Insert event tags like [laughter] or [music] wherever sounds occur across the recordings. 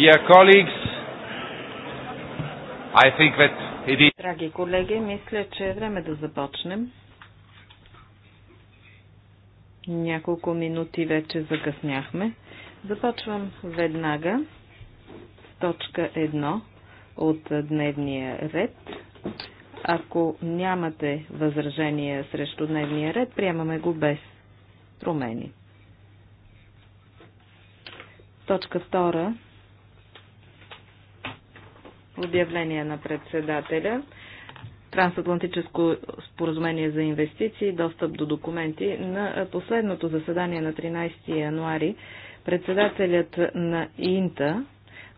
Dear colleagues, I think that it is... Драги колеги, мисля, че е време да започнем. Няколко минути вече закъсняхме. Започвам веднага с точка 1 от дневния ред. Ако нямате възражения срещу дневния ред, приемаме го без промени. Точка 2 Обявление на председателя. Трансатлантическо споразумение за инвестиции, достъп до документи. На последното заседание на 13 януари председателят на Инта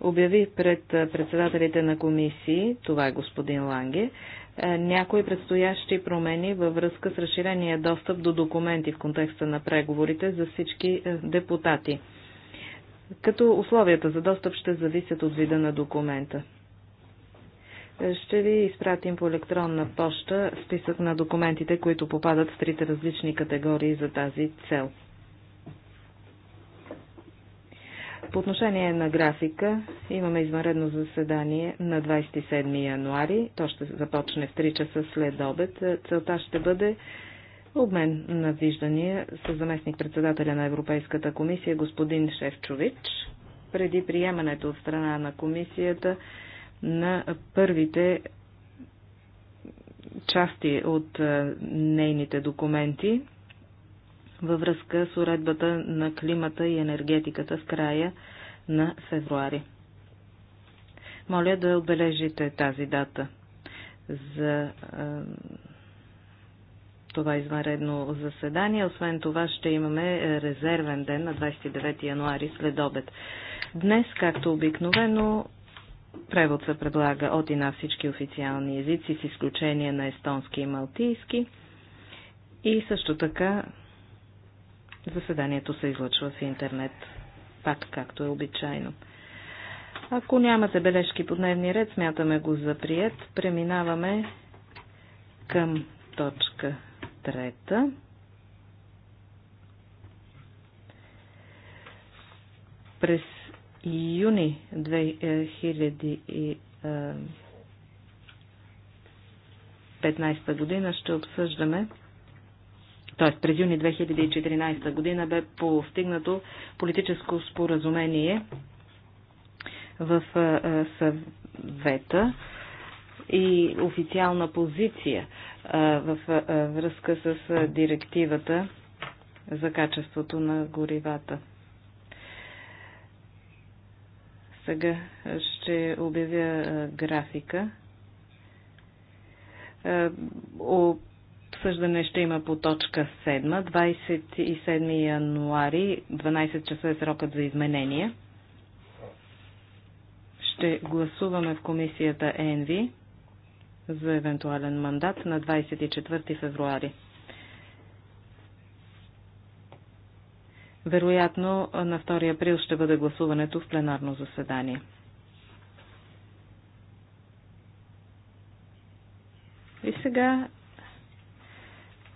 обяви пред председателите на комисии, това е господин Ланге, е, някои предстоящи промени във връзка с разширения достъп до документи в контекста на преговорите за всички е, депутати. Като условията за достъп ще зависят от вида на документа. Ще ви изпратим по електронна поща списък на документите, които попадат в трите различни категории за тази цел. По отношение на графика, имаме извънредно заседание на 27 януари. То ще започне в 3 часа след обед. Целта ще бъде обмен на виждания с заместник-председателя на Европейската комисия господин Шефчович. Преди приемането от страна на комисията на първите части от нейните документи във връзка с уредбата на климата и енергетиката в края на февруари. Моля да отбележите тази дата за това извънредно заседание. Освен това ще имаме резервен ден на 29 януари след обед. Днес, както обикновено, Превод се предлага от и на всички официални езици, с изключение на естонски и малтийски. И също така заседанието се излъчва в интернет, пак както е обичайно. Ако нямате бележки по дневни ред, смятаме го за прият. Преминаваме към точка трета. През юни 2015 е, е, година ще обсъждаме т.е. през юни 2014 година бе постигнато политическо споразумение в е, съвета и официална позиция в връзка с директивата за качеството на горивата. Сега ще обявя графика. Обсъждане ще има по точка 7. 27 януари, 12 часа е срокът за изменение. Ще гласуваме в комисията ЕНВИ за евентуален мандат на 24 февруари. Вероятно на 2 април ще бъде гласуването в пленарно заседание. И сега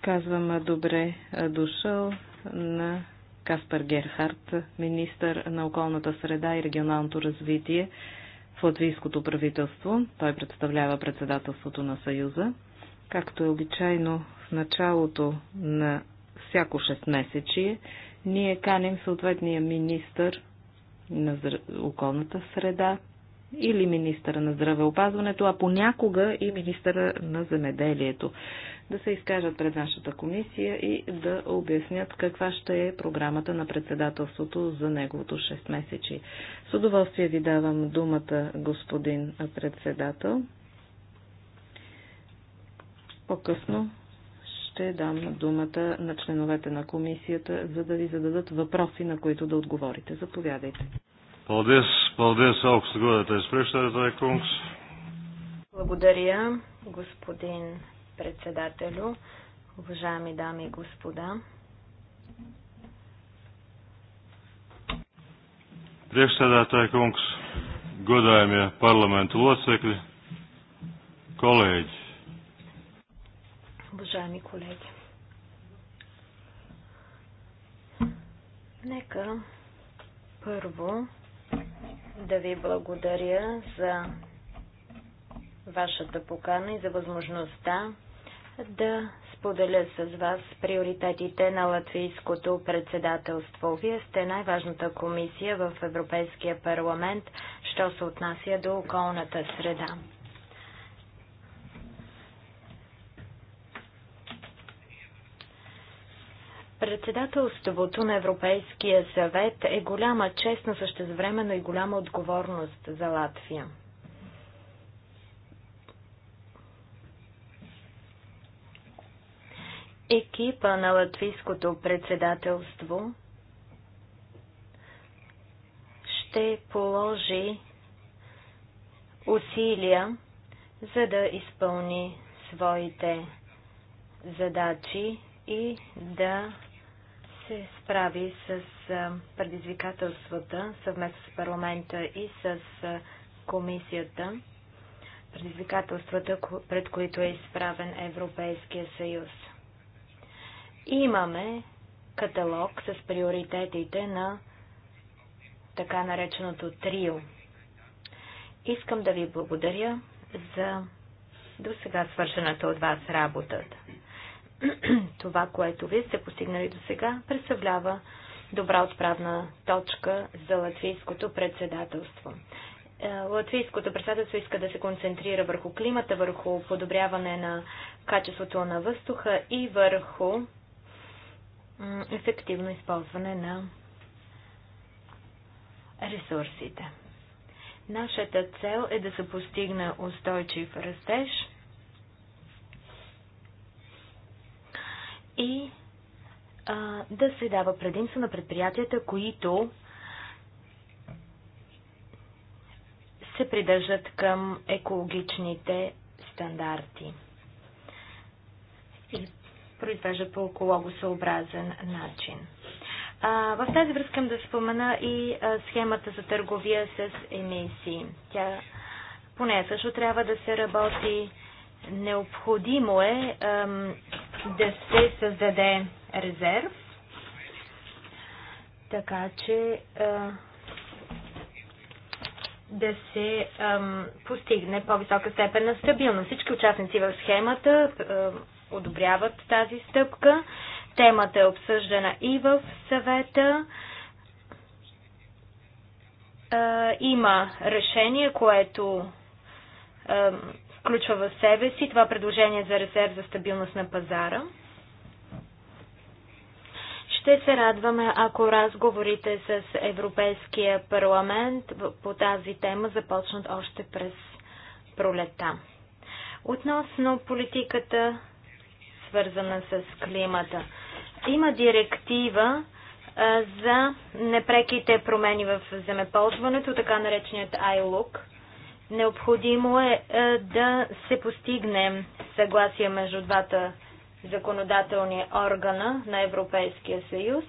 казвам добре дошъл на Каспар Герхард, министър на околната среда и регионалното развитие в латвийското правителство. Той представлява председателството на Съюза. Както е обичайно в началото на всяко 6 месечие, ние каним съответния министър на околната среда или министъра на здравеопазването, а понякога и министъра на земеделието да се изкажат пред нашата комисия и да обяснят каква ще е програмата на председателството за неговото 6 месечи. С удоволствие ви давам думата, господин председател. По-късно ще дам думата на членовете на комисията, за да ви зададат въпроси, на които да отговорите. Заповядайте. Е Благодаря, господин председателю, уважаеми дами и господа. Priekšsēdētāji kungs, godājumie parlamentu locekļi, kolēģi уважаеми колеги. Нека първо да ви благодаря за вашата покана и за възможността да споделя с вас приоритетите на латвийското председателство. Вие сте най-важната комисия в Европейския парламент, що се отнася до околната среда. Председателството на Европейския съвет е голяма чест, но същевременно и голяма отговорност за Латвия. Екипа на латвийското председателство ще положи усилия, за да изпълни своите задачи и да се справи с предизвикателствата съвместно с парламента и с комисията, предизвикателствата, пред които е изправен Европейския съюз. Имаме каталог с приоритетите на така нареченото трио. Искам да ви благодаря за до сега свършената от вас работата. [clears throat] това, което вие сте постигнали до сега, представлява добра отправна точка за латвийското председателство. Е, латвийското председателство иска да се концентрира върху климата, върху подобряване на качеството на въздуха и върху ефективно използване на ресурсите. Нашата цел е да се постигне устойчив растеж – и а, да се дава предимство на предприятията, които се придържат към екологичните стандарти и произвеждат по екологосъобразен начин. А, в тази връзка да спомена и а, схемата за търговия с емисии. Тя поне също трябва да се работи. Необходимо е ам, да се създаде резерв, така че да се ам, постигне по-висока степен на стабилност. Всички участници в схемата ам, одобряват тази стъпка. Темата е обсъждана и в съвета. А, има решение, което ам, включва в себе си това предложение за резерв за стабилност на пазара. Ще се радваме, ако разговорите с Европейския парламент по тази тема започнат още през пролета. Относно политиката, свързана с климата. Има директива за непреките промени в земеползването, така нареченият ILUC. Необходимо е, е да се постигне съгласие между двата законодателни органа на Европейския съюз.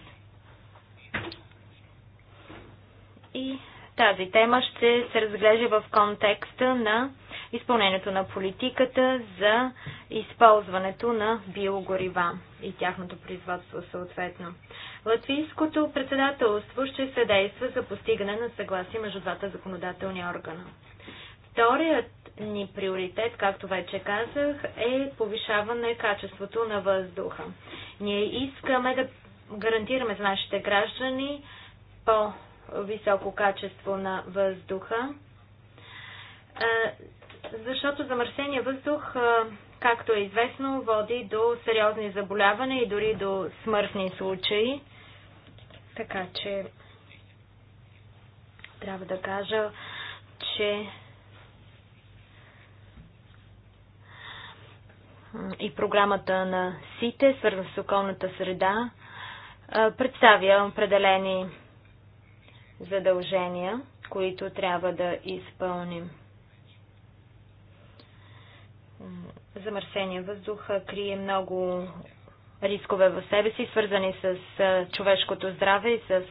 И тази тема ще се разглежда в контекста на изпълнението на политиката за използването на биогорива и тяхното производство съответно. Латвийското председателство ще се действа за постигане на съгласие между двата законодателни органа. Вторият ни приоритет, както вече казах, е повишаване качеството на въздуха. Ние искаме да гарантираме за нашите граждани по-високо качество на въздуха, защото замърсения въздух, както е известно, води до сериозни заболявания и дори до смъртни случаи. Така че трябва да кажа, че и програмата на СИТЕ, свързана с околната среда, представя определени задължения, които трябва да изпълним. Замърсения въздуха, крие много рискове в себе си, свързани с човешкото здраве и с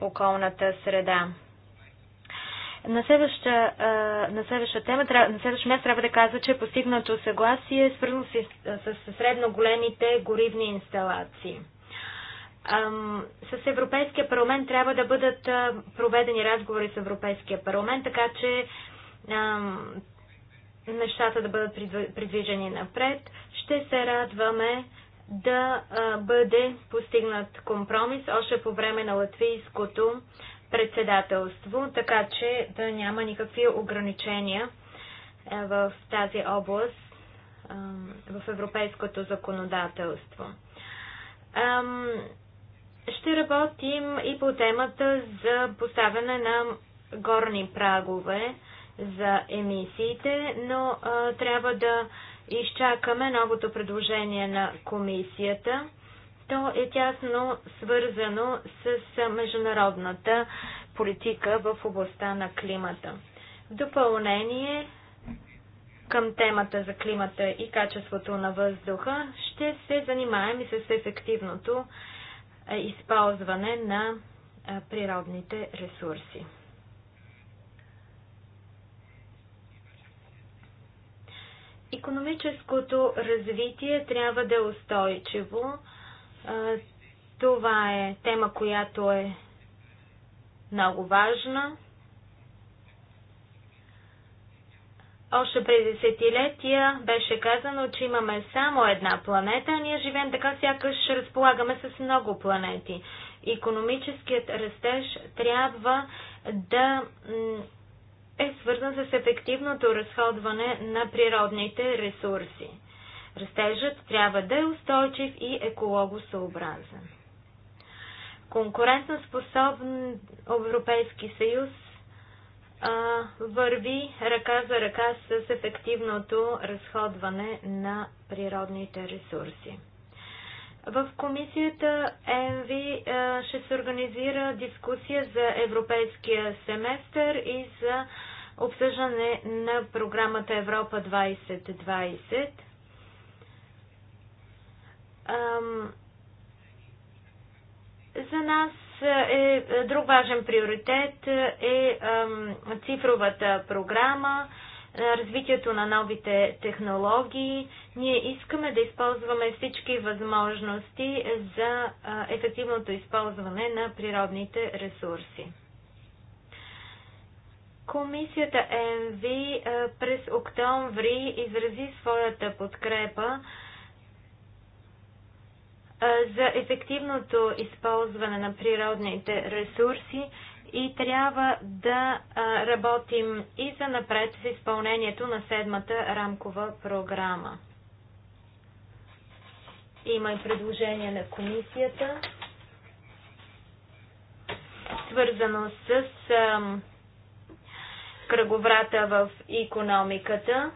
околната среда. На следваща, на следваща тема, на следващото място трябва да казва, че е постигнато съгласие е свързано с, с средно големите горивни инсталации. С Европейския парламент трябва да бъдат проведени разговори с Европейския парламент, така че нещата да бъдат придвижени напред. Ще се радваме да бъде постигнат компромис още по време на латвийското председателство, така че да няма никакви ограничения е, в тази област е, в европейското законодателство. Ще работим и по темата за поставяне на горни прагове за емисиите, но е, трябва да изчакаме новото предложение на комисията то е тясно свързано с международната политика в областта на климата. В допълнение към темата за климата и качеството на въздуха ще се занимаем и с ефективното е, използване на е, природните ресурси. Економическото развитие трябва да е устойчиво, това е тема, която е много важна. Още през десетилетия беше казано, че имаме само една планета, а ние живеем така, сякаш разполагаме с много планети. Економическият растеж трябва да е свързан с ефективното разходване на природните ресурси. Растежът трябва да е устойчив и екологосъобразен. Конкурентоспособен Европейски съюз а, върви ръка за ръка с ефективното разходване на природните ресурси. В комисията ЕНВИ ще се организира дискусия за европейския семестър и за обсъждане на програмата Европа 2020. Ам, за нас е, е друг важен приоритет е ам, цифровата програма, е, развитието на новите технологии. Ние искаме да използваме всички възможности за ефективното използване на природните ресурси. Комисията МВ е, през октомври изрази своята подкрепа за ефективното използване на природните ресурси и трябва да работим и за напред с изпълнението на седмата рамкова програма. Има и предложение на комисията, свързано с кръговрата в економиката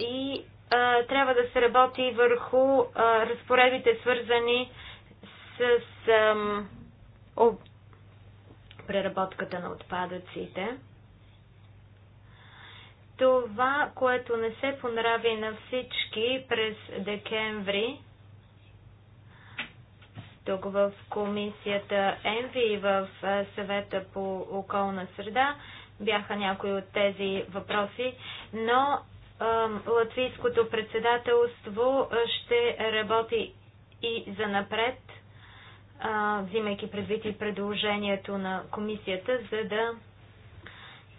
и трябва да се работи върху разпоредбите, свързани с преработката на отпадъците. Това, което не се понрави на всички през декември, тук в комисията ЕНВИ и в съвета по околна среда, бяха някои от тези въпроси, но латвийското председателство ще работи и за напред, взимайки предвид и предложението на комисията, за да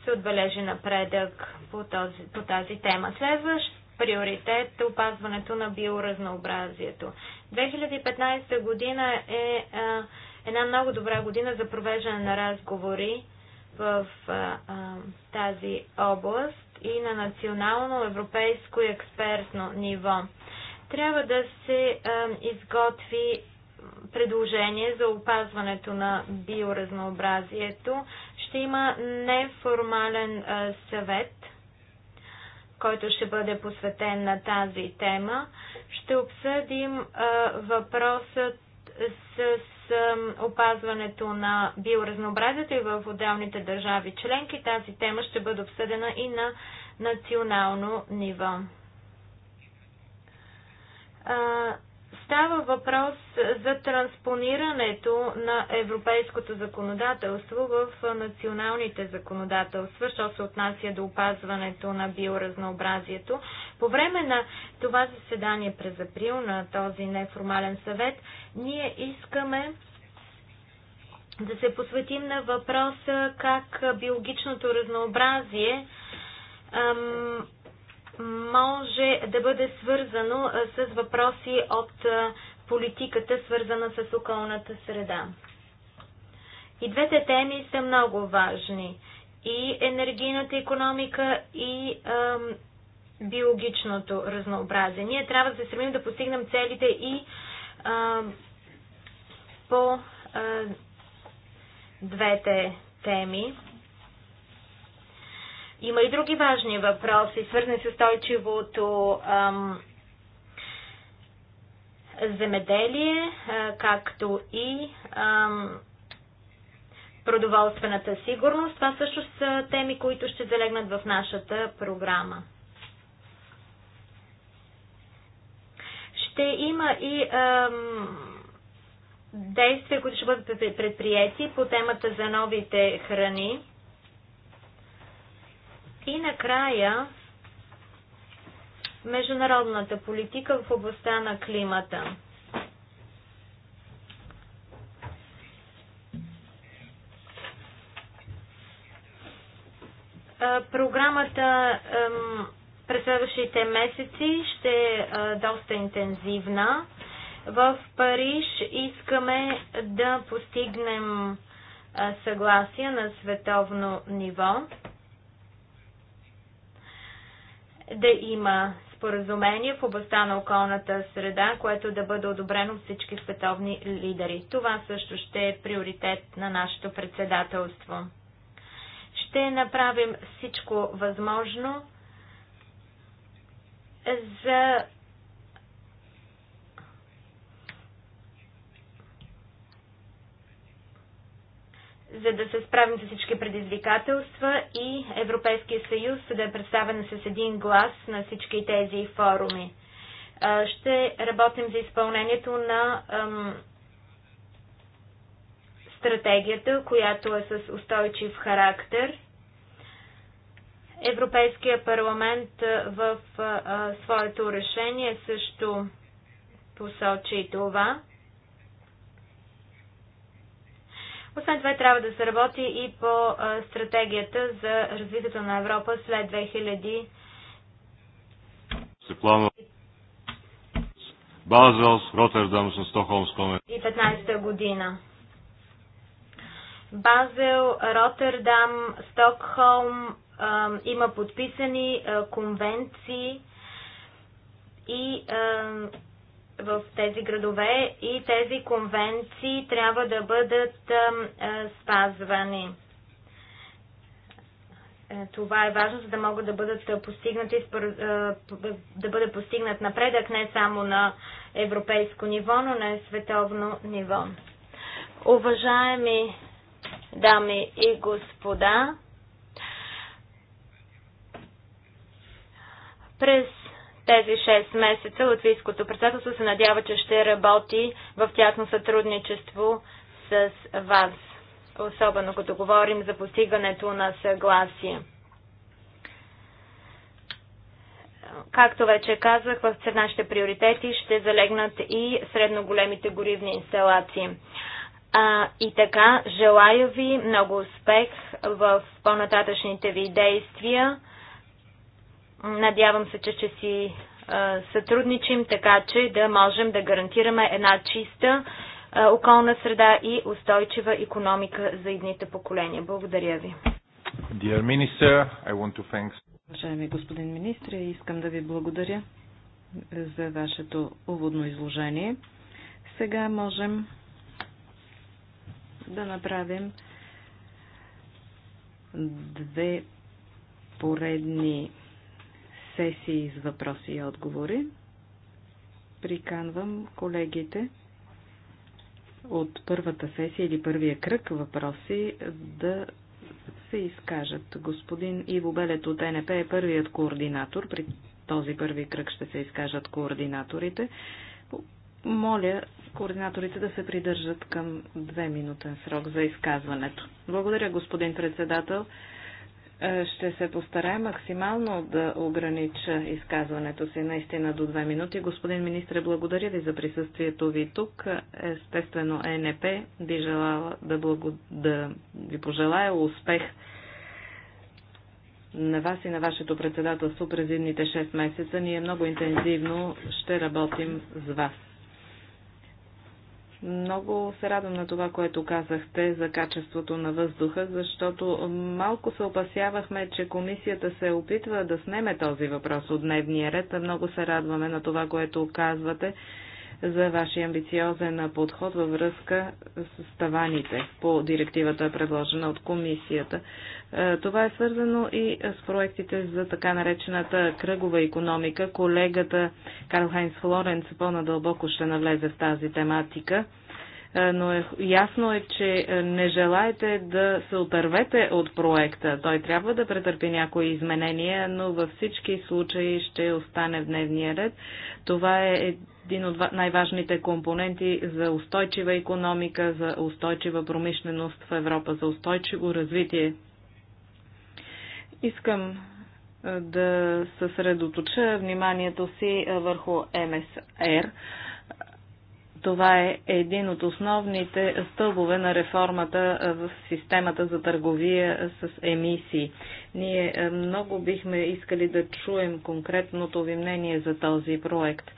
се отбележи напредък по, този, по тази тема. Следващ приоритет е опазването на биоразнообразието. 2015 година е а, една много добра година за провеждане на разговори в а, а, тази област и на национално, европейско и експертно ниво. Трябва да се изготви предложение за опазването на биоразнообразието. Ще има неформален съвет, който ще бъде посветен на тази тема. Ще обсъдим въпросът с опазването на биоразнообразието и в отделните държави членки. Тази тема ще бъде обсъдена и на национално ниво. Става въпрос за транспонирането на европейското законодателство в националните законодателства, що се отнася до опазването на биоразнообразието. По време на това заседание през април на този неформален съвет, ние искаме да се посветим на въпроса как биологичното разнообразие може да бъде свързано с въпроси от политиката, свързана с околната среда. И двете теми са много важни. И енергийната економика, и ам, биологичното разнообразие. Ние трябва да се стремим да постигнем целите и ам, по а, двете теми. Има и други важни въпроси, свързани с устойчивото ам, земеделие, а, както и ам, продоволствената сигурност. Това също са теми, които ще залегнат в нашата програма. Ще има и ам, действия, които ще бъдат предприяти по темата за новите храни. И накрая, международната политика в областта на климата. Програмата през следващите месеци ще е доста интензивна. В Париж искаме да постигнем съгласие на световно ниво да има споразумение в областта на околната среда, което да бъде одобрено от всички световни лидери. Това също ще е приоритет на нашето председателство. Ще направим всичко възможно за за да се справим с всички предизвикателства и Европейския съюз да е представен с един глас на всички тези форуми. Ще работим за изпълнението на стратегията, която е с устойчив характер. Европейския парламент в своето решение също посочи това. Освен това трябва да се работи и по стратегията за развитието на Европа след 2000 Базелс, Роттердам, Стокхолмско. И 15-та година. Базел, Роттердам, Стокхолм има подписани конвенции и в тези градове и тези конвенции трябва да бъдат спазвани. Е, това е важно, за да могат да бъдат постигнати, да бъде постигнат напредък не само на европейско ниво, но на световно ниво. Уважаеми дами и господа, през тези 6 месеца латвийското председателство се надява, че ще работи в тясно сътрудничество с вас, особено като говорим за постигането на съгласие. Както вече казах, в нашите приоритети ще залегнат и средно-големите горивни инсталации. А, и така, желая ви много успех в по-нататъчните ви действия. Надявам се, че ще си сътрудничим, така че да можем да гарантираме една чиста околна среда и устойчива економика за едните поколения. Благодаря ви. Dear Minister, I want to thank... Уважаеми господин министр, искам да ви благодаря за вашето уводно изложение. Сега можем да направим две поредни сесии с въпроси и отговори. Приканвам колегите от първата сесия или първия кръг въпроси да се изкажат. Господин Иво Белет от НП е първият координатор. При този първи кръг ще се изкажат координаторите. Моля координаторите да се придържат към две минутен срок за изказването. Благодаря, господин председател. Е, ще се постарая максимално да огранича изказването си наистина до две минути. Господин министр, благодаря ви за присъствието ви тук. Естествено, ЕНП би желала да, благо... да ви пожелая успех на вас и на вашето председателство през едните 6 месеца. Ние много интензивно ще работим с вас. Много се радвам на това, което казахте за качеството на въздуха, защото малко се опасявахме, че комисията се опитва да снеме този въпрос от дневния ред. Много се радваме на това, което казвате за вашия амбициозен подход във връзка с таваните по директивата, предложена от комисията. Е, това е свързано и с проектите за така наречената кръгова економика. Колегата Карл Хайнс Флоренц по-надълбоко ще навлезе в тази тематика е, но е, ясно е, че е, не желаете да се отървете от проекта. Той трябва да претърпи някои изменения, но във всички случаи ще остане в дневния ред. Това е един от най-важните компоненти за устойчива економика, за устойчива промишленост в Европа, за устойчиво развитие. Искам да съсредоточа вниманието си върху МСР. Това е един от основните стълбове на реформата в системата за търговия с емисии. Ние много бихме искали да чуем конкретното ви мнение за този проект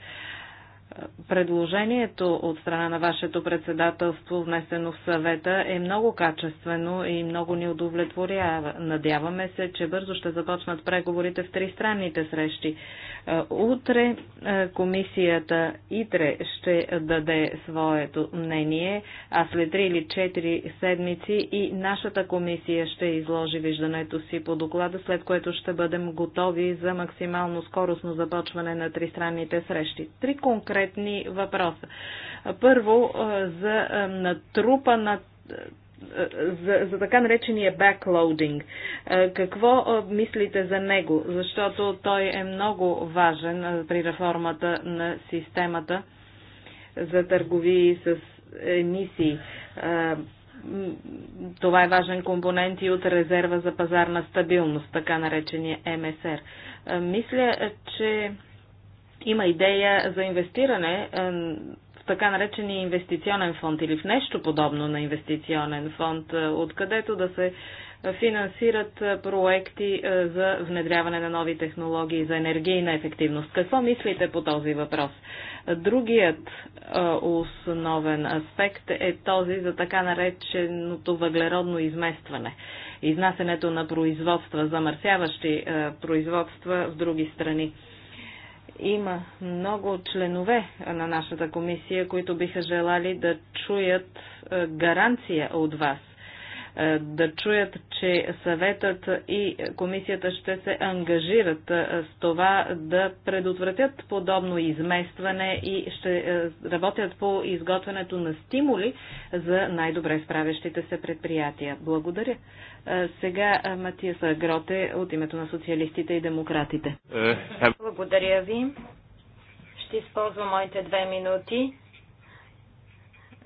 предложението от страна на вашето председателство, внесено в съвета, е много качествено и много ни удовлетворява. Надяваме се, че бързо ще започнат преговорите в тристранните срещи. Е, утре е, комисията ИТРЕ ще даде своето мнение, а след 3 или 4 седмици и нашата комисия ще изложи виждането си по доклада, след което ще бъдем готови за максимално скоростно започване на тристранните срещи. Три конкретни конкретни въпроса. Първо, за на за, за така наречения backloading. Какво мислите за него? Защото той е много важен при реформата на системата за търговии с емисии. Това е важен компонент и от резерва за пазарна стабилност, така наречения МСР. Мисля, че има идея за инвестиране е, в така наречения инвестиционен фонд или в нещо подобно на инвестиционен фонд, е, откъдето да се финансират е, проекти за внедряване на нови технологии за енергийна ефективност. Какво мислите по този въпрос? Другият основен аспект е този за така нареченото въглеродно изместване. изнасенето на производства, замърсяващи производства в други страни. Има много членове на нашата комисия, които биха желали да чуят е, гаранция от вас – е, да чуят, че съветът и комисията ще се ангажират е, с това да предотвратят подобно изместване и ще е, работят по изготвянето на стимули за най-добре справящите се предприятия. Благодаря. Сега Матиас Гроте от името на социалистите и демократите. Благодаря ви. Ще използвам моите две минути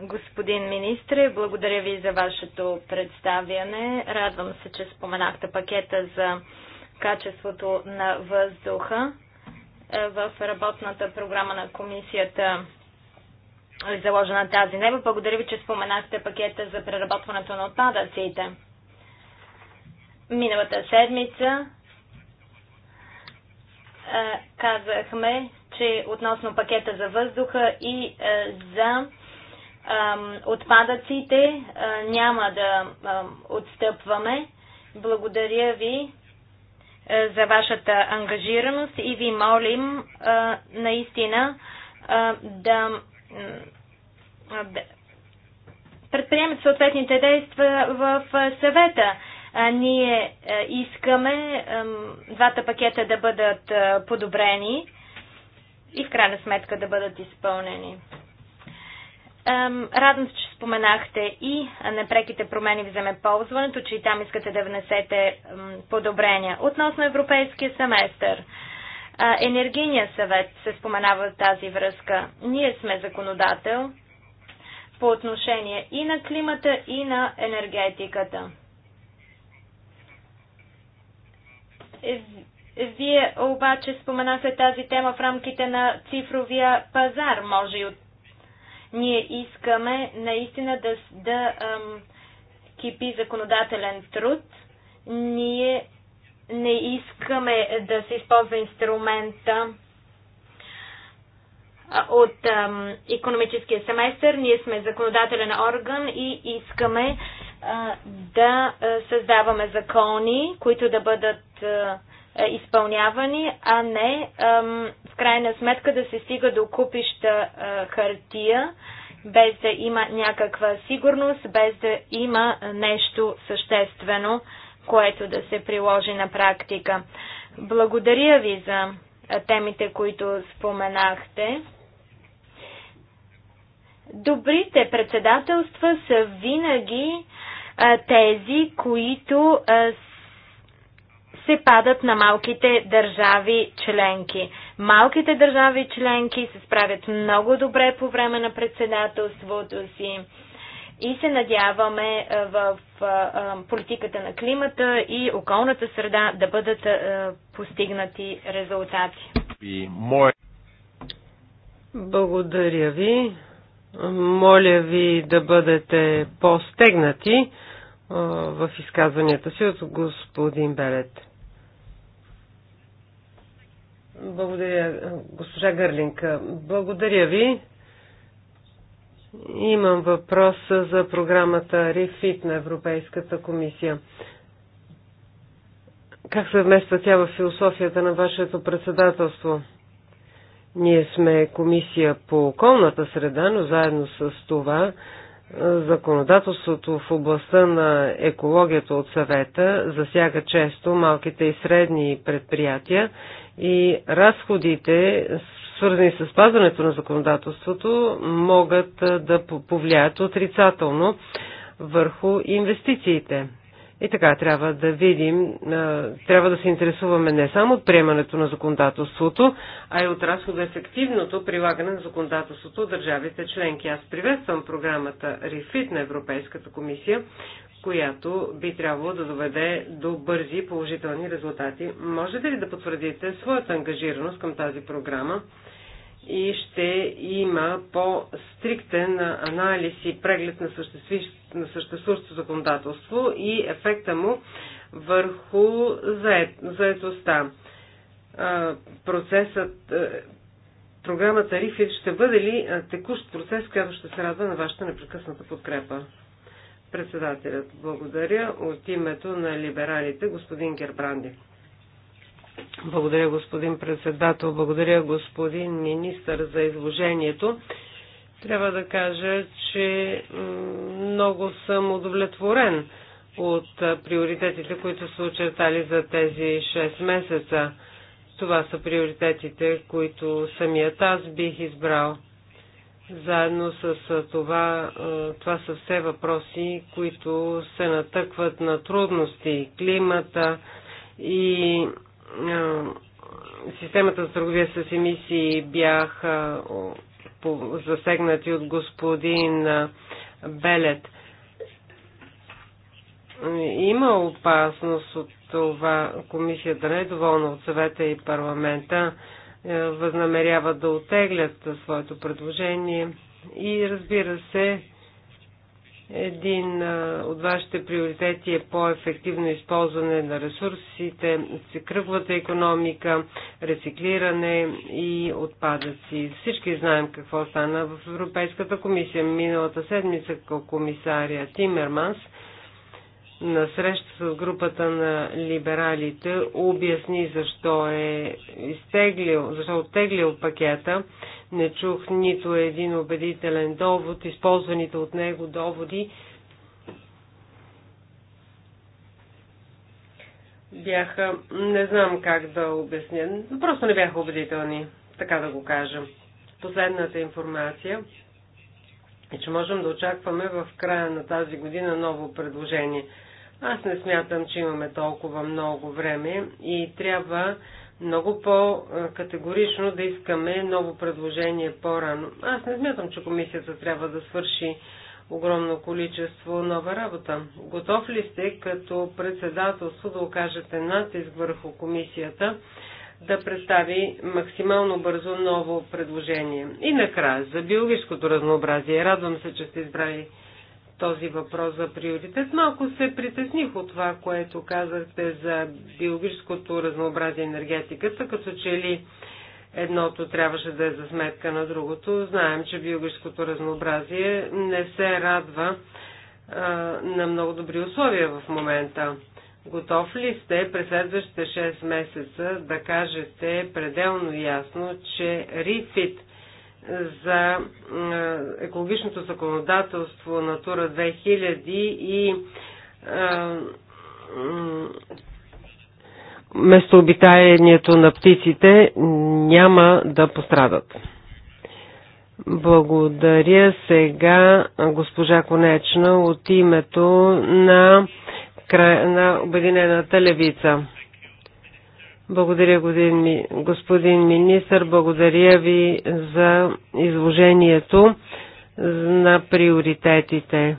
Господин министре, благодаря ви за вашето представяне. Радвам се, че споменахте пакета за качеството на въздуха. Е, в работната програма на комисията е заложена тази нева. Благодаря ви, че споменахте пакета за преработването на отпадъците. Миналата седмица е, казахме, че относно пакета за въздуха и е, за отпадъците. Няма да отстъпваме. Благодаря ви за вашата ангажираност и ви молим наистина да предприемат съответните действия в съвета. Ние искаме двата пакета да бъдат подобрени и в крайна сметка да бъдат изпълнени. Радвам се, че споменахте и непреките промени в земеползването, че и там искате да внесете подобрения. Относно европейския семестър, енергийният съвет се споменава в тази връзка. Ние сме законодател по отношение и на климата, и на енергетиката. Е, вие обаче споменахте тази тема в рамките на цифровия пазар. Може и от ние искаме наистина да, да ам, кипи законодателен труд. Ние не искаме да се използва инструмента от ам, економическия семестър. Ние сме законодателен орган и искаме а, да създаваме закони, които да бъдат а, е, изпълнявани, а не в крайна сметка да се стига до купища е, хартия, без да има някаква сигурност, без да има нещо съществено, което да се приложи на практика. Благодаря ви за е, темите, които споменахте. Добрите председателства са винаги тези, които се падат на малките държави членки. Малките държави членки се справят много добре по време на председателството си и се надяваме е, в е, е, политиката на климата и околната среда да бъдат постигнати резултати. Благодаря ви. Моля ви да бъдете по-стегнати в изказванията си от господин Белет. Благодаря, госпожа Гърлинг. Благодаря ви. Имам въпрос за програмата РЕФИТ на Европейската комисия. Как се вмества тя в философията на вашето председателство? Ние сме комисия по околната среда, но заедно с това законодателството в областта на екологията от съвета засяга често малките и средни предприятия и разходите, свързани с спазването на законодателството, могат да повлияят отрицателно върху инвестициите. И така трябва да видим, трябва да се интересуваме не само от приемането на законодателството, а и от разхода ефективното прилагане на законодателството от държавите членки. Аз приветствам програмата REFIT на Европейската комисия, която би трябвало да доведе до бързи положителни резултати. Можете ли да потвърдите своята ангажираност към тази програма и ще има по-стриктен анализ и преглед на, съществи... на съществуващото законодателство и ефекта му върху заед... заедостта? Процесът, програмата РИФИТ ще бъде ли текущ процес, който ще се радва на вашата непрекъсната подкрепа? Председателят, благодаря от името на либералите, господин Гербранди. Благодаря, господин председател. Благодаря, господин министър, за изложението. Трябва да кажа, че много съм удовлетворен от приоритетите, които са очертали за тези 6 месеца. Това са приоритетите, които самият аз бих избрал. Заедно с това, това са все въпроси, които се натъкват на трудности. Климата и системата за търговия с емисии бяха засегнати от господин Белет. Има опасност от това комисията не е доволна от съвета и парламента е, възнамеряват да отеглят своето предложение. И разбира се, един е, от вашите приоритети е по-ефективно използване на ресурсите, кръговата економика, рециклиране и отпадъци. Всички знаем какво стана в Европейската комисия. Миналата седмица комисария Тимерманс на среща с групата на либералите обясни защо е изтеглил, защо е оттеглил пакета. Не чух нито един убедителен довод, използваните от него доводи бяха, не знам как да обясня, просто не бяха убедителни, така да го кажем. Последната информация е, че можем да очакваме в края на тази година ново предложение. Аз не смятам, че имаме толкова много време и трябва много по-категорично да искаме ново предложение по-рано. Аз не смятам, че комисията трябва да свърши огромно количество нова работа. Готов ли сте като председателство да окажете натиск върху комисията да представи максимално бързо ново предложение? И накрая, за биологическото разнообразие. Радвам се, че сте избрали този въпрос за приоритет. Малко се притесних от това, което казахте за биологическото разнообразие енергетиката, като че ли едното трябваше да е за сметка на другото. Знаем, че биологическото разнообразие не се радва а, на много добри условия в момента. Готов ли сте през следващите 6 месеца да кажете пределно ясно, че Рифит – за е, екологичното законодателство Натура 2000 и е, местообитанието на птиците няма да пострадат. Благодаря сега госпожа Конечна от името на, на Обединената левица. Благодаря, господин министр. Благодаря ви за изложението на приоритетите.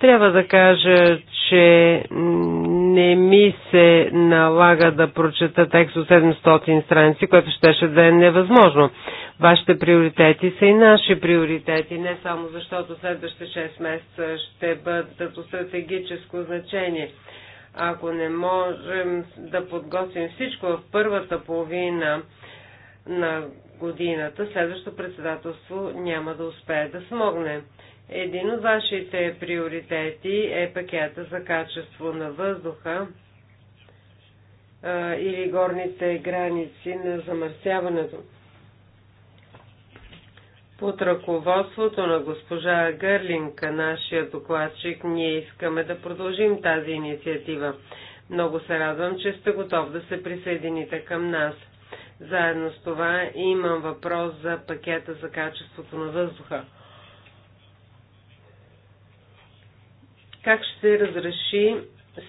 Трябва да кажа, че не ми се налага да прочета текст от 700 страници, което щеше да е невъзможно. Вашите приоритети са и наши приоритети, не само защото следващите 6 месеца ще бъдат от стратегическо значение. Ако не можем да подготвим всичко в първата половина на годината, следващото председателство няма да успее да смогне. Един от вашите приоритети е пакета за качество на въздуха а, или горните граници на замърсяването. Под ръководството на госпожа Гърлинка, нашия докладчик, ние искаме да продължим тази инициатива. Много се радвам, че сте готов да се присъедините към нас. Заедно с това имам въпрос за пакета за качеството на въздуха. Как ще разреши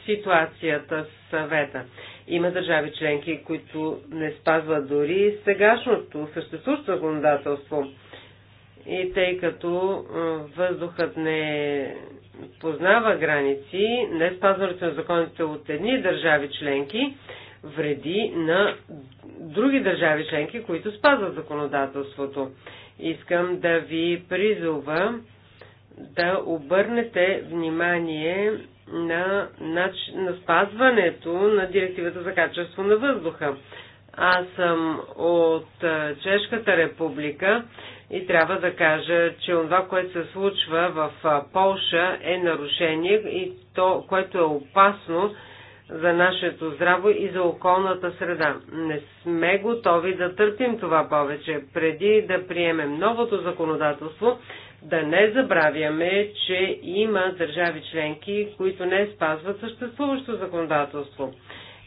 ситуацията в съвета? Има държави членки, които не спазват дори сегашното съществуващо законодателство. И тъй като въздухът не познава граници, не спазването на законите от едни държави членки, вреди на други държави членки, които спазват законодателството. Искам да ви призова да обърнете внимание на, на, на спазването на директивата за качество на въздуха. Аз съм от Чешката република и трябва да кажа, че това, което се случва в Полша е нарушение и то, което е опасно за нашето здраво и за околната среда. Не сме готови да търпим това повече. Преди да приемем новото законодателство, да не забравяме, че има държави членки, които не спазват съществуващо законодателство.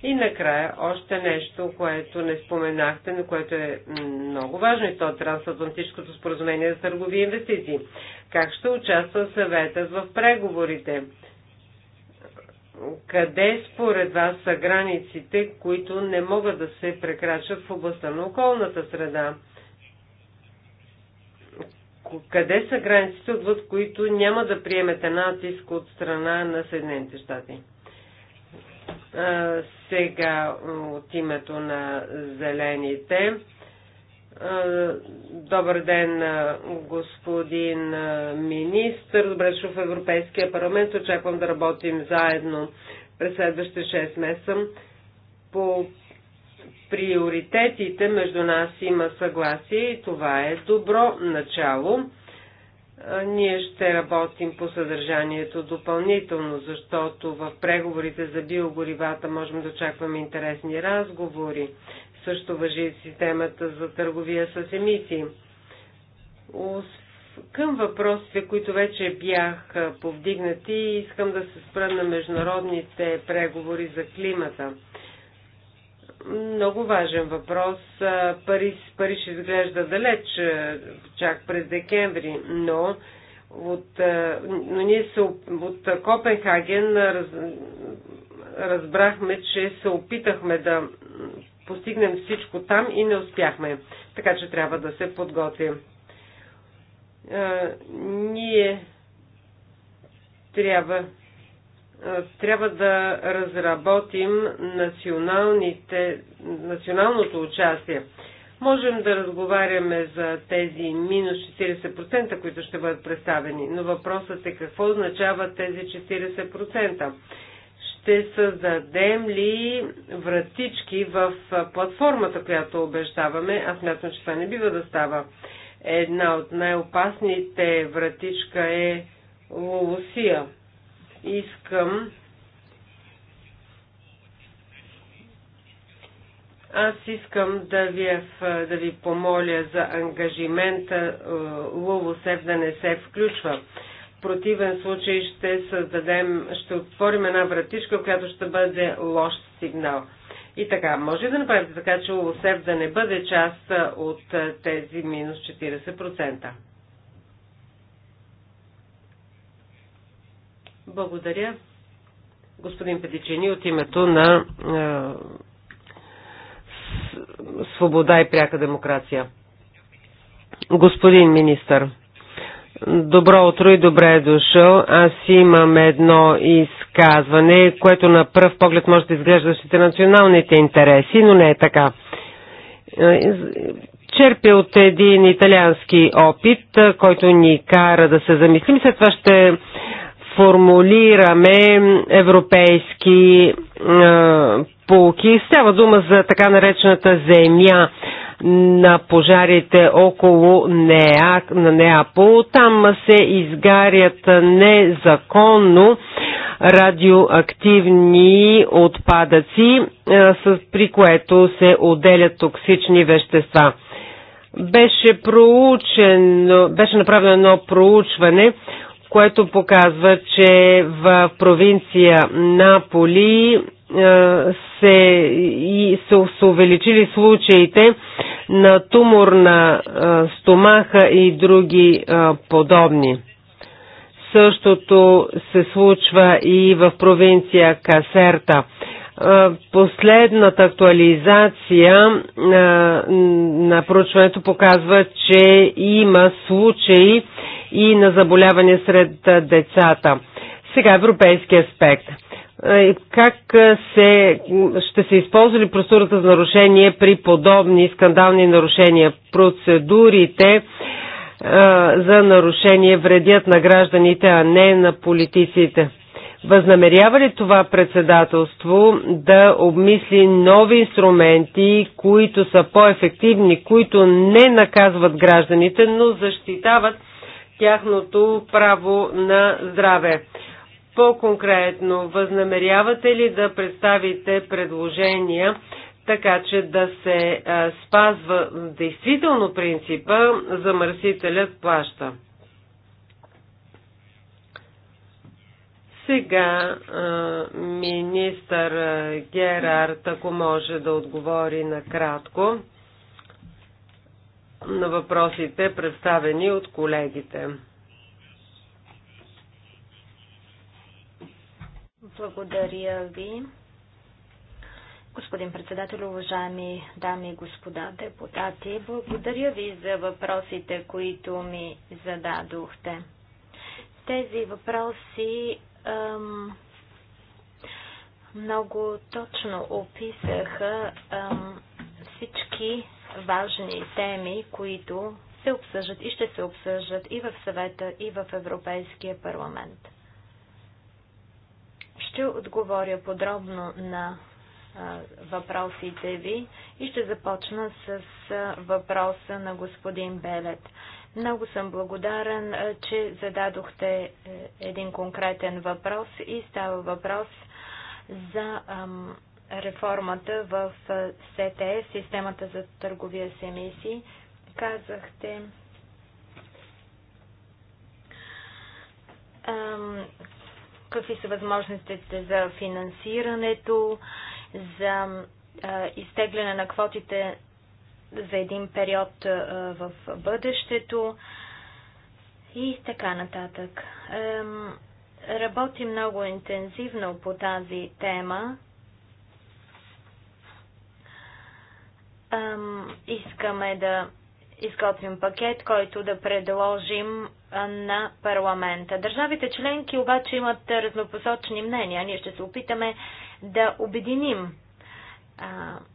И накрая още нещо, което не споменахте, но което е много важно и то е трансатлантическото споразумение за търгови инвестиции. Как ще участва съветът в преговорите? Къде според вас са границите, които не могат да се прекрачат в областта на околната среда? Къде са границите, отвъд които няма да приемете натиск от страна на Съединените щати? Сега е, от името на зелените. Е, добър ден, е, господин министр. Добре в Европейския парламент. Очаквам да работим заедно през следващите 6 месеца. По приоритетите между нас има съгласие и това е добро начало ние ще работим по съдържанието допълнително, защото в преговорите за биогоривата можем да очакваме интересни разговори. Също въжи системата за търговия с емисии. Към въпросите, които вече бях повдигнати, искам да се спра на международните преговори за климата – много важен въпрос. Париж, Париж изглежда далеч, чак през декември, но от, но ние се, от Копенхаген раз, разбрахме, че се опитахме да постигнем всичко там и не успяхме. Така че трябва да се подготвим. ние трябва трябва да разработим националното участие. Можем да разговаряме за тези минус 40%, които ще бъдат представени, но въпросът е какво означават тези 40%. Ще създадем ли вратички в платформата, която обещаваме? Аз мятам, че това не бива да става. Една от най-опасните вратичка е Лолусия искам Аз искам да ви, да ви помоля за ангажимента е, Лувосев да не се включва. В противен случай ще създадем, ще отворим една вратичка, която ще бъде лош сигнал. И така, може да направите така, че Лувосев да не бъде част е, от е, тези минус 40%. Благодаря. Господин Петичини, от името на е, Свобода и пряка демокрация. Господин министър, добро утро и добре е дошъл. Аз имам едно изказване, което на пръв поглед може да изглежда защита националните интереси, но не е така е, черпя от един италиански опит, който ни кара да се замислим. След това ще формулираме европейски е, полки. Става дума за така наречената земя на пожарите около Неа, на Неапол. Там се изгарят незаконно радиоактивни отпадъци, при което се отделят токсични вещества. Беше проучен, беше направено едно проучване което показва, че в провинция Наполи е, се, и се, се увеличили случаите на тумор на е, стомаха и други е, подобни. Същото се случва и в провинция Касерта. Последната актуализация на проучването показва, че има случаи и на заболяване сред децата. Сега европейски аспект. Как се, ще се използва ли процедурата за нарушение при подобни скандални нарушения? Процедурите за нарушение вредят на гражданите, а не на политиците. Възнамерява ли това председателство да обмисли нови инструменти, които са по-ефективни, които не наказват гражданите, но защитават тяхното право на здраве. По-конкретно, възнамерявате ли да представите предложения, така че да се спазва действително принципа замърсителят плаща? Сега министър Герард, ако може да отговори накратко на въпросите, представени от колегите. Благодаря ви. Господин председател, уважаеми дами и господа депутати, благодаря ви за въпросите, които ми зададохте. Тези въпроси ам, много точно описаха ам, всички важни теми, които се обсъждат и ще се обсъждат и в съвета, и в Европейския парламент. Ще отговоря подробно на въпросите ви и ще започна с въпроса на господин Белет. Много съм благодарен, че зададохте е, един конкретен въпрос и става въпрос за ам, реформата в СТС, системата за търговия с емисии. Казахте, какви са възможностите за финансирането, за изтегляне на квотите за един период в бъдещето и така нататък. Работи много интензивно по тази тема искаме да изготвим пакет, който да предложим на парламента. Държавите членки обаче имат разнопосочни мнения. Ние ще се опитаме да обединим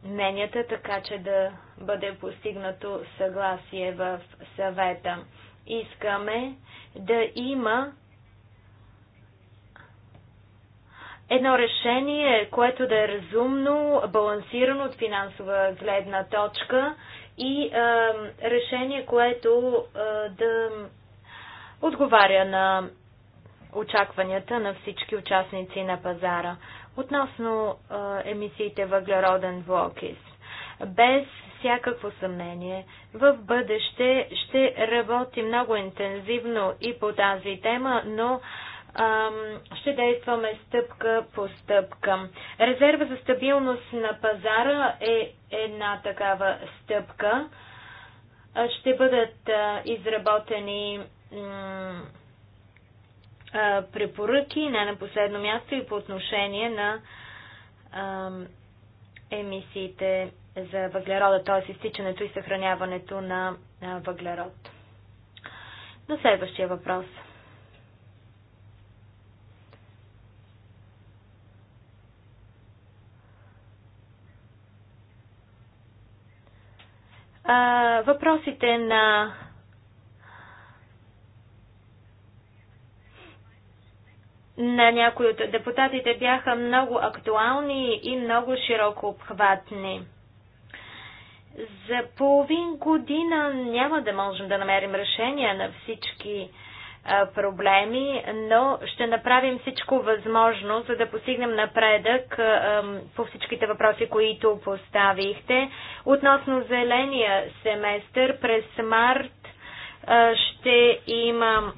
мненията, така че да бъде постигнато съгласие в съвета. Искаме да има едно решение, което да е разумно, балансирано от финансова гледна точка и е, решение, което е, да отговаря на очакванията на всички участници на пазара. Относно е, емисиите въглероден двуокис, без всякакво съмнение, в бъдеще ще работи много интензивно и по тази тема, но е, ще действаме стъпка по стъпка. Резерва за стабилност на пазара е една такава стъпка. Ще бъдат изработени препоръки, не на последно място и по отношение на емисиите за въглерода, т.е. изтичането и съхраняването на въглерод. На следващия въпрос – въпросите на на някои от депутатите бяха много актуални и много широко обхватни. За половин година няма да можем да намерим решение на всички проблеми, но ще направим всичко възможно, за да постигнем напредък по всичките въпроси, които поставихте. Относно зеления семестър, през март ще има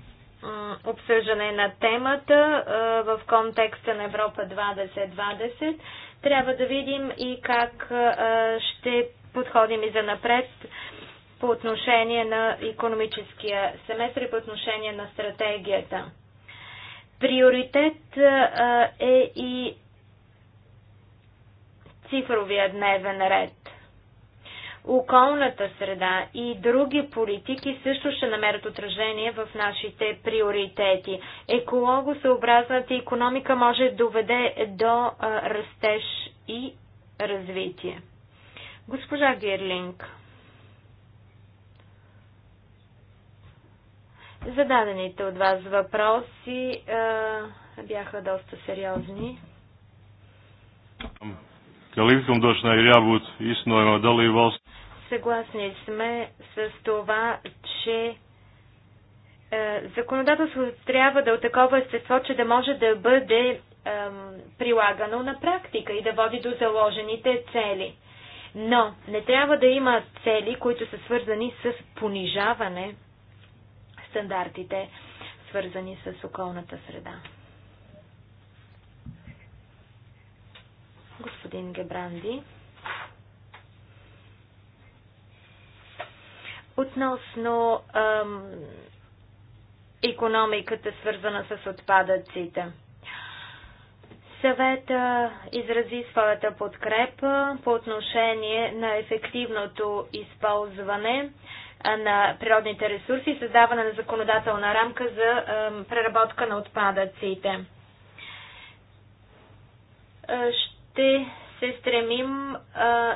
обсъждане на темата в контекста на Европа 2020. Трябва да видим и как ще подходим и за напред по отношение на економическия семестър и по отношение на стратегията. Приоритет е и цифровия дневен ред. Околната среда и други политики също ще намерят отражение в нашите приоритети. Екологосъобразната економика може да доведе до растеж и развитие. Госпожа Герлинг. Зададените от вас въпроси а, бяха доста сериозни. Е, и ir jābūt īstenojumā дали вас. Съгласни сме с това, че законодателството трябва да отакова е от такова естество, че да може да бъде е, прилагано на практика и да води до заложените цели. Но не трябва да има цели, които са свързани с понижаване стандартите, свързани с околната среда. Господин Гебранди. Относно ам, економиката, свързана с отпадъците. Съвета изрази своята подкрепа по отношение на ефективното използване на природните ресурси и създаване на законодателна рамка за преработка на отпадъците. Е, ще се стремим е,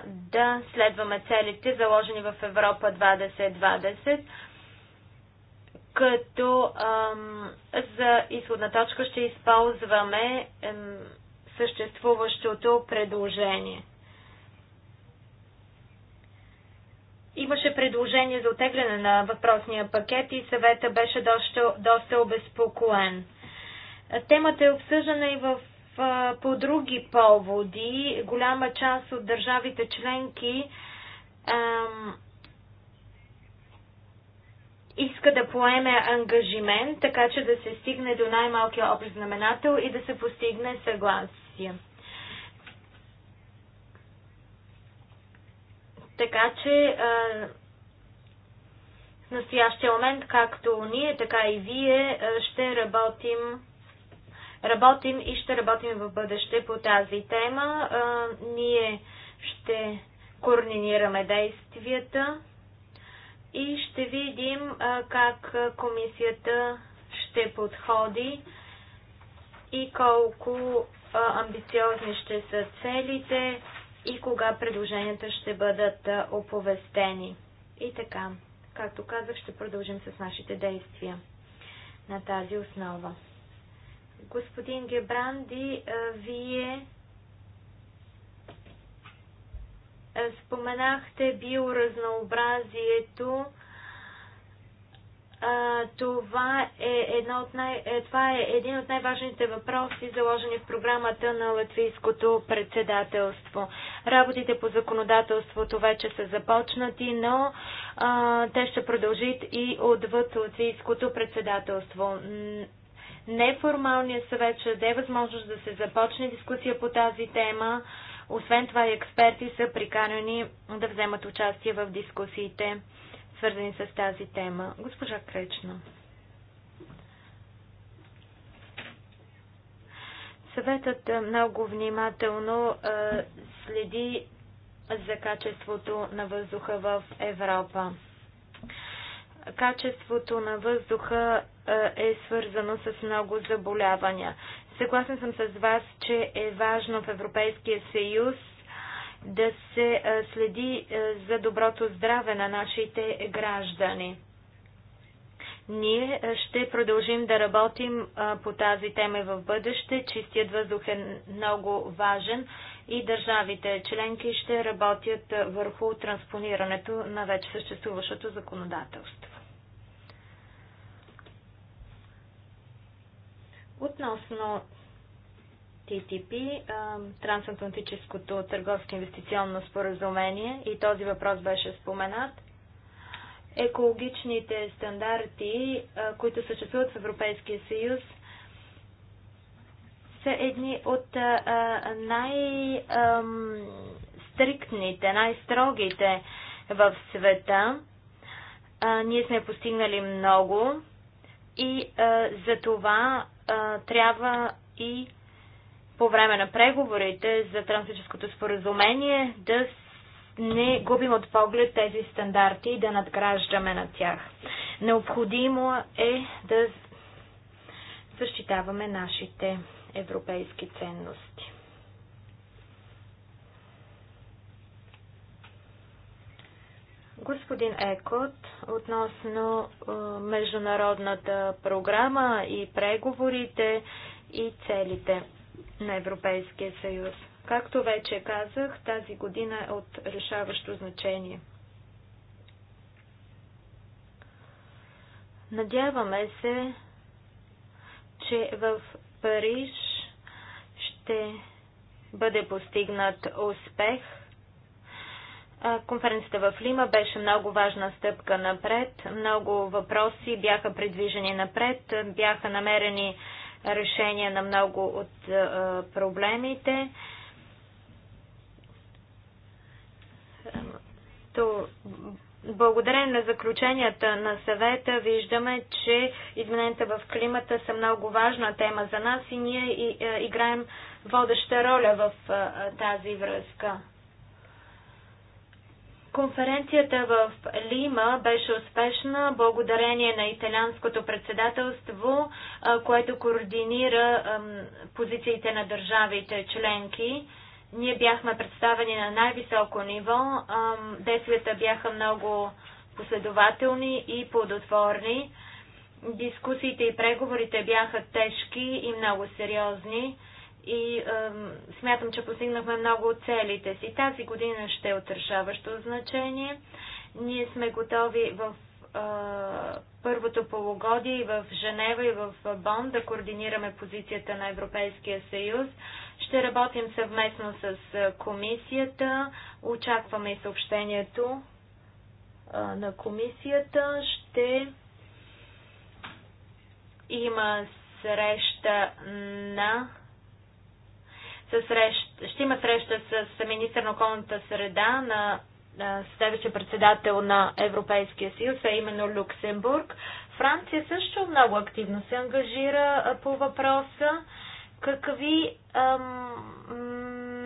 да следваме целите, заложени в Европа 2020 като ам, за изходна точка ще използваме ам, съществуващото предложение. Имаше предложение за отегляне на въпросния пакет и съвета беше доста, доста обезпокоен. Темата е обсъждана и в, по други поводи. Голяма част от държавите членки ам, иска да поеме ангажимент, така че да се стигне до най-малкия общ знаменател и да се постигне съгласие. Така че в настоящия момент, както ние, така и вие, ще работим работим и ще работим в бъдеще по тази тема. Ние ще координираме действията и ще видим как комисията ще подходи и колко амбициозни ще са целите, и кога предложенията ще бъдат оповестени. И така, както казах, ще продължим с нашите действия на тази основа. Господин Гебранди, вие споменахте биоразнообразието това, е едно от най, е, това е един от най-важните въпроси, заложени в програмата на латвийското председателство. Работите по законодателството вече са започнати, но а, те ще продължат и отвъд латвийското председателство. Неформалният съвет ще даде възможност да се започне дискусия по тази тема. Освен това и експерти са прикарани да вземат участие в дискусиите свързани с тази тема. Госпожа Кречна. Съветът е, много внимателно е, следи за качеството на въздуха в Европа. Качеството на въздуха е, е свързано с много заболявания. Съгласен съм с вас, че е важно в Европейския съюз да се е, следи е, за доброто здраве на нашите граждани. Ние е, ще продължим да работим по тази тема в бъдеще. Чистият въздух е много важен и държавите членки ще работят върху транспонирането на вече съществуващото законодателство. Относно TTP, Трансатлантическото търговско инвестиционно споразумение, и този въпрос беше споменат. Екологичните стандарти, които съществуват в Европейския съюз, са едни от най-стриктните, най-строгите в света. Ние сме постигнали много и за това трябва и по време на преговорите за трансическото споразумение да не губим от поглед тези стандарти и да надграждаме на тях. Необходимо е да защитаваме нашите европейски ценности. Господин Екот, относно е, международната програма и преговорите и целите на Европейския съюз. Както вече казах, тази година е от решаващо значение. Надяваме се, че в Париж ще бъде постигнат успех. Конференцията в Лима беше много важна стъпка напред. Много въпроси бяха предвижени напред, бяха намерени решение на много от е, е, проблемите. То, благодарение на заключенията на съвета виждаме, че измененията в климата са много важна тема за нас и ние е, играем водеща роля в тази връзка. Конференцията в Лима беше успешна благодарение на италянското председателство, което координира позициите на държавите членки. Ние бяхме представени на най-високо ниво. Действията бяха много последователни и плодотворни. Дискусиите и преговорите бяха тежки и много сериозни и е, смятам, че постигнахме много от целите си. Тази година ще е от решаващо значение. Ние сме готови в е, първото полугодие и в Женева и в Бон да координираме позицията на Европейския съюз. Ще работим съвместно с комисията. Очакваме съобщението е, на комисията. Ще има среща на срещ, ще има среща с министър на околната среда на следващия председател на Европейския съюз, а именно Люксембург. Франция също много активно се ангажира по въпроса. Какви ам,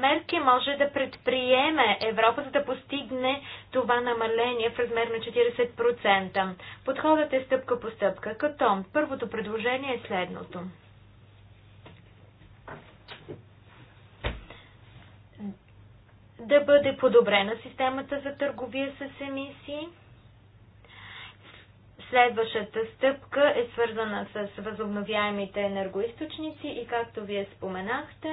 мерки може да предприеме Европа, за да постигне това намаление в размер на 40%? Подходът е стъпка по стъпка, като първото предложение е следното – да бъде подобрена системата за търговия с емисии. Следващата стъпка е свързана с възобновяемите енергоисточници и както вие споменахте,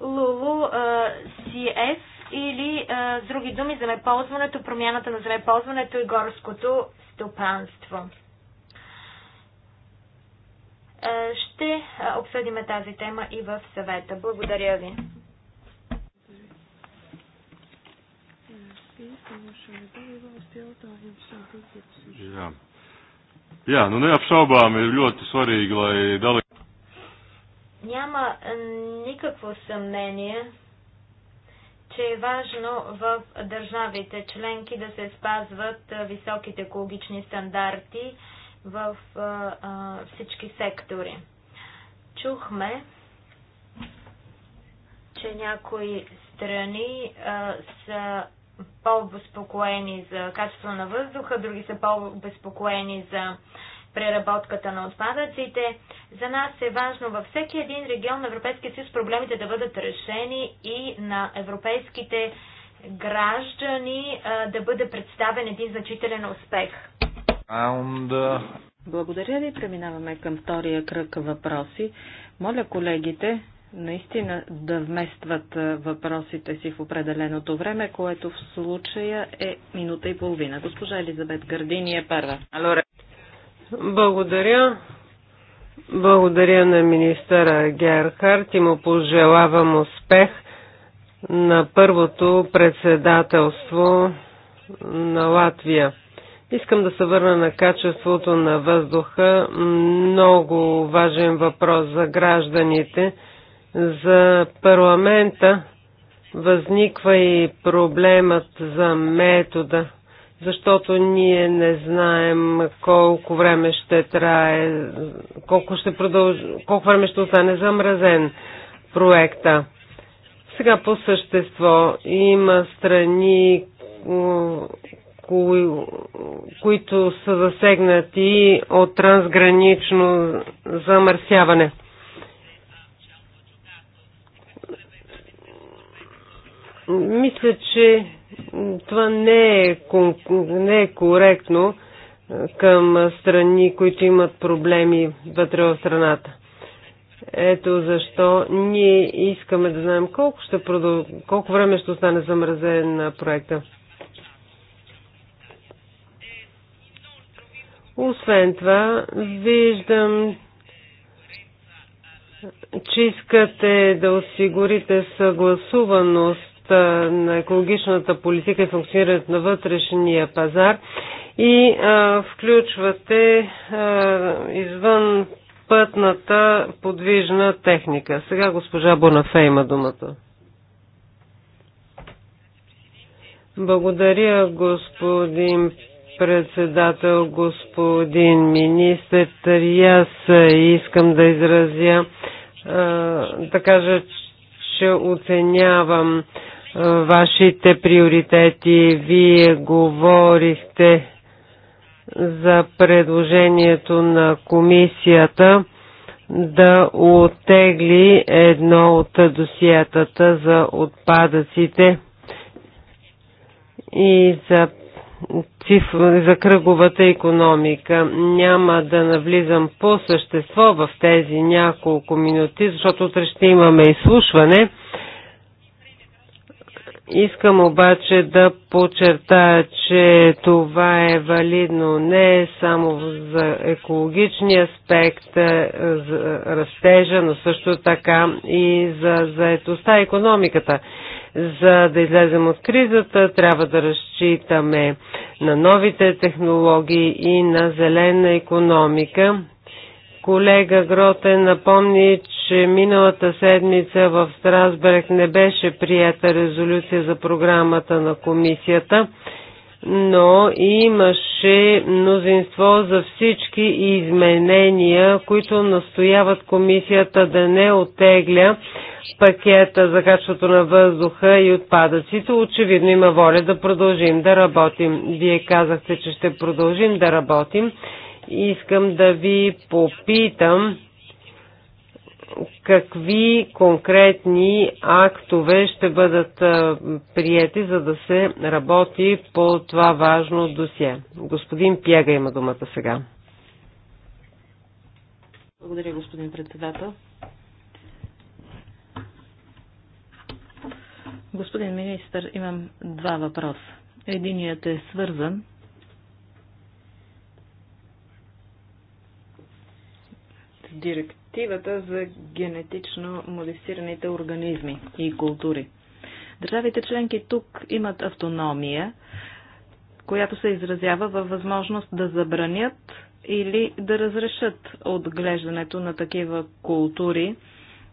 Лулу CF или с други думи земеползването, промяната на земеползването и горското стопанство. Е, ще е, обсъдиме тази тема и в съвета. Благодаря ви. Jā. Jā, nu neapšaubām ir ļoti svarīgi, lai Няма никакво съмнение, че е важно в държавите членки да се спазват високите екологични стандарти, в а, а, всички сектори. Чухме, че някои страни а, са по-обезпокоени за качество на въздуха, други са по-обезпокоени за преработката на отпадъците. За нас е важно във всеки един регион на Европейския съюз проблемите да бъдат решени и на европейските граждани а, да бъде представен един значителен успех. Благодаря ви. Преминаваме към втория кръг въпроси. Моля колегите наистина да вместват въпросите си в определеното време, което в случая е минута и половина. Госпожа Елизабет Гърдини е първа. Благодаря. Благодаря на министъра Герхард и му пожелавам успех на първото председателство на Латвия. Искам да се върна на качеството на въздуха. Много важен въпрос за гражданите. За парламента възниква и проблемът за метода, защото ние не знаем колко време ще трае, колко ще продължи, колко време ще остане замразен проекта. Сега по същество има страни, кои, които са засегнати от трансгранично замърсяване. Мисля, че това не е, не е коректно към страни, които имат проблеми вътре в страната. Ето защо ние искаме да знаем колко, ще продъл... колко време ще остане замразен на проекта. Освен това, виждам, че искате да осигурите съгласуваност на екологичната политика и функционирането на вътрешния пазар и а, включвате а, извън пътната подвижна техника. Сега госпожа Бонафе има думата. Благодаря, господин председател, господин министр. И аз искам да изразя, да кажа, че оценявам вашите приоритети. Вие говорихте за предложението на комисията да отегли едно от досиетата за отпадъците и за за кръговата економика. Няма да навлизам по същество в тези няколко минути, защото утре ще имаме изслушване. Искам обаче да подчертая, че това е валидно не само за екологичния аспект, за растежа, но също така и за заетостта економиката. За да излезем от кризата, трябва да разчитаме на новите технологии и на зелена економика. Колега Гроте напомни, че миналата седмица в Страсберг не беше прията резолюция за програмата на комисията но имаше мнозинство за всички изменения, които настояват комисията да не отегля пакета за качеството на въздуха и отпадъците. Очевидно има воля да продължим да работим. Вие казахте, че ще продължим да работим. Искам да ви попитам какви конкретни актове ще бъдат приети, за да се работи по това важно досие. Господин Пяга има думата сега. Благодаря, господин председател. Господин министр, имам два въпроса. Единият е свързан с директ директивата за генетично модифицираните организми и култури. Държавите членки тук имат автономия, която се изразява във възможност да забранят или да разрешат отглеждането на такива култури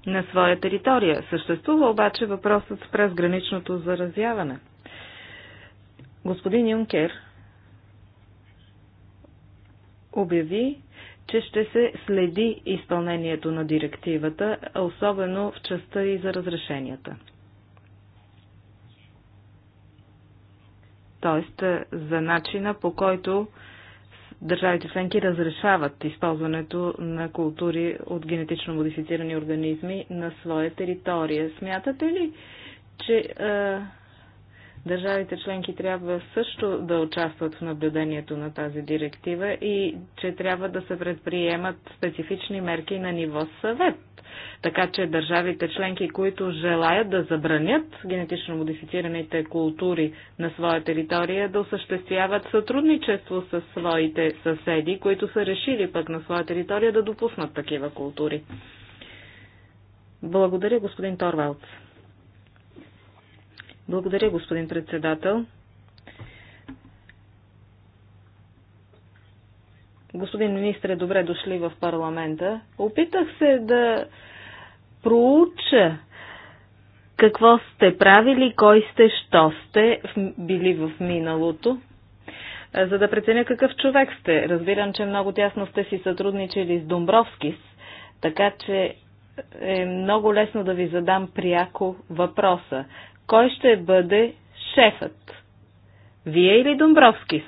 на своя територия. Съществува обаче въпросът с презграничното заразяване. Господин Юнкер обяви, че ще се следи изпълнението на директивата, особено в частта и за разрешенията. Тоест, е, за начина по който държавите членки разрешават използването на култури от генетично модифицирани организми на своя територия. Смятате ли, че е, Държавите членки трябва също да участват в наблюдението на тази директива и че трябва да се предприемат специфични мерки на ниво съвет. Така че държавите членки, които желаят да забранят генетично модифицираните култури на своя територия, да осъществяват сътрудничество с своите съседи, които са решили пък на своя територия да допуснат такива култури. Благодаря, господин Торвалц. Благодаря, господин председател. Господин министре, добре дошли в парламента. Опитах се да проуча какво сте правили, кой сте, що сте били в миналото, за да преценя какъв човек сте. Разбирам, че много тясно сте си сътрудничили с Домбровски, така че е много лесно да ви задам пряко въпроса. Кой ще бъде шефът? Вие или Домбровскис?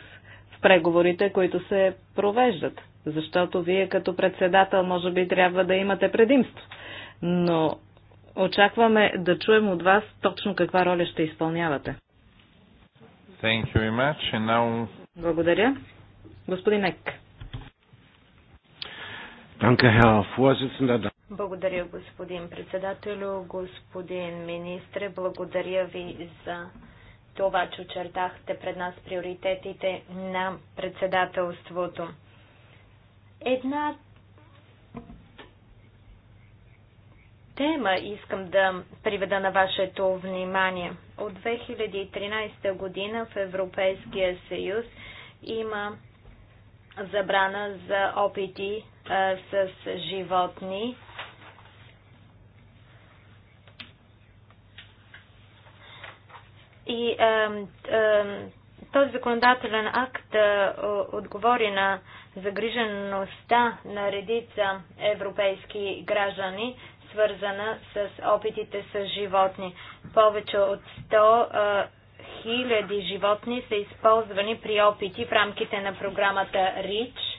В преговорите, които се провеждат. Защото вие като председател може би трябва да имате предимство. Но очакваме да чуем от вас точно каква роля ще изпълнявате. Thank you very much. And now... Благодаря. Господин Ек. Danke, Herr Vorsitzender. Благодаря, господин председателю, господин министре. Благодаря ви за това, че очертахте пред нас приоритетите на председателството. Една тема искам да приведа на вашето внимание. От 2013 година в Европейския съюз има забрана за опити а, с животни. И а, а, този законодателен акт а, отговори на загрижеността на редица европейски граждани, свързана с опитите с животни. Повече от 100 хиляди животни са използвани при опити в рамките на програмата РИЧ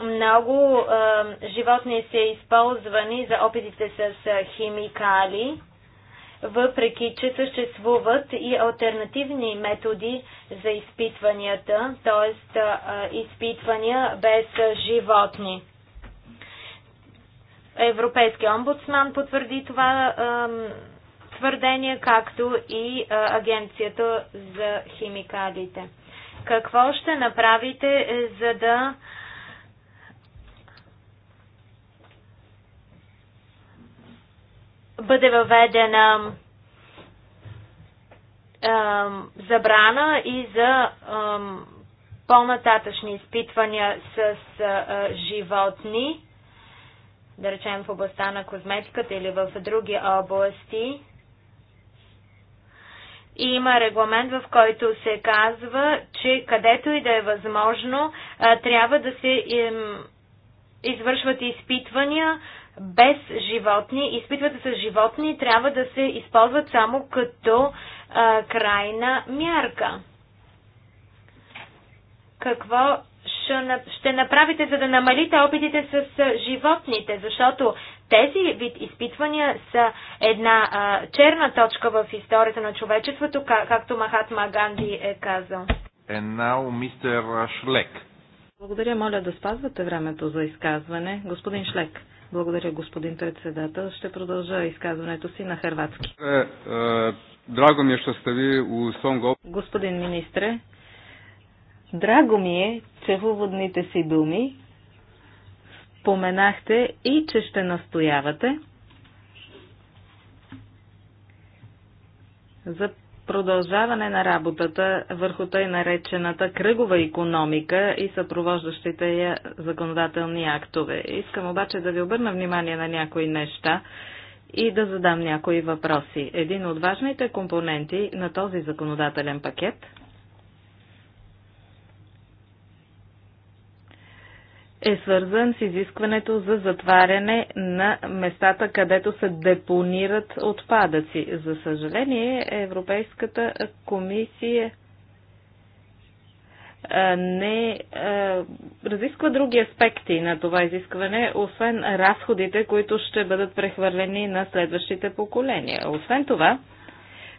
Много а, животни са използвани за опитите с химикали, въпреки че съществуват и альтернативни методи за изпитванията, т.е. изпитвания без животни. Европейския омбудсман потвърди това е, твърдение, както и е, Агенцията за химикалите. Какво ще направите, е, за да бъде въведена забрана и за по-нататъчни изпитвания с животни, да речем в областта на козметиката или в други области. И има регламент, в който се казва, че където и да е възможно, трябва да се извършват изпитвания без животни, изпитвата с животни трябва да се използват само като а, крайна мярка. Какво ще направите, за да намалите опитите с животните, защото тези вид изпитвания са една а, черна точка в историята на човечеството, как, както Махатма Ганди е казал. Енау, мистер Шлек. Благодаря, моля да спазвате времето за изказване. Господин Шлек. Благодаря, господин председател. Ще продължа изказването си на хрватски. Е, е, драго ми е, че сте ви у Сонго. Господин министре, драго ми е, че в уводните си думи споменахте и че ще настоявате за продължаване на работата върху тъй наречената кръгова економика и съпровождащите я законодателни актове. Искам обаче да ви обърна внимание на някои неща и да задам някои въпроси. Един от важните компоненти на този законодателен пакет – е свързан с изискването за затваряне на местата, където се депонират отпадъци. За съжаление, Европейската комисия не разисква други аспекти на това изискване, освен разходите, които ще бъдат прехвърлени на следващите поколения. Освен това,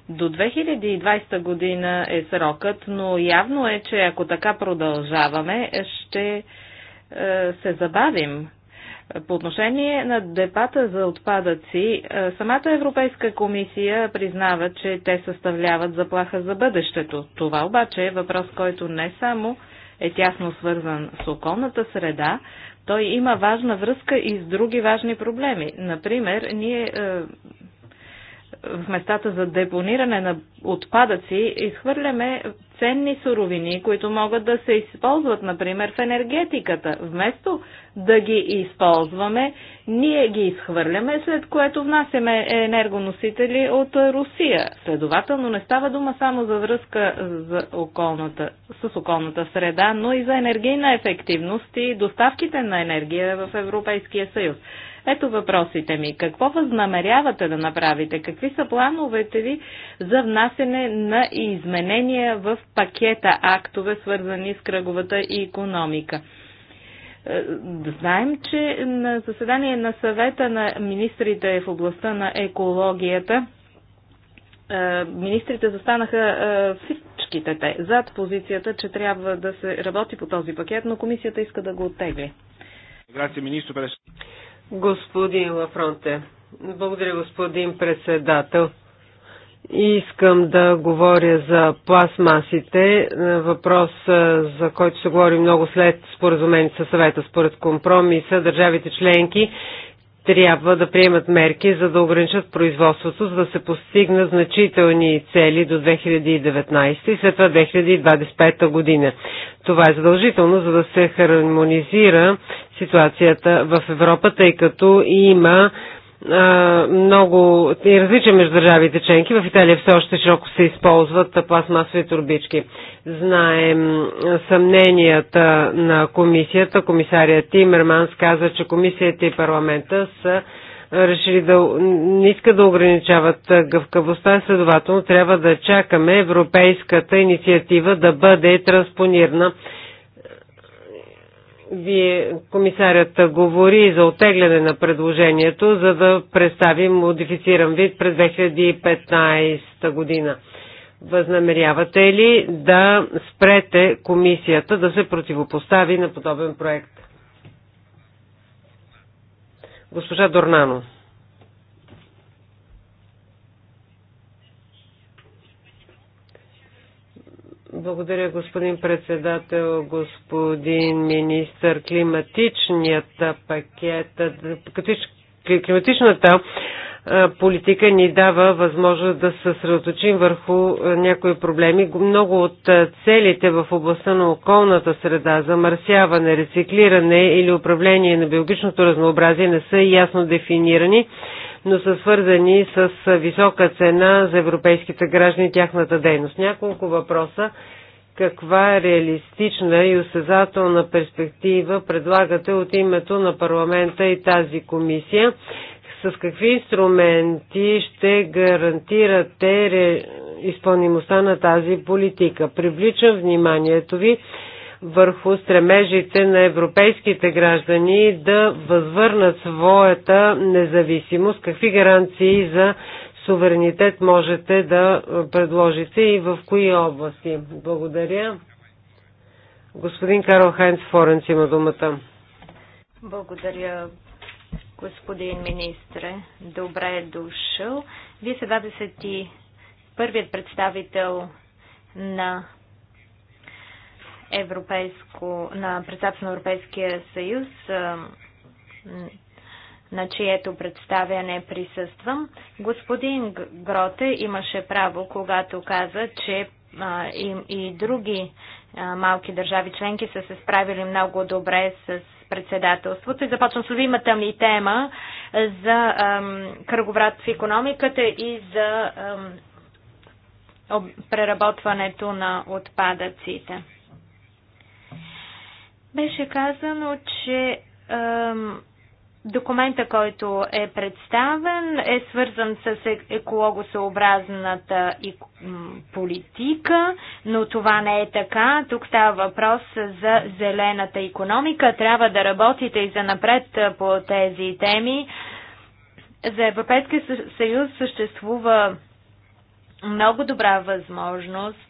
до 2020 година е срокът, но явно е, че ако така продължаваме, ще е, се забавим. По отношение на депата за отпадъци, е, самата Европейска комисия признава, че те съставляват заплаха за бъдещето. Това обаче е въпрос, който не само е тясно свързан с околната среда, той има важна връзка и с други важни проблеми. Например, ние е, в местата за депониране на отпадъци изхвърляме ценни суровини, които могат да се използват, например, в енергетиката. Вместо да ги използваме, ние ги изхвърляме, след което внасяме енергоносители от Русия. Следователно не става дума само за връзка за околната, с околната среда, но и за енергийна ефективност и доставките на енергия в Европейския съюз. Ето въпросите ми. Какво възнамерявате да направите? Какви са плановете ви за внасене на изменения в пакета актове, свързани с кръговата и економика? Е, знаем, че на заседание на съвета на министрите в областта на екологията е, министрите застанаха е, всичките те зад позицията, че трябва да се работи по този пакет, но комисията иска да го оттегли. Господин Лафронте, благодаря господин председател. Искам да говоря за пластмасите. Въпрос, за който се говори много след споразумение със съвета. Според компромиса, държавите членки трябва да приемат мерки, за да ограничат производството, за да се постигнат значителни цели до 2019 и след това 2025 година. Това е задължително, за да се хармонизира ситуацията в Европа, тъй като има много и различия между държавите членки. В Италия все още широко се използват пластмасови турбички. Знаем съмненията на комисията. Комисария Тимерманс каза, че комисията и парламента са решили да не искат да ограничават гъвкавостта, следователно трябва да чакаме европейската инициатива да бъде транспонирана вие, комисарят говори за отегляне на предложението, за да представи модифициран вид през 2015 година. Възнамерявате ли да спрете комисията да се противопостави на подобен проект? Госпожа Дорнано. Благодаря, господин председател, господин министр. Климатичният пакет, климатичната политика ни дава възможност да се съсредоточим върху някои проблеми. Много от целите в областта на околната среда, замърсяване, рециклиране или управление на биологичното разнообразие не са ясно дефинирани но са свързани с висока цена за европейските граждани и тяхната дейност. Няколко въпроса. Каква е реалистична и осезателна перспектива предлагате от името на парламента и тази комисия? С какви инструменти ще гарантирате изпълнимостта на тази политика? Привличам вниманието ви върху стремежите на европейските граждани да възвърнат своята независимост. Какви гаранции за суверенитет можете да е, предложите и в кои области? Благодаря. Господин Карл Хайнц Форенц има думата. Благодаря, господин министре. Добре е дошъл. Вие сте 21-ият представител на европейско, на председателство на Европейския съюз, на чието представяне присъствам. Господин Гроте имаше право, когато каза, че и, и други малки държави членки са се справили много добре с председателството. И започвам с любимата ми тема за кръговрат в економиката и за преработването на отпадъците. Беше казано, че Документа, който е представен, е свързан с е-, екологосъобразната политика, но това не е така. Тук става въпрос за зелената економика. Трябва да работите и за напред по тези теми. За Европейския съюз съществува много добра възможност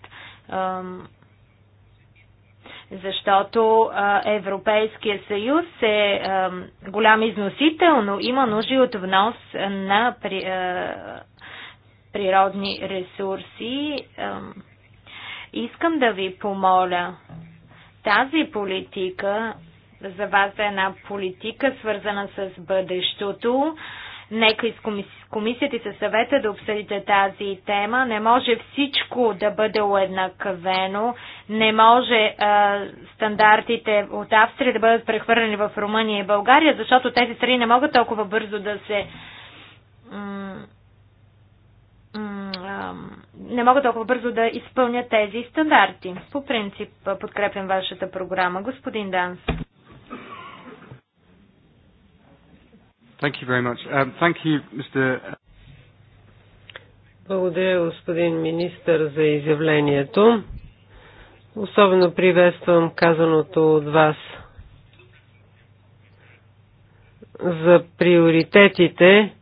защото Европейския съюз е голям износител, но има нужда от внос на природни ресурси. Искам да ви помоля тази политика за вас е една политика, свързана с бъдещето. Нека из, комис комисията и със съвета да обсъдите тази тема. Не може всичко да бъде уеднаквено, не може а, стандартите от Австрия да бъдат прехвърлени в Румъния и България, защото тези страни не могат толкова бързо да се не мога толкова бързо да изпълнят тези стандарти. По принцип подкрепям вашата програма, господин Данс. Thank you very much. Um, thank you, Mr. Благодаря, господин министър, за изявлението. Особено приветствам казаното от вас за приоритетите.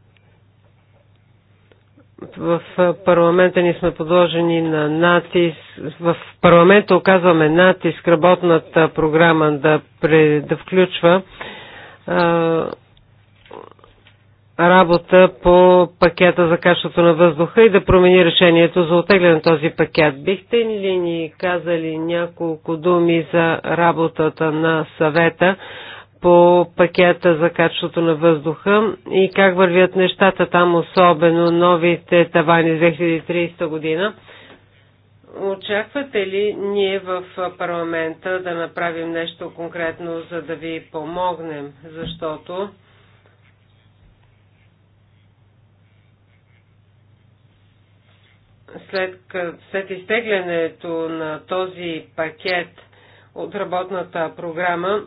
В парламента ни сме подложени на натиск. В парламента оказваме натиск работната програма да, пре, да включва работа по пакета за качеството на въздуха и да промени решението за отегляне на този пакет. Бихте ли ни казали няколко думи за работата на съвета по пакета за качеството на въздуха и как вървят нещата там, особено новите тавани 2030 година? Очаквате ли ние в парламента да направим нещо конкретно, за да ви помогнем? Защото след, след изтеглянето на този пакет от работната програма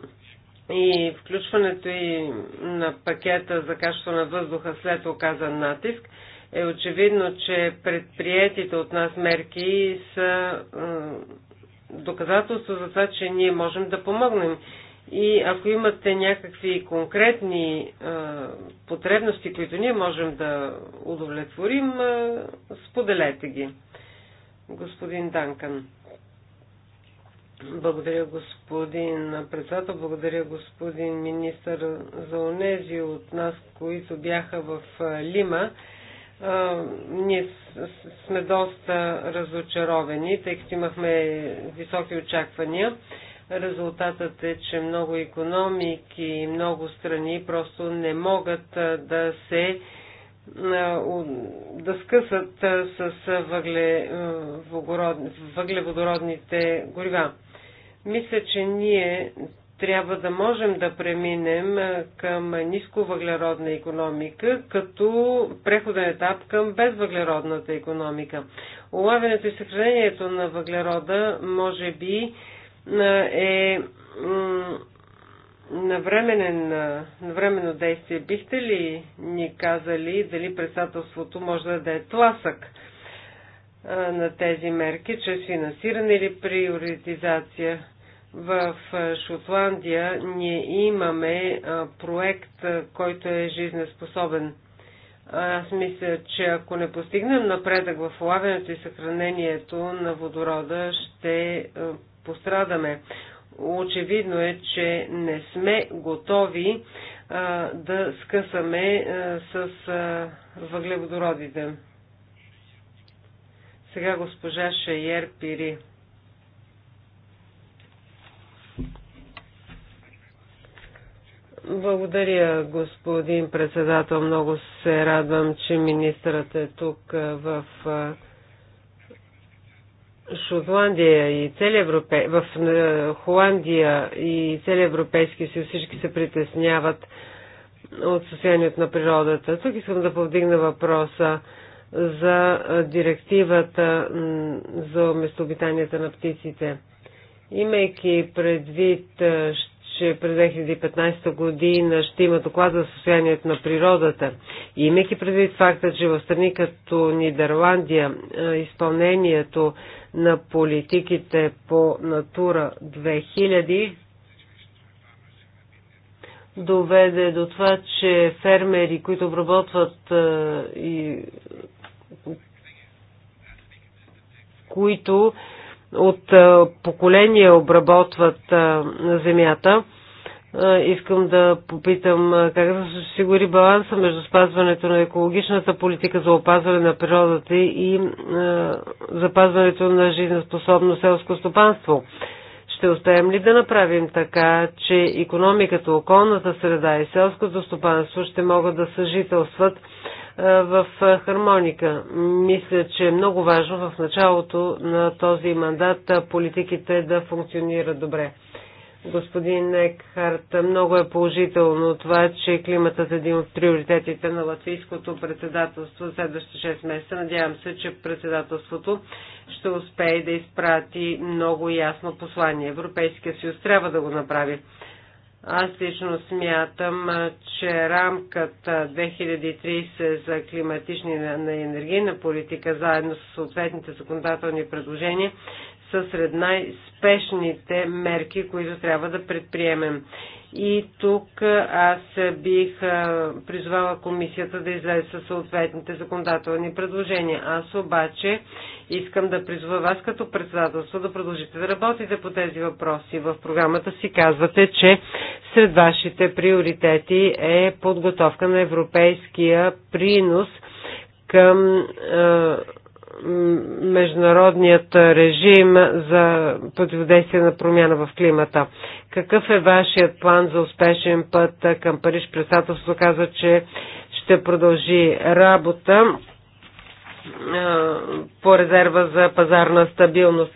и включването и на пакета за качество на въздуха след оказан натиск, е очевидно, че предприятите от нас мерки са доказателство за това, че ние можем да помогнем и ако имате някакви конкретни а, потребности, които ние можем да удовлетворим, а, споделете ги. Господин Данкан. Благодаря, господин председател. Благодаря, господин министър, за онези от нас, които бяха в Лима. А, ние сме доста разочаровани, тъй като имахме високи очаквания. Резултатът е, че много економики и много страни просто не могат да се да скъсат с въгле, въглеводородните горива. Мисля, че ние трябва да можем да преминем към нисковъглеродна економика, като преходен етап към безвъглеродната економика. Улавянето и съхранението на въглерода може би е на временно действие. Бихте ли ни казали дали председателството може да е тласък на тези мерки, чрез финансиране или приоритизация? В Шотландия ние имаме проект, който е жизнеспособен. Аз мисля, че ако не постигнем напредък в лавенето и съхранението на водорода, ще пострадаме. Очевидно е, че не сме готови а, да скъсаме а, с въглеводородите. Сега госпожа Шайер Пири. Благодаря, господин председател. Много се радвам, че министърът е тук в Шотландия и цели Европе... в Холандия и цели Европейски съюз всички се притесняват от състоянието на природата. Тук искам да повдигна въпроса за директивата за местообитанията на птиците. Имайки предвид, че през 2015 година ще има доклад за състоянието на природата, и имайки предвид факта, че в страни като Нидерландия изпълнението на политиките по Натура 2000 доведе до това, че фермери, които обработват е, и които от е, поколение обработват е, земята, Искам да попитам как да се осигури баланса между спазването на екологичната политика за опазване на природата и запазването на жизнеспособно селско стопанство. Ще успеем ли да направим така, че економиката, околната среда и селското стопанство ще могат да съжителстват в хармоника? Мисля, че е много важно в началото на този мандат политиките да функционират добре. Господин Екхарт, много е положително това, че климатът е един от приоритетите на латвийското председателство за следващите 6 месеца. Надявам се, че председателството ще успее да изпрати много ясно послание. Европейския съюз трябва да го направи. Аз лично смятам, че рамката 2030 за климатична и енергийна политика, заедно с съответните законодателни предложения, са сред най-спешните мерки, които трябва да предприемем. И тук аз бих призвала комисията да излезе със съответните законодателни предложения. Аз обаче искам да призва вас като председателство да продължите да работите по тези въпроси. В програмата си казвате, че сред вашите приоритети е подготовка на европейския принос към международният режим за противодействие на промяна в климата. Какъв е вашият план за успешен път към Париж? Председателството каза, че ще продължи работа по резерва за пазарна стабилност.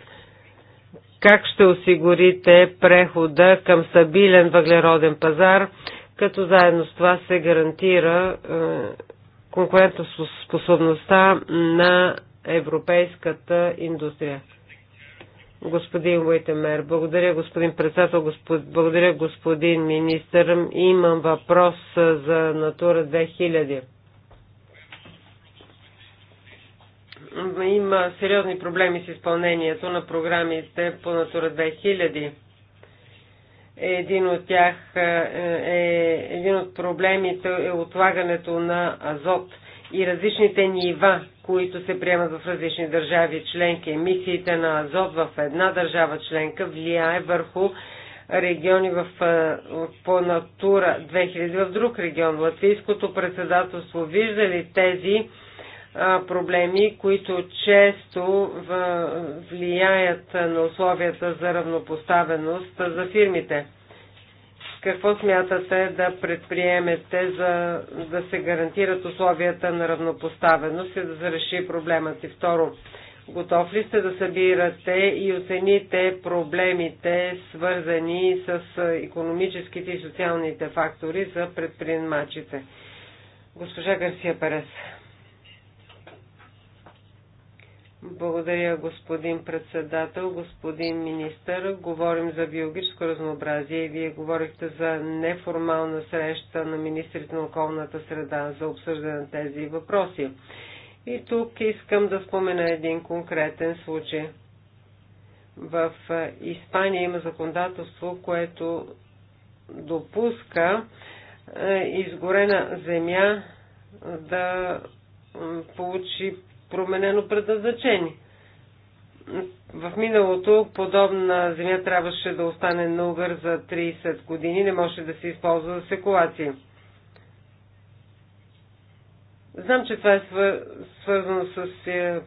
Как ще осигурите прехода към стабилен въглероден пазар, като заедно с това се гарантира конкурентоспособността на европейската индустрия. Господин Уитемер, благодаря господин председател, господ... благодаря господин министър. Имам въпрос за Натура 2000. Има сериозни проблеми с изпълнението на програмите по Натура 2000. Един от тях е, един от проблемите е отлагането на азот и различните нива които се приемат в различни държави членки. Емисиите на азот в една държава членка влияе върху региони в, по натура 2000 в друг регион. Латвийското председателство вижда ли тези проблеми, които често влияят на условията за равнопоставеност за фирмите? Какво смятате да предприемете за да се гарантират условията на равнопоставеност и да се реши проблемът и Второ, готов ли сте да събирате и оцените проблемите, свързани с економическите и социалните фактори за предприемачите? Госпожа Гарсия Перес. Благодаря, господин председател, господин министър. Говорим за биологическо разнообразие и вие говорихте за неформална среща на министрите на околната среда за обсъждане на тези въпроси. И тук искам да спомена един конкретен случай. В Испания има законодателство, което допуска е, изгорена земя да получи променено предназначение. В миналото подобна земя трябваше да остане на угър за 30 години, не може да се използва за секулации. Знам, че това е свързано с е,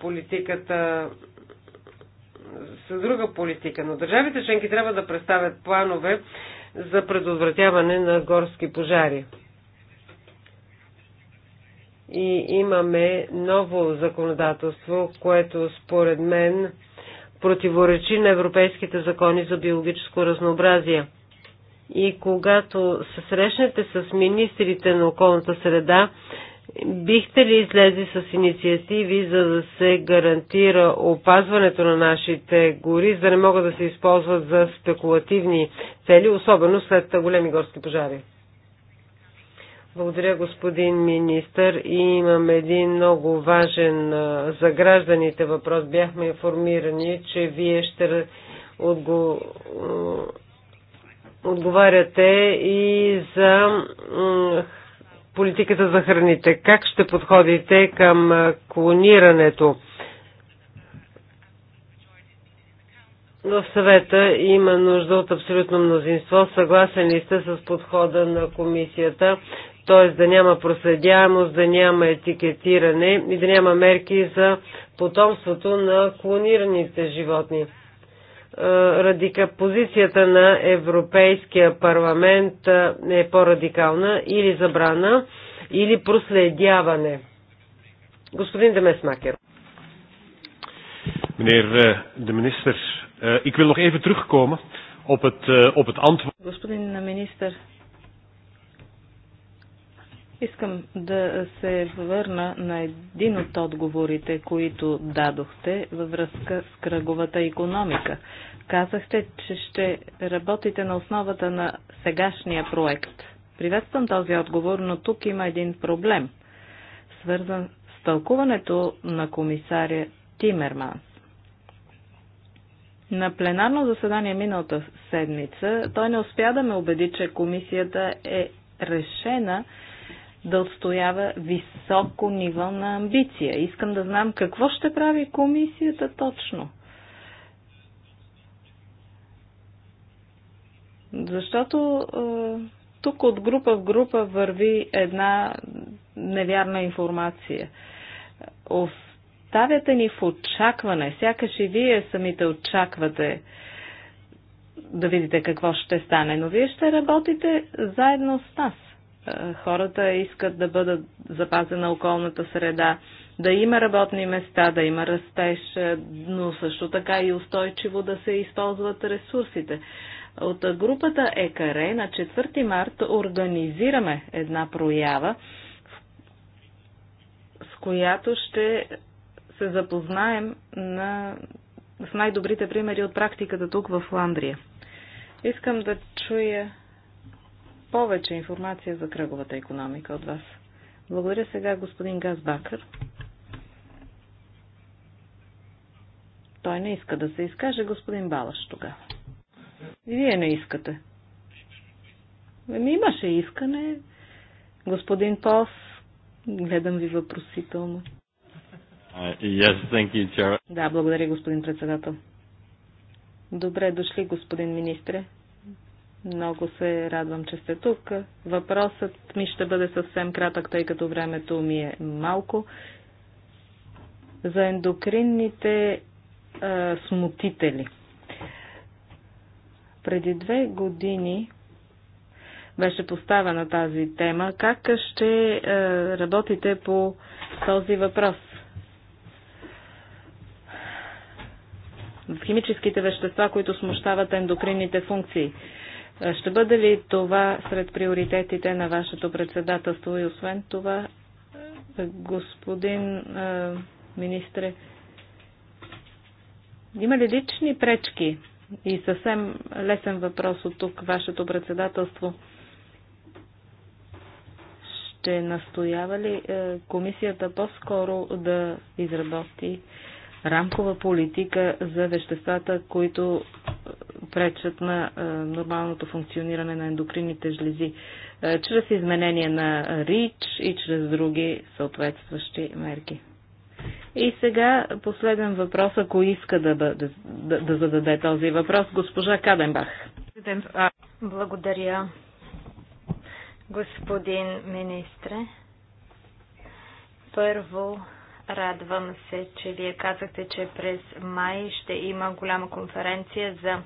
политиката, с друга политика, но държавите членки трябва да представят планове за предотвратяване на горски пожари и имаме ново законодателство, което според мен противоречи на европейските закони за биологическо разнообразие. И когато се срещнете с министрите на околната среда, бихте ли излезли с инициативи, за да се гарантира опазването на нашите гори, за да не могат да се използват за спекулативни цели, особено след големи горски пожари? Благодаря, господин министър. И имам един много важен за гражданите въпрос. Бяхме информирани, че вие ще отго... отговаряте и за политиката за храните. Как ще подходите към клонирането? В съвета има нужда от абсолютно мнозинство. Съгласен ли сте с подхода на комисията? т.е. да няма проследяемост, да няма етикетиране и да няма мерки за потомството на клонираните животни. Е, радика... Позицията на Европейския парламент е, е по-радикална или забрана, или проследяване. Господин Демесмакер. Meneer eh, de minister, eh, ik wil nog even terugkomen op het, eh, op het antwoord. Господин министър, Искам да се върна на един от отговорите, които дадохте във връзка с кръговата економика. Казахте, че ще работите на основата на сегашния проект. Приветствам този отговор, но тук има един проблем, свързан с тълкуването на комисаря Тимерманс. На пленарно заседание миналата седмица той не успя да ме убеди, че комисията е решена да отстоява високо ниво на амбиция. Искам да знам какво ще прави комисията точно. Защото е, тук от група в група върви една невярна информация. Оставяте ни в очакване, сякаш и вие самите очаквате да видите какво ще стане, но вие ще работите заедно с нас. Е, хората искат да бъдат запазена околната среда, да има работни места, да има растеж, е, но също така и устойчиво да се използват ресурсите. От групата ЕКР на 4 март организираме една проява, с която ще се запознаем на, с най-добрите примери от практиката тук в Ландрия. Искам да чуя повече информация за кръговата економика от вас. Благодаря сега господин Газбакър. Той не иска да се изкаже господин Балаш тогава. И вие не искате. Ми имаше искане. Господин Пос, гледам ви въпросително. Uh, yes, thank you, Да, благодаря, господин председател. Добре дошли, господин министре. Много се радвам, че сте тук. Въпросът ми ще бъде съвсем кратък, тъй като времето ми е малко. За ендокринните а, смутители. Преди две години беше поставена тази тема. Как ще а, работите по този въпрос? В химическите вещества, които смущават ендокринните функции – ще бъде ли това сред приоритетите на вашето председателство и освен това, е, господин е, министре, има ли лични пречки и съвсем лесен въпрос от тук вашето председателство? Ще настоява ли е, комисията по-скоро да изработи рамкова политика за веществата, които пречат на нормалното функциониране на ендокрините жлези, чрез изменение на РИЧ и чрез други съответстващи мерки. И сега последен въпрос, ако иска да, да, да, да зададе този въпрос, госпожа Каденбах. Благодаря, господин министре. Първо, Радвам се, че вие казахте, че през май ще има голяма конференция за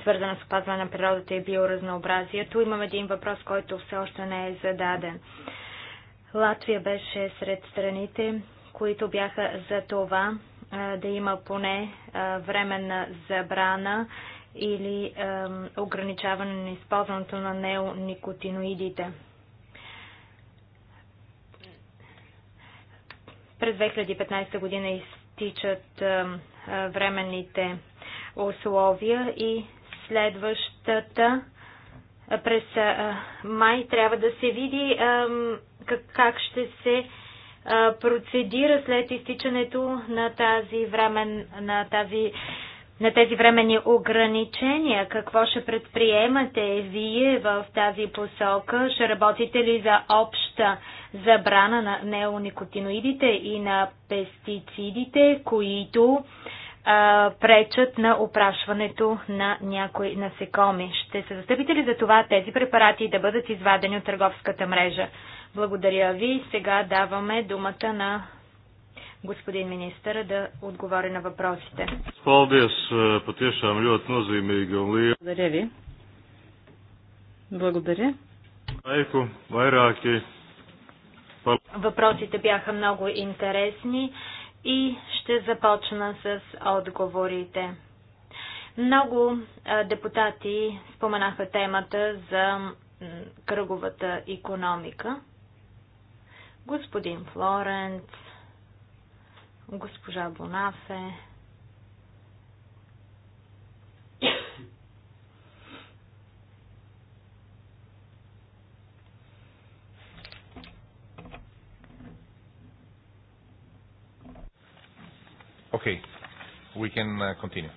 свързана с опазване на природата и биоразнообразието. Имам един въпрос, който все още не е зададен. Латвия беше сред страните, които бяха за това да има поне временна забрана или ограничаване на използването на неоникотиноидите. През 2015 година изтичат временните условия и следващата през май трябва да се види как ще се процедира след изтичането на тази времен, на тази на тези времени ограничения? Какво ще предприемате вие в тази посока? Ще работите ли за обща забрана на неоникотиноидите и на пестицидите, които а, пречат на опрашването на някои насекоми? Ще се застъпите ли за това тези препарати да бъдат извадени от търговската мрежа? Благодаря ви. Сега даваме думата на господин министър да отговори на въпросите. Е, Благодаря ви. Благодаря. Въпросите бяха много интересни и ще започна с отговорите. Много е, депутати споменаха темата за кръговата економика. Господин Флоренц, госпожа Бонафе. Okay, we can uh, continue.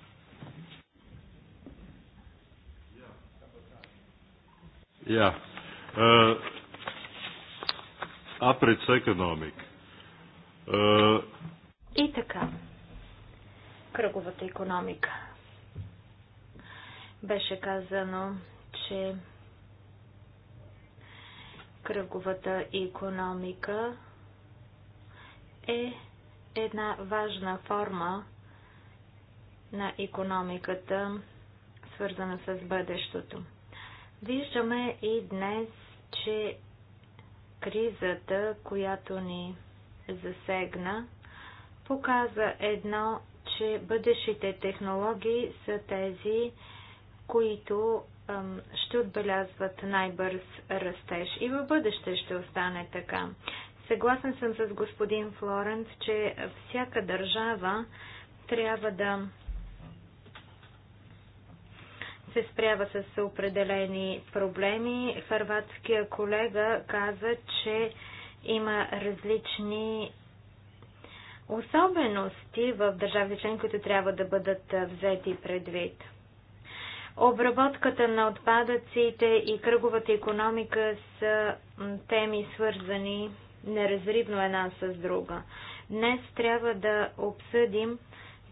Yeah. Uh, aprits economic. Uh, и така, кръговата економика. Беше казано, че кръговата економика е една важна форма на економиката, свързана с бъдещето. Виждаме и днес, че кризата, която ни засегна, показа едно, че бъдещите технологии са тези, които ще отбелязват най-бърз растеж и в бъдеще ще остане така. Съгласен съм с господин Флоренц, че всяка държава трябва да се спрява с определени проблеми. Харватския колега каза, че има различни особености в държавите член, които трябва да бъдат взети предвид. Обработката на отпадъците и кръговата економика са теми свързани неразривно една с друга. Днес трябва да обсъдим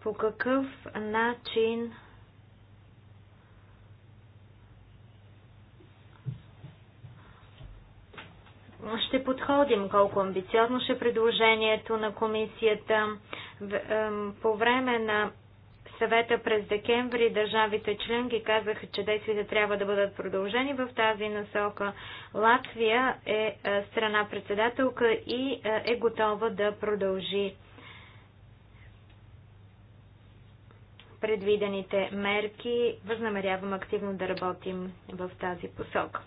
по какъв начин ще подходим, колко амбициозно ще е предложението на комисията. По време на съвета през декември държавите членки казаха, че действията трябва да бъдат продължени в тази насока. Латвия е, е страна председателка и е, е готова да продължи предвидените мерки. Възнамерявам активно да работим в тази посока.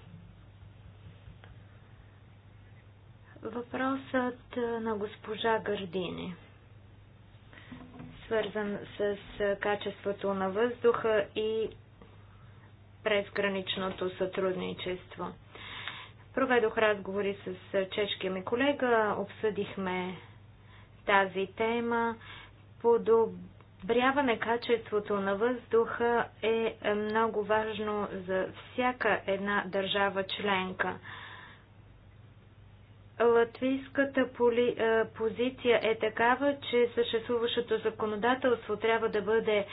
Въпросът е, на госпожа Гърдини, свързан с е, качеството на въздуха и презграничното сътрудничество. Проведох разговори с е, чешкия ми колега, обсъдихме тази тема. Подобряване качеството на въздуха е много важно за всяка една държава членка. Латвийската поли, е, позиция е такава, че съществуващото законодателство трябва да бъде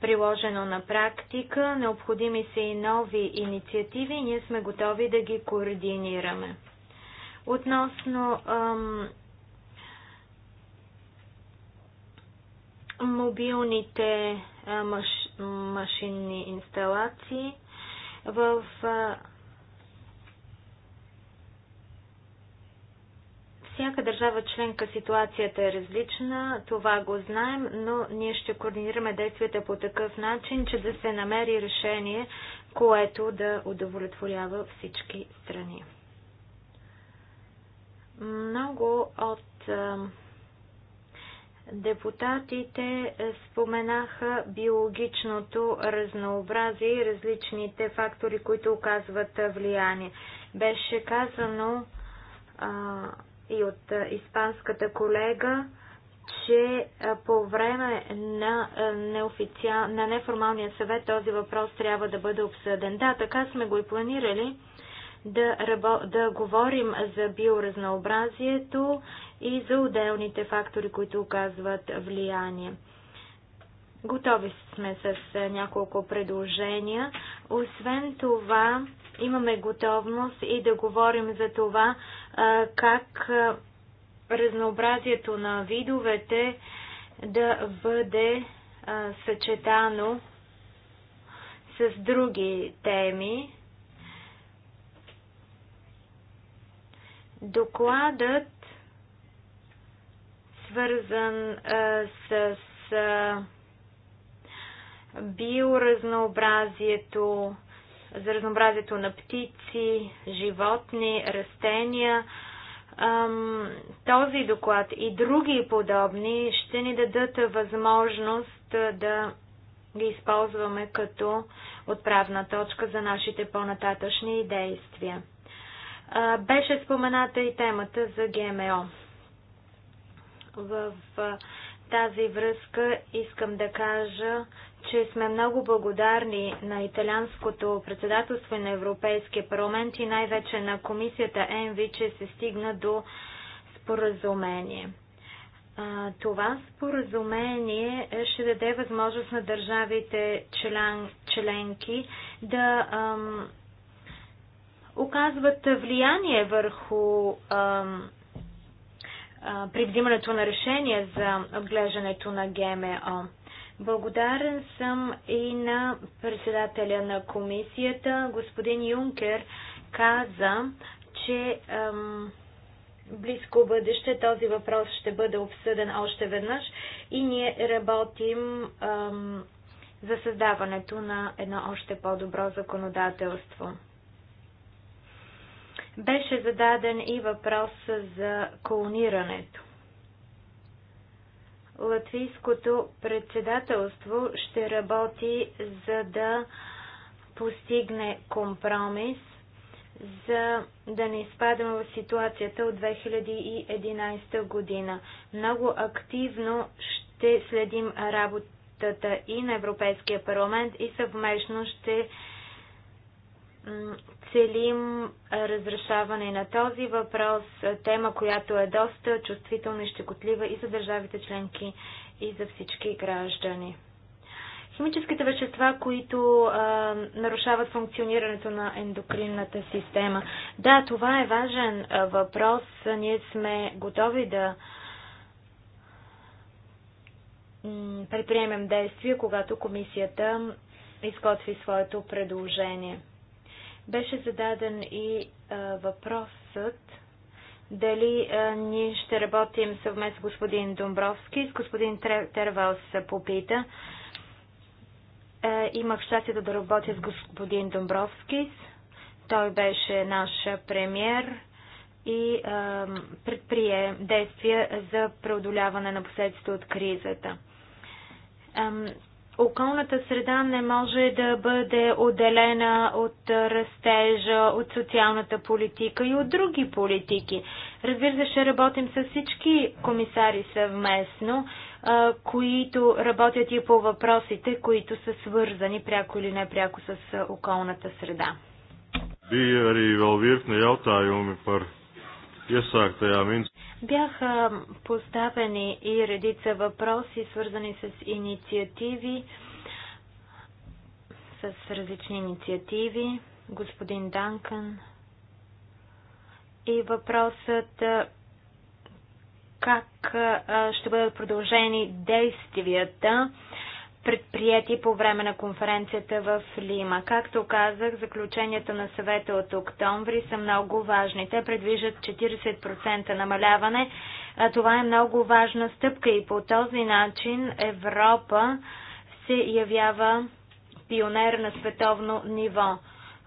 приложено на практика. Необходими са и нови инициативи и ние сме готови да ги координираме. Относно ам, мобилните маш, машинни инсталации, в а, всяка държава членка ситуацията е различна, това го знаем, но ние ще координираме действията по такъв начин, че да се намери решение, което да удовлетворява всички страни. Много от депутатите споменаха биологичното разнообразие и различните фактори, които оказват влияние. Беше казано, и от испанската колега, че по време на, неофициал... на неформалния съвет този въпрос трябва да бъде обсъден. Да, така сме го и планирали да, рабо... да говорим за биоразнообразието и за отделните фактори, които оказват влияние. Готови сме с няколко предложения. Освен това, имаме готовност и да говорим за това как разнообразието на видовете да бъде съчетано с други теми. Докладът, свързан а, с биоразнообразието, за разнообразието на птици, животни, растения. Този доклад и други подобни ще ни дадат възможност да ги използваме като отправна точка за нашите по-нататъчни действия. Беше спомената и темата за ГМО. В тази връзка искам да кажа, че сме много благодарни на италианското председателство и на Европейския парламент и най-вече на комисията ЕНВИ, че се стигна до споразумение. Това споразумение ще даде възможност на държавите член, членки да ам, оказват влияние върху ам, а, при взимането на решение за отглеждането на ГМО. Благодарен съм и на председателя на комисията. Господин Юнкер каза, че ем, близко бъдеще този въпрос ще бъде обсъден още веднъж и ние работим ем, за създаването на едно още по-добро законодателство. Беше зададен и въпрос за колонирането. Латвийското председателство ще работи за да постигне компромис, за да не изпадаме в ситуацията от 2011 година. Много активно ще следим работата и на Европейския парламент и съвместно ще целим разрешаване на този въпрос, тема, която е доста чувствителна и щекотлива и за държавите членки, и за всички граждани. Химическите вещества, които а, нарушават функционирането на ендокринната система. Да, това е важен въпрос. Ние сме готови да предприемем действия, когато комисията изготви своето предложение. Беше зададен и въпросът дали ние ще работим съвместно с господин Домбровски, с господин се попита. Имах щастието да работя с господин Домбровски. Той беше наш премьер и а, предприе действия за преодоляване на последствията от кризата. Околната среда не може да бъде отделена от растежа, от социалната политика и от други политики. Разбира се, ще работим с всички комисари съвместно, които работят и по въпросите, които са свързани пряко или непряко с околната среда. Bija arī vēl virkne jautājumi Пър. Бяха поставени и редица въпроси, свързани с инициативи, с различни инициативи. Господин Данкън. И въпросът как ще бъдат продължени действията предприяти по време на конференцията в Лима. Както казах, заключенията на съвета от октомври са много важни. Те предвижат 40% намаляване. А това е много важна стъпка и по този начин Европа се явява пионер на световно ниво.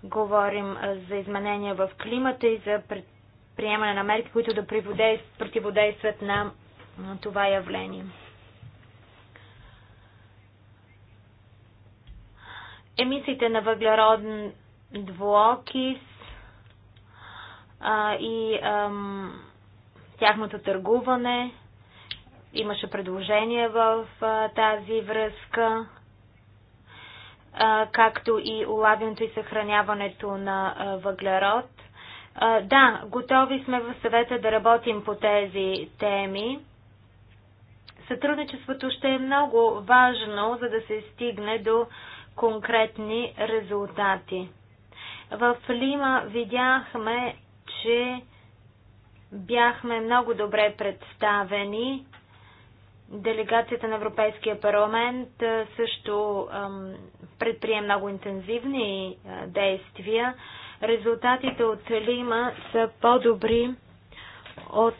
Говорим за изменения в климата и за предприемане на мерки, които да противодействат на това явление. емисиите на въглероден двуокис а, и ам, тяхното търгуване. Имаше предложение в а, тази връзка, а, както и улавянето и съхраняването на а, въглерод. А, да, готови сме в съвета да работим по тези теми. Сътрудничеството ще е много важно, за да се стигне до а, конкретни резултати. В Лима видяхме, че бяхме много добре представени. Делегацията на Европейския парламент също предприе много интензивни действия. Резултатите от Лима са по-добри от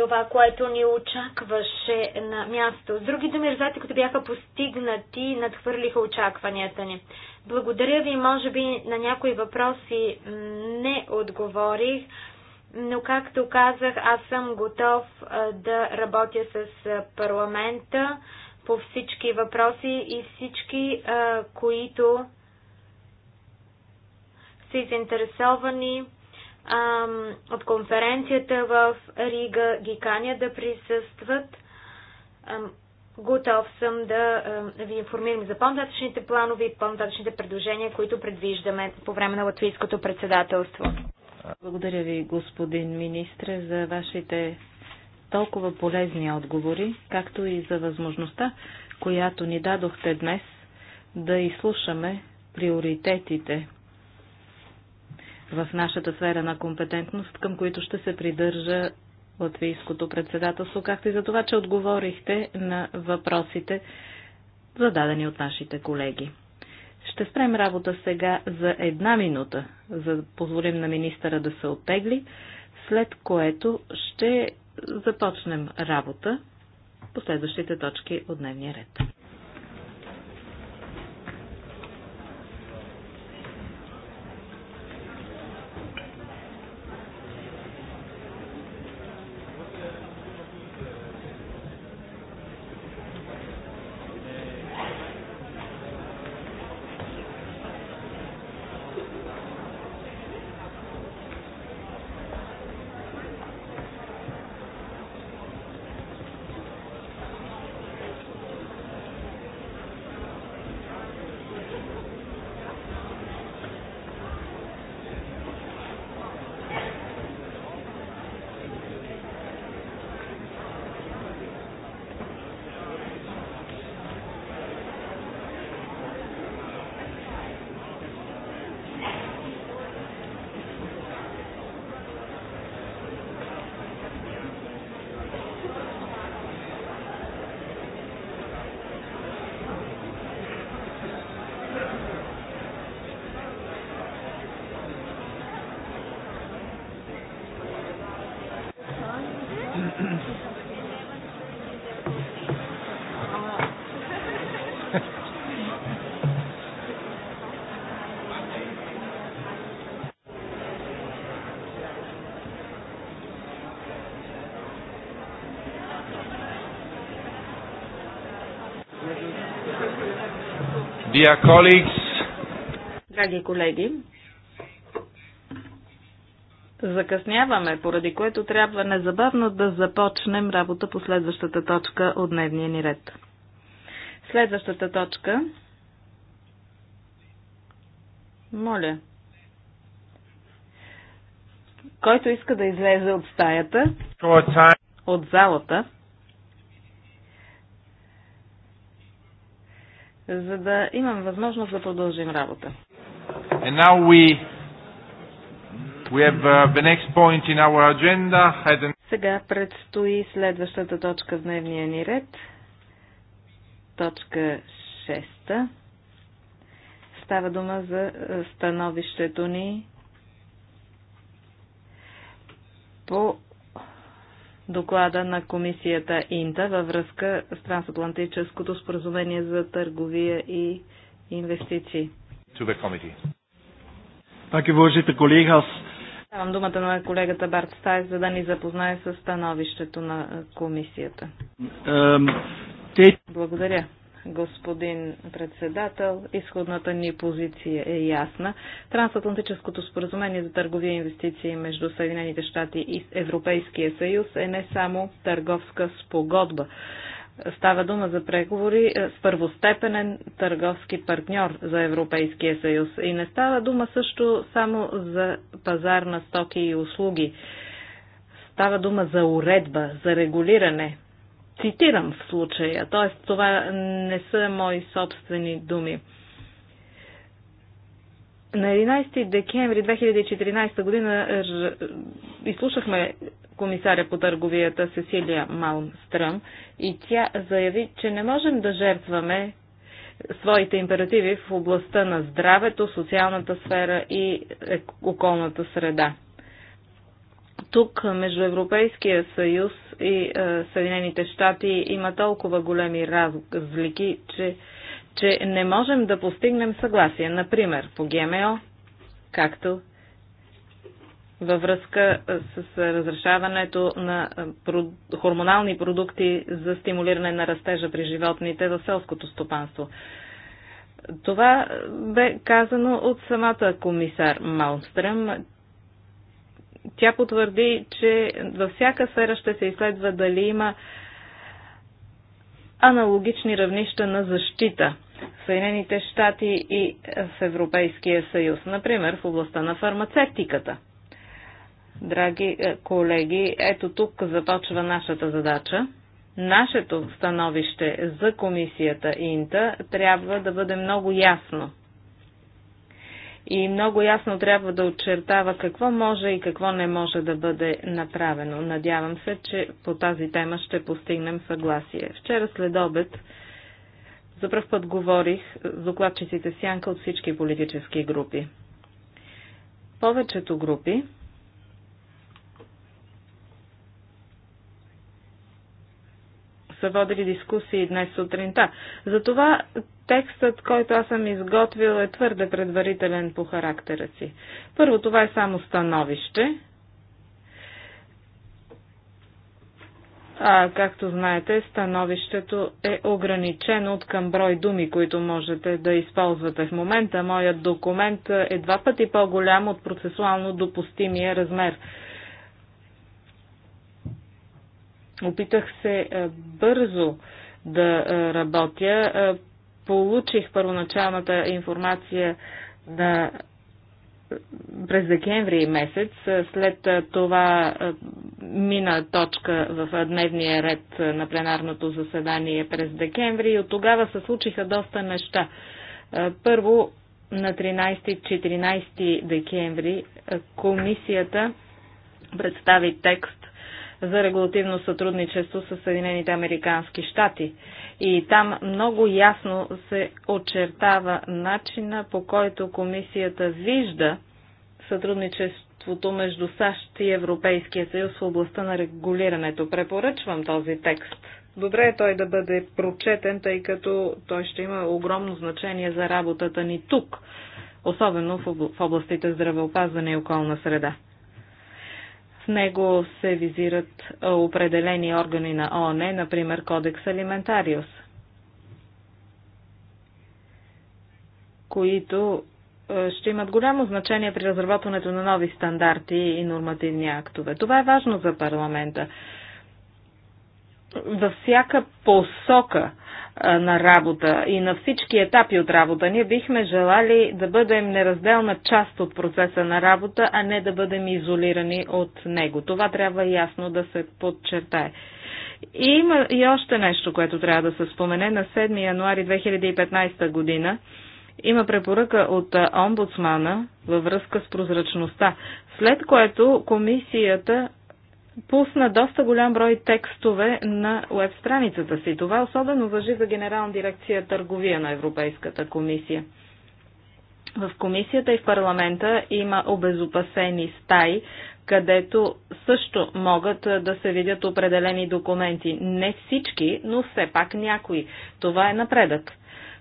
това, което ни очакваше на място. С други думи, резултатите, които бяха постигнати, надхвърлиха очакванията ни. Благодаря ви, може би на някои въпроси не отговорих, но както казах, аз съм готов да работя с парламента по всички въпроси и всички, които са заинтересовани от конференцията в Рига ги каня да присъстват. Готов съм да ви информирам за по-нататъчните планове и по-нататъчните предложения, които предвиждаме по време на латвийското председателство. Благодаря ви, господин министре, за вашите толкова полезни отговори, както и за възможността, която ни дадохте днес да изслушаме приоритетите в нашата сфера на компетентност, към които ще се придържа латвийското председателство, както и за това, че отговорихте на въпросите, зададени от нашите колеги. Ще спрем работа сега за една минута, за да позволим на министъра да се оттегли, след което ще започнем работа по следващите точки от дневния ред. Dear colleagues, Драги колеги, закъсняваме, поради което трябва незабавно да започнем работа по следващата точка от дневния ни ред. Следващата точка. Моля. Който иска да излезе от стаята, от залата, за да имам възможност да продължим работа. And now we, we have uh, the next point in our agenda. Сега предстои следващата точка в дневния ни ред. Точка 6. Става дума за е, становището ни по доклада на комисията Инта във връзка с трансатлантическото споразумение за търговия и инвестиции. Dank u Давам думата на колегата Барт Стайс, за да ни запознае с становището на комисията. Благодаря господин председател. Изходната ни позиция е ясна. Трансатлантическото споразумение за търговия и инвестиции между Съединените щати и Европейския съюз е не само търговска спогодба. Става дума за преговори е, с първостепенен търговски партньор за Европейския съюз. И не става дума също само за пазар на стоки и услуги. Става дума за уредба, за регулиране, цитирам в случая, т.е. това не са мои собствени думи. На 11 декември 2014 година изслушахме комисаря по търговията Сесилия Малмстръм и тя заяви, че не можем да жертваме своите императиви в областта на здравето, социалната сфера и е, околната среда тук между Европейския съюз и е, Съединените щати има толкова големи разлики, че, че не можем да постигнем съгласие, например, по ГМО, както във връзка е, с разрешаването на е, хормонални продукти за стимулиране на растежа при животните в селското стопанство. Това бе казано от самата комисар Малмстрем, тя потвърди, че във всяка сфера ще се изследва дали има аналогични равнища на защита в Съединените щати и в Европейския съюз, например в областта на фармацевтиката. Драги е, колеги, ето тук започва нашата задача. Нашето становище за комисията Инта трябва да бъде много ясно и много ясно трябва да очертава какво може и какво не може да бъде направено. Надявам се, че по тази тема ще постигнем съгласие. Вчера след обед за пръв път говорих с докладчиците Сянка от всички политически групи. Повечето групи са водили дискусии днес сутринта. Затова текстът, който аз съм изготвил, е твърде предварителен по характера си. Първо, това е само становище. А, както знаете, становището е ограничено от към брой думи, които можете да използвате в момента. Моят документ е два пъти по-голям от процесуално допустимия размер. Опитах се е, бързо да е, работя. Е, получих първоначалната информация на през декември месец. След това мина точка в дневния ред на пленарното заседание през декември и от тогава се случиха доста неща. Първо, на 13-14 декември комисията представи текст за регулативно сътрудничество с Съединените Американски щати. И там много ясно се очертава начина по който комисията вижда сътрудничеството между САЩ и Европейския съюз в областта на регулирането. Препоръчвам този текст. Добре е той да бъде прочетен, тъй като той ще има огромно значение за работата ни тук, особено в областите здравеопазване и околна среда него се визират определени органи на ООН, например Кодекс Алиментариус, които ще имат голямо значение при разработването на нови стандарти и нормативни актове. Това е важно за парламента. Във всяка посока на работа и на всички етапи от работа. Ние бихме желали да бъдем неразделна част от процеса на работа, а не да бъдем изолирани от него. Това трябва ясно да се подчертае. И има и още нещо, което трябва да се спомене. На 7 януари 2015 година има препоръка от омбудсмана във връзка с прозрачността, след което комисията пусна доста голям брой текстове на веб страницата си. Това особено въжи за Генерална дирекция търговия на Европейската комисия. В комисията и в парламента има обезопасени стаи, където също могат да се видят определени документи. Не всички, но все пак някои. Това е напредък.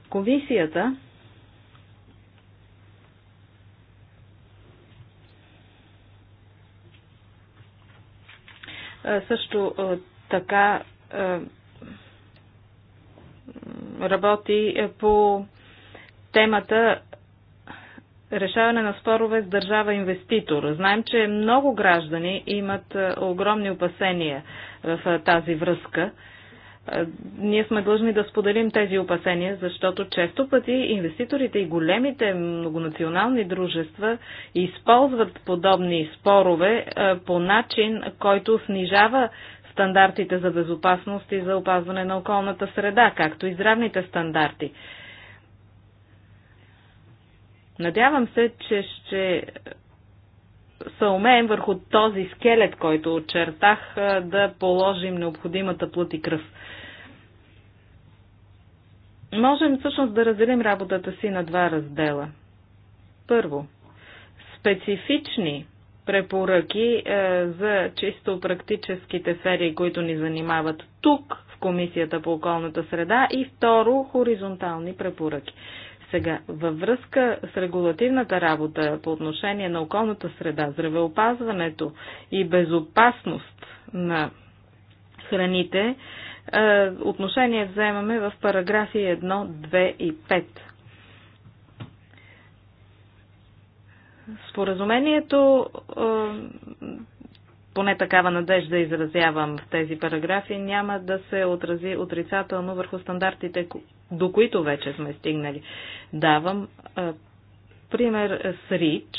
Комисията Също така работи по темата решаване на спорове с държава инвеститор. Знаем, че много граждани имат огромни опасения в тази връзка ние сме длъжни да споделим тези опасения, защото често пъти инвеститорите и големите многонационални дружества използват подобни спорове по начин, който снижава стандартите за безопасност и за опазване на околната среда, както и здравните стандарти. Надявам се, че ще съумеем върху този скелет, който очертах, да положим необходимата плът и кръв можем всъщност да разделим работата си на два раздела. Първо, специфични препоръки е, за чисто практическите сфери, които ни занимават тук в Комисията по околната среда и второ, хоризонтални препоръки. Сега, във връзка с регулативната работа по отношение на околната среда, здравеопазването и безопасност на храните, е, отношение вземаме в параграфи 1, 2 и 5. Споразумението, е, поне такава надежда изразявам в тези параграфи, няма да се отрази отрицателно върху стандартите, до които вече сме стигнали. Давам е, пример с РИЧ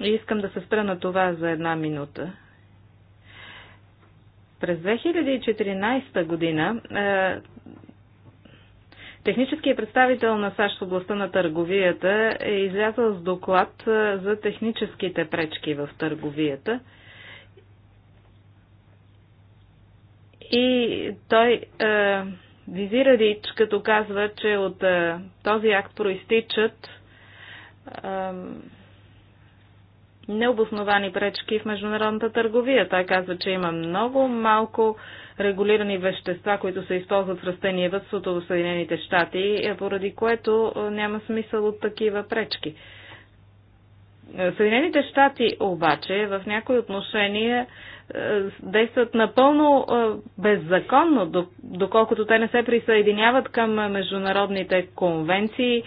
и искам да се спра на това за една минута. През 2014 година е, Техническият представител на САЩ в областта на търговията е излязъл с доклад е, за техническите пречки в търговията. И той е, визира Рич, като казва, че от е, този акт проистичат е, необосновани пречки в международната търговия. Той казва, че има много малко регулирани вещества, които се използват в растениевътството в Съединените щати, поради което е, няма смисъл от такива пречки. Е, Съединените щати обаче в някои отношения действат напълно беззаконно, доколкото те не се присъединяват към международните конвенции,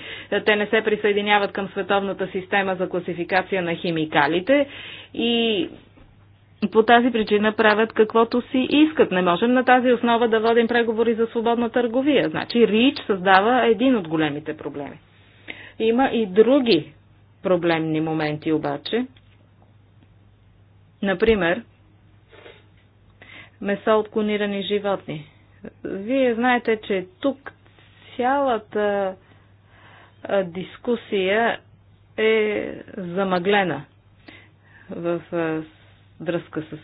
те не се присъединяват към световната система за класификация на химикалите и по тази причина правят каквото си искат. Не можем на тази основа да водим преговори за свободна търговия. Значи РИЧ създава един от големите проблеми. Има и други проблемни моменти обаче. Например, месо от клонирани животни. Вие знаете, че тук цялата дискусия е замъглена в връзка с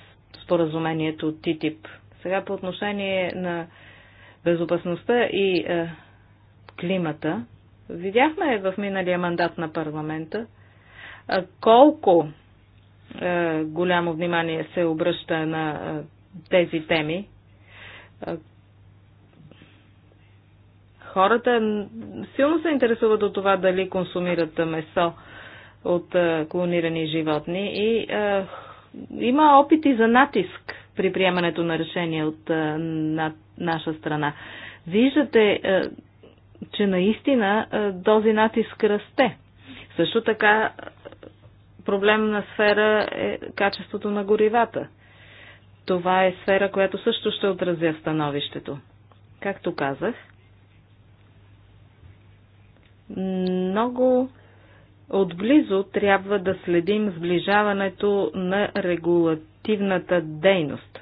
споразумението от ТИТИП. Сега по отношение на безопасността и климата, видяхме в миналия мандат на парламента колко голямо внимание се обръща на тези теми. Хората силно се интересуват от това дали консумират месо от клонирани животни и има опити за натиск при приемането на решение от на, наша страна. Виждате, че наистина този натиск расте. Също така проблемна сфера е качеството на горивата – това е сфера, която също ще отразя становището. Както казах, много отблизо трябва да следим сближаването на регулативната дейност.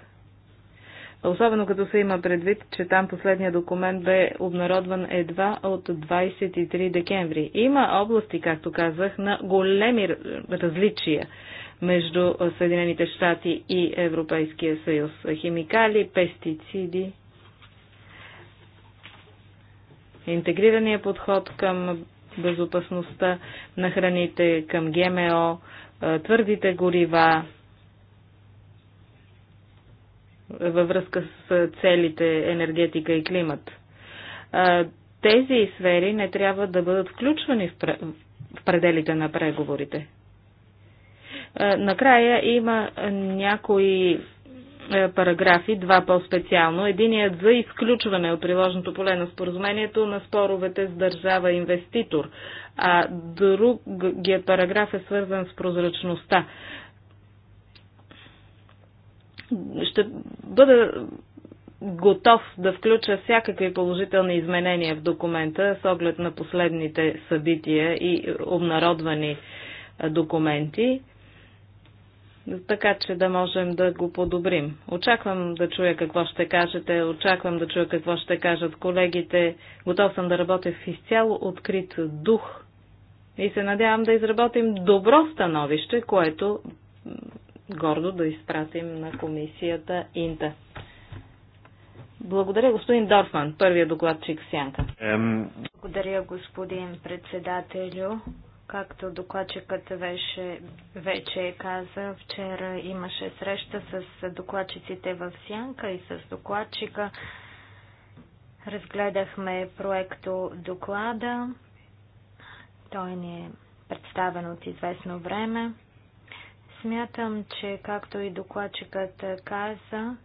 Особено като се има предвид, че там последния документ бе обнародван едва от 23 декември. Има области, както казах, на големи различия между Съединените щати и Европейския съюз. Химикали, пестициди, интегрирания подход към безопасността на храните, към ГМО, твърдите горива, във връзка с целите енергетика и климат. Тези сфери не трябва да бъдат включвани в пределите на преговорите. Е, накрая има някои е, параграфи, два по-специално. Единият за изключване от приложното поле на споразумението на споровете с държава инвеститор, а другият параграф е свързан с прозрачността. Ще бъда готов да включа всякакви положителни изменения в документа с оглед на последните събития и обнародвани е, документи така че да можем да го подобрим. Очаквам да чуя какво ще кажете, очаквам да чуя какво ще кажат колегите. Готов съм да работя в изцяло открит дух и се надявам да изработим добро становище, което гордо да изпратим на комисията Инта. Благодаря, господин Дорфман, първия докладчик Сянка. Благодаря, господин председателю. Както докладчикът вече, вече каза, вчера имаше среща с докладчиците в Сянка и с докладчика. Разгледахме проекто доклада. Той ни е представен от известно време. Смятам, че както и докладчикът каза,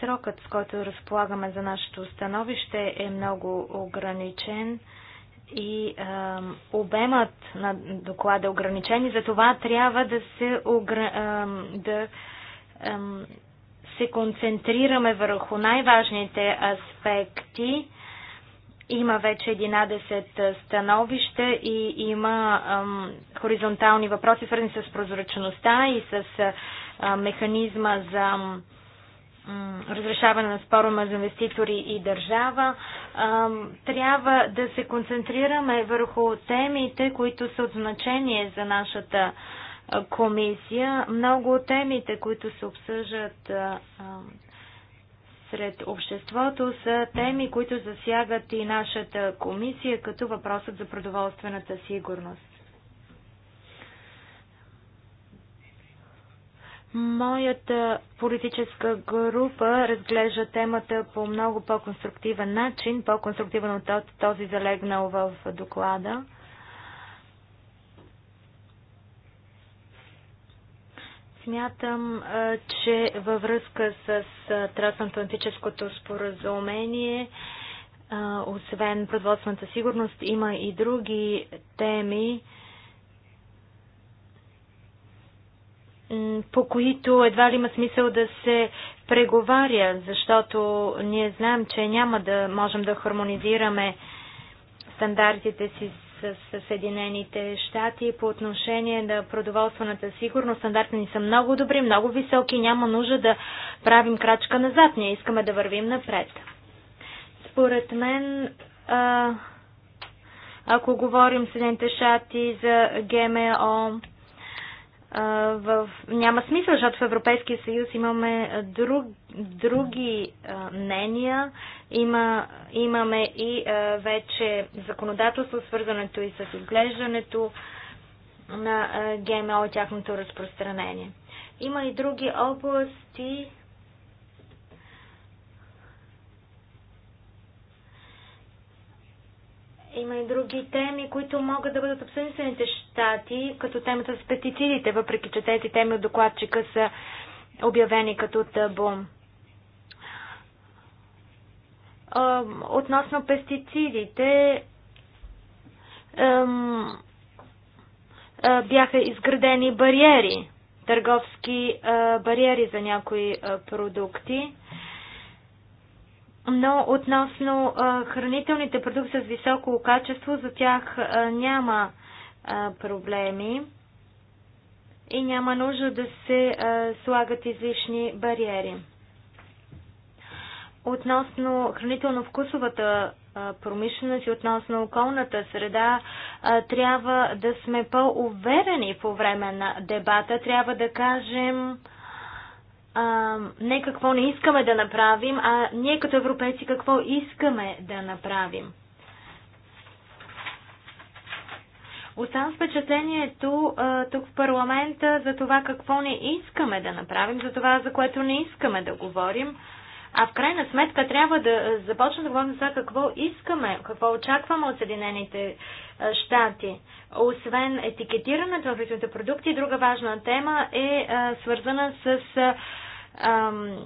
Срокът, с който разполагаме за нашето становище е много ограничен и е, обемът на доклада е ограничен и за това трябва да се, огра... е, да, е, се концентрираме върху най-важните аспекти. Има вече 11 становища и има ам, хоризонтални въпроси, свързани с прозрачността и с а, механизма за разрешаване на спорума за инвеститори и държава. Трябва да се концентрираме върху темите, които са от значение за нашата комисия. Много от темите, които се обсъждат сред обществото, са теми, които засягат и нашата комисия, като въпросът за продоволствената сигурност. Моята политическа група разглежда темата по много по-конструктивен начин, по-конструктивен от този залегнал в доклада. Смятам, че във връзка с трансатлантическото споразумение, освен производствената сигурност, има и други теми, по които едва ли има смисъл да се преговаря, защото ние знаем, че няма да можем да хармонизираме стандартите си с Съединените щати по отношение на продоволствената сигурност. Стандартите ни са много добри, много високи, няма нужда да правим крачка назад. Ние искаме да вървим напред. Според мен, ако говорим Съединените щати за ГМО, в... няма смисъл, защото в Европейския съюз имаме друг, други мнения. Има, имаме и вече законодателство, свързането и с отглеждането на ГМО и тяхното разпространение. Има и други области, Има и други теми, които могат да бъдат обсъдени в Съединените щати, като темата с пестицидите, въпреки че тези теми от докладчика са обявени като табу. Относно пестицидите, бяха изградени бариери, търговски бариери за някои продукти. Но относно а, хранителните продукти с високо качество, за тях а, няма а, проблеми и няма нужда да се а, слагат излишни бариери. Относно хранително-вкусовата промишленост и относно околната среда, а, трябва да сме по-уверени по време на дебата. Трябва да кажем, а, не какво не искаме да направим, а ние като европейци какво искаме да направим. Оставам впечатлението тук в парламента за това какво не искаме да направим, за това за което не искаме да говорим. А в крайна сметка трябва да започнем да говорим за това какво искаме, какво очакваме от Съединените щати. Освен етикетирането на хранителните продукти, друга важна тема е свързана с ам,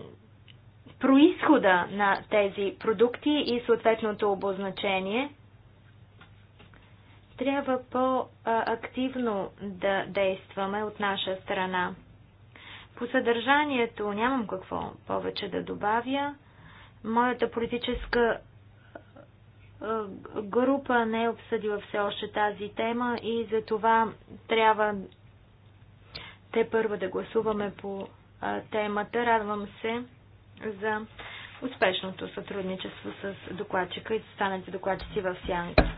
происхода на тези продукти и съответното обозначение. Трябва по-активно да действаме от наша страна. По съдържанието нямам какво повече да добавя. Моята политическа група не е обсъдила все още тази тема и за това трябва те първо да гласуваме по темата. Радвам се за успешното сътрудничество с докладчика и останалите докладчици в Сянка.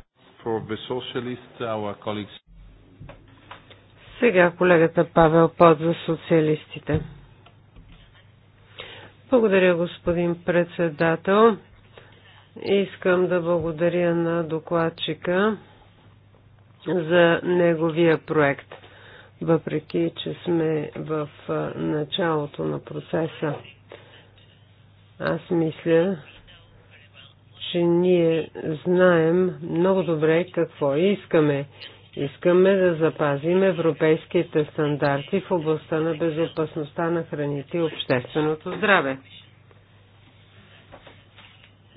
Сега колегата Павел Под за социалистите. Благодаря, господин председател. Искам да благодаря на докладчика за неговия проект въпреки че сме в началото на процеса. Аз мисля, че ние знаем много добре какво искаме. Искаме да запазим европейските стандарти в областта на безопасността на храните и общественото здраве.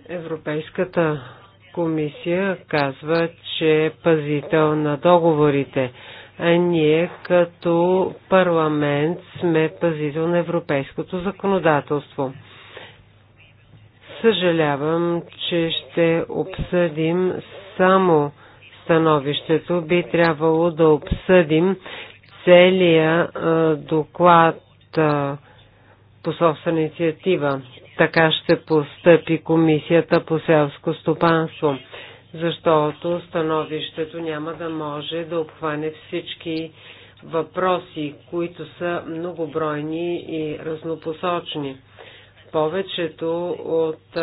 Европейската комисия казва, че е пазител на договорите ние като парламент сме пазител на европейското законодателство. Съжалявам, че ще обсъдим само становището. Би трябвало да обсъдим целия доклад по собствена инициатива. Така ще постъпи Комисията по селско стопанство защото становището няма да може да обхване всички въпроси, които са многобройни и разнопосочни. Повечето от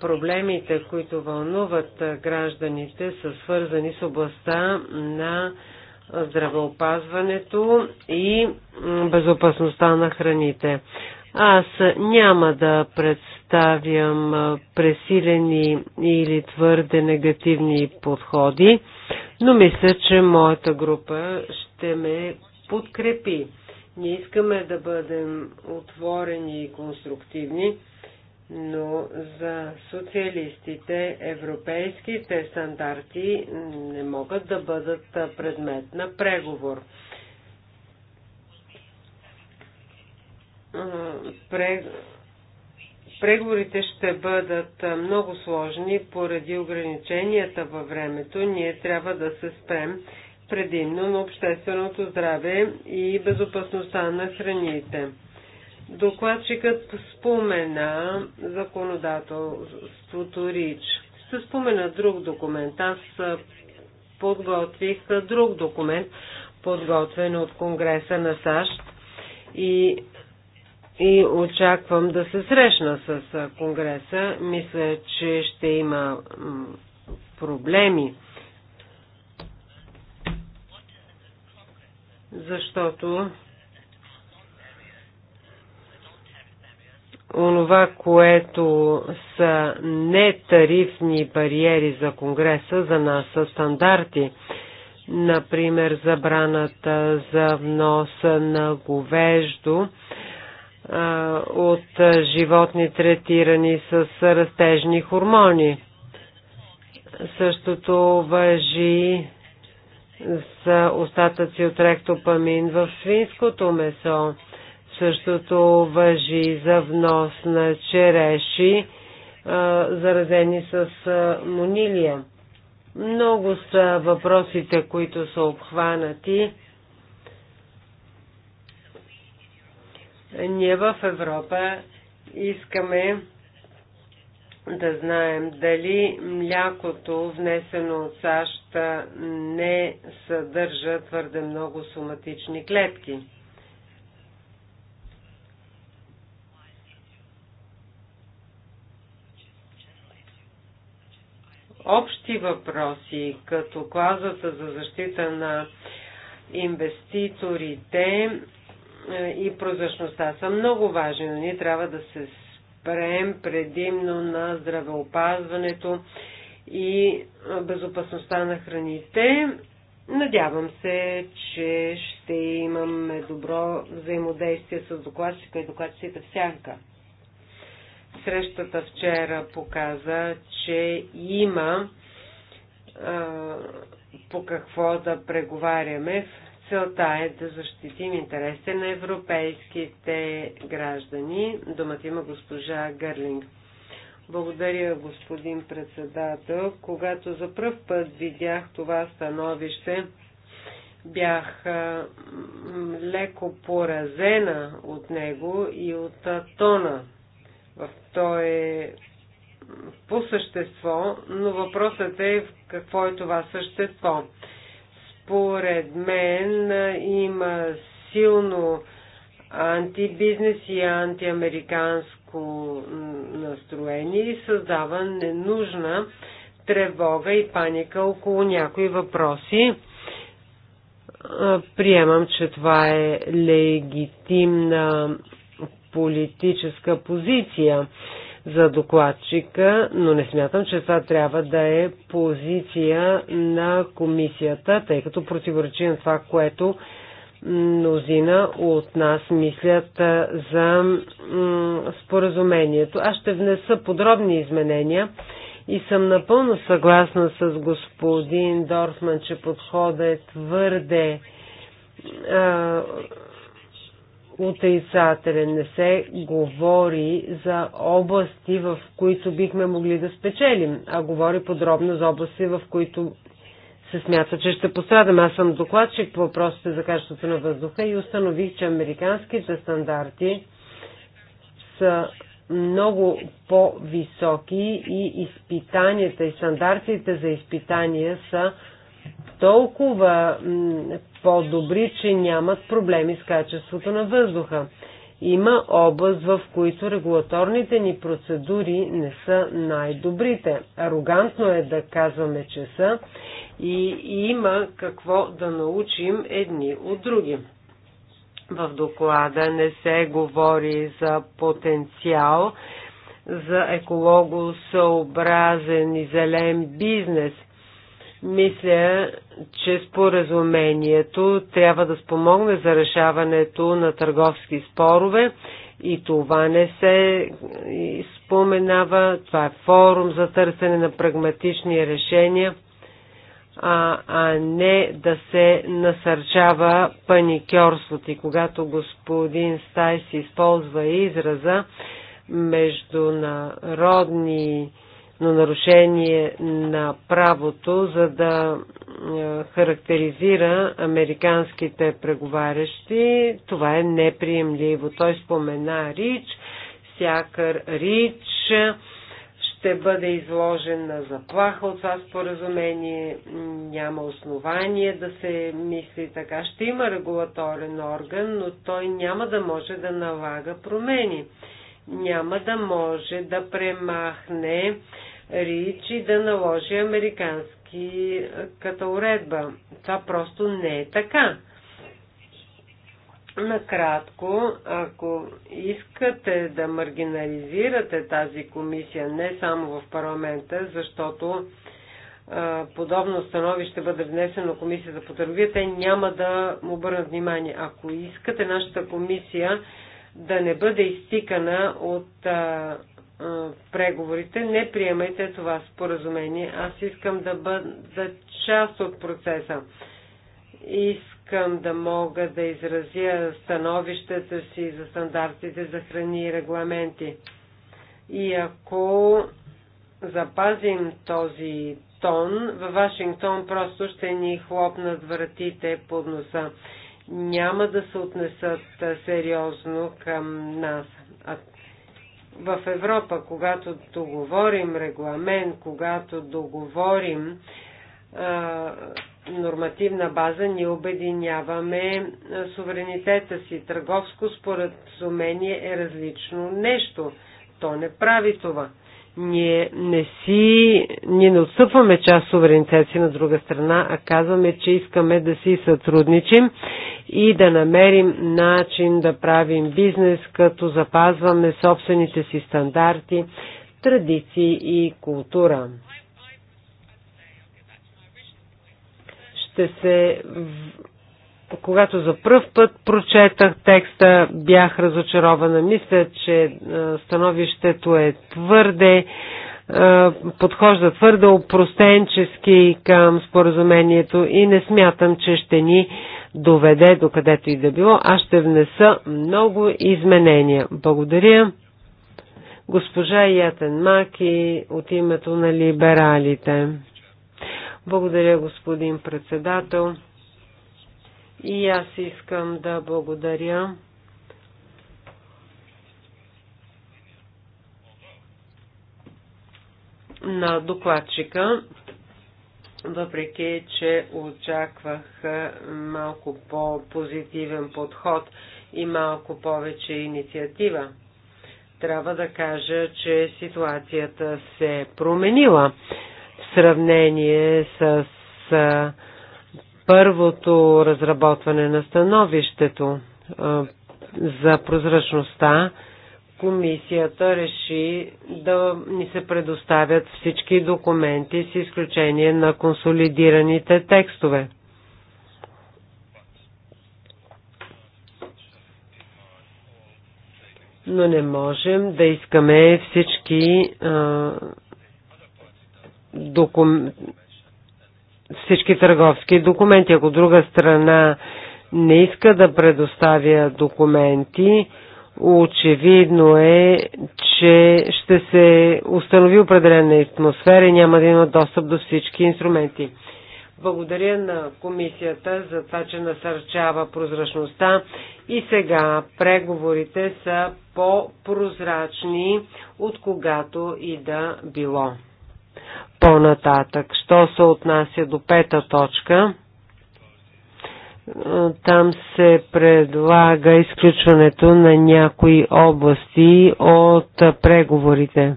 проблемите, които вълнуват гражданите, са свързани с областта на здравеопазването и безопасността на храните. Аз няма да представя представям пресилени или твърде негативни подходи, но мисля, че моята група ще ме подкрепи. Ние искаме да бъдем отворени и конструктивни, но за социалистите европейските стандарти не могат да бъдат предмет на преговор. Прег Преговорите ще бъдат много сложни поради ограниченията във времето. Ние трябва да се спрем предимно на общественото здраве и безопасността на храните. Докладчикът спомена законодателството РИЧ. Ще спомена друг документ. Аз подготвих друг документ, подготвен от Конгреса на САЩ и и очаквам да се срещна с Конгреса. Мисля, че ще има проблеми, защото онова, което са нетарифни бариери за Конгреса, за нас са стандарти. Например, забраната за вноса на говеждо от животни третирани с растежни хормони. Същото въжи с остатъци от ректопамин в свинското месо. Същото въжи за внос на череши, заразени с монилия. Много са въпросите, които са обхванати Ние в Европа искаме да знаем дали млякото, внесено от САЩ, не съдържа твърде много соматични клетки. Общи въпроси, като клазата за защита на инвеститорите е, и прозрачността са много важни, но ние трябва да се спрем предимно на здравеопазването и безопасността на храните. Надявам се, че ще имаме добро взаимодействие с докладчика и докладчиците в сянка. Срещата вчера показа, че има по какво да преговаряме. в. Целта е да защитим интересите на европейските граждани. Думата има госпожа Гърлинг. Благодаря, господин председател. Когато за пръв път видях това становище, бях леко поразена от него и от тона. В то е по същество, но въпросът е какво е това същество. Според мен има силно антибизнес и антиамериканско настроение и създава ненужна тревога и паника около някои въпроси. Приемам, че това е легитимна политическа позиция за докладчика, но не смятам, че това трябва да е позиция на комисията, тъй като противоречи на това, което мнозина от нас мислят за споразумението. Аз ще внеса подробни изменения и съм напълно съгласна с господин Дорфман, че подходът е твърде отрицателен. Не се говори за области, в които бихме могли да спечелим, а говори подробно за области, в които се смята, че ще пострадаме. Аз съм докладчик по въпросите за качеството на въздуха и установих, че американските стандарти са много по-високи и изпитанията и стандартите за изпитания са толкова по-добри, че нямат проблеми с качеството на въздуха. Има област, в които регулаторните ни процедури не са най-добрите. Арогантно е да казваме, че са и има какво да научим едни от други. В доклада не се говори за потенциал за екологосъобразен и зелен бизнес. Мисля, че споразумението трябва да спомогне за решаването на търговски спорове и това не се споменава. Това е форум за търсене на прагматични решения, а, а не да се насърчава паникьорството. И когато господин Стайс използва израза международни на нарушение на правото, за да е, характеризира американските преговарящи. Това е неприемливо. Той спомена Рич, сякър Рич ще бъде изложен на заплаха от това споразумение, няма основание да се мисли така. Ще има регулаторен орган, но той няма да може да налага промени. Няма да може да премахне Ричи да наложи американски като уредба. Това просто не е така. Накратко, ако искате да маргинализирате тази комисия не само в парламента, защото а, подобно становище бъде внесено комисията по търговията, те няма да му обърнат внимание. Ако искате нашата комисия да не бъде изтикана от а, преговорите, не приемайте това споразумение. Аз искам да бъда част от процеса. Искам да мога да изразя становищата си за стандартите за храни и регламенти. И ако запазим този тон, във Вашингтон просто ще ни хлопнат вратите под носа. Няма да се отнесат сериозно към нас. А в Европа, когато договорим регламент, когато договорим а, нормативна база, ние обединяваме суверенитета си. Търговско споразумение е различно нещо. То не прави това. Ние не си, ние не отстъпваме част суверенитет си на друга страна, а казваме, че искаме да си сътрудничим и да намерим начин да правим бизнес, като запазваме собствените си стандарти, традиции и култура. ще се когато за пръв път прочетах текста, бях разочарована. Мисля, че становището е твърде, подхожда твърде опростенчески към споразумението и не смятам, че ще ни доведе до където и да било. Аз ще внеса много изменения. Благодаря. Госпожа Ятен Маки от името на либералите. Благодаря, господин председател. И аз искам да благодаря на докладчика, въпреки че очаквах малко по-позитивен подход и малко повече инициатива. Трябва да кажа, че ситуацията се е променила в сравнение с първото разработване на становището за прозрачността, комисията реши да ни се предоставят всички документи с изключение на консолидираните текстове. Но не можем да искаме всички документи всички търговски документи. Ако друга страна не иска да предоставя документи, очевидно е, че ще се установи определена атмосфера и няма да има достъп до всички инструменти. Благодаря на комисията за това, че насърчава прозрачността и сега преговорите са по-прозрачни от когато и да било по-нататък. Що се отнася до пета точка, там се предлага изключването на някои области от преговорите.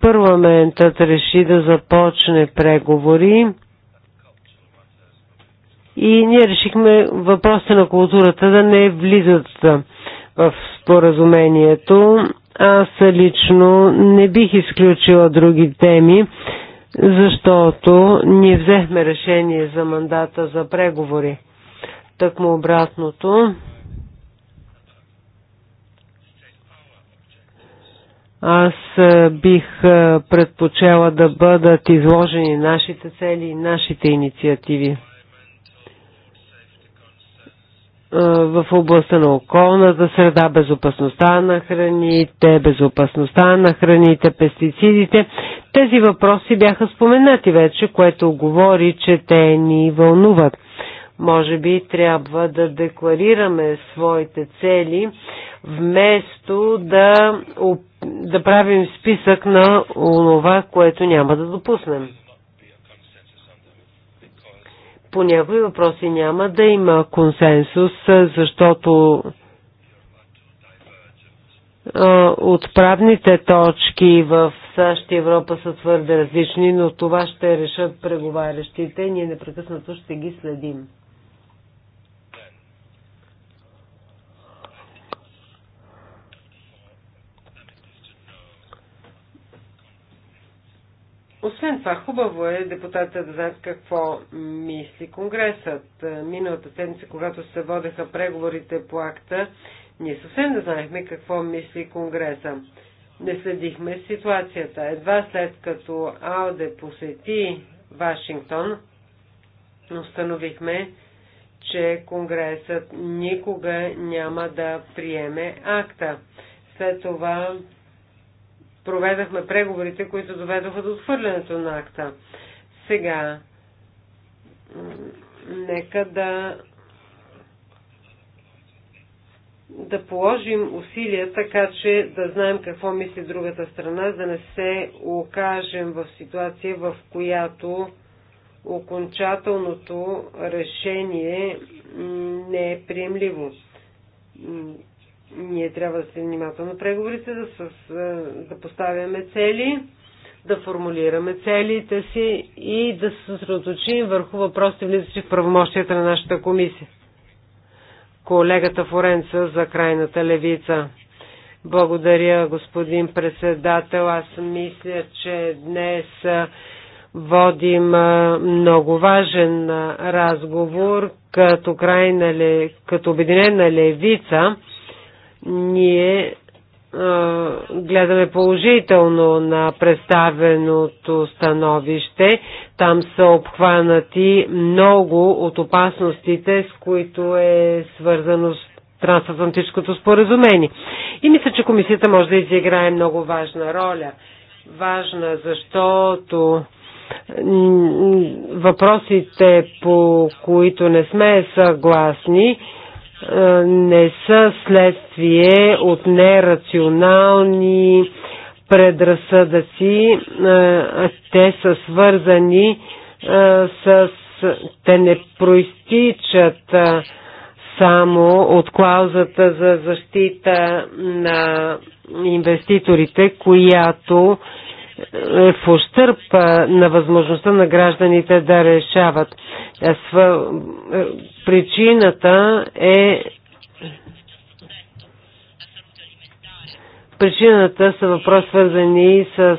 Парламентът реши да започне преговори и ние решихме въпроса на културата да не влизат в споразумението аз лично не бих изключила други теми, защото ние взехме решение за мандата за преговори. Тъкмо обратното. Аз бих предпочела да бъдат изложени нашите цели и нашите инициативи в областта на околната среда, безопасността на храните, безопасността на храните, пестицидите. Тези въпроси бяха споменати вече, което говори, че те ни вълнуват. Може би трябва да декларираме своите цели, вместо да, да правим списък на онова, което няма да допуснем по някои въпроси няма да има консенсус, защото отправните точки в САЩ и Европа са твърде различни, но това ще решат преговарящите ние непрекъснато ще ги следим. Освен това, хубаво е депутата да знаят какво мисли Конгресът. Е, миналата седмица, когато се водеха преговорите по акта, ние съвсем да знаехме какво мисли Конгреса. Не следихме ситуацията. Едва след като Ауде посети Вашингтон, установихме, че Конгресът никога няма да приеме акта. След това проведахме преговорите, които доведоха до отхвърлянето на акта. Сега, нека да да положим усилия, така че да знаем какво мисли другата страна, да не се окажем в ситуация, в която окончателното решение не е приемливо. Ние трябва да се внимателно преговорите, да, с, да поставяме цели, да формулираме целите си и да се съсредоточим върху въпросите, влизащи в правомощията на нашата комисия. Колегата Форенца за крайната левица. Благодаря, господин председател. Аз мисля, че днес водим много важен разговор като, крайна, като обединена левица. Ние гледаме положително на представеното становище. Там са обхванати много от опасностите, с които е свързано с трансатлантическото споразумение. И мисля, че комисията може да изиграе много важна роля. Важна, защото въпросите, по които не сме съгласни, е, не са следствие от нерационални предразсъдъци. Е, те са свързани е, с... Те не проистичат само от клаузата за защита на инвеститорите, която е в ущърп на възможността на гражданите да решават. Е, е, причината е Причината са въпрос свързани с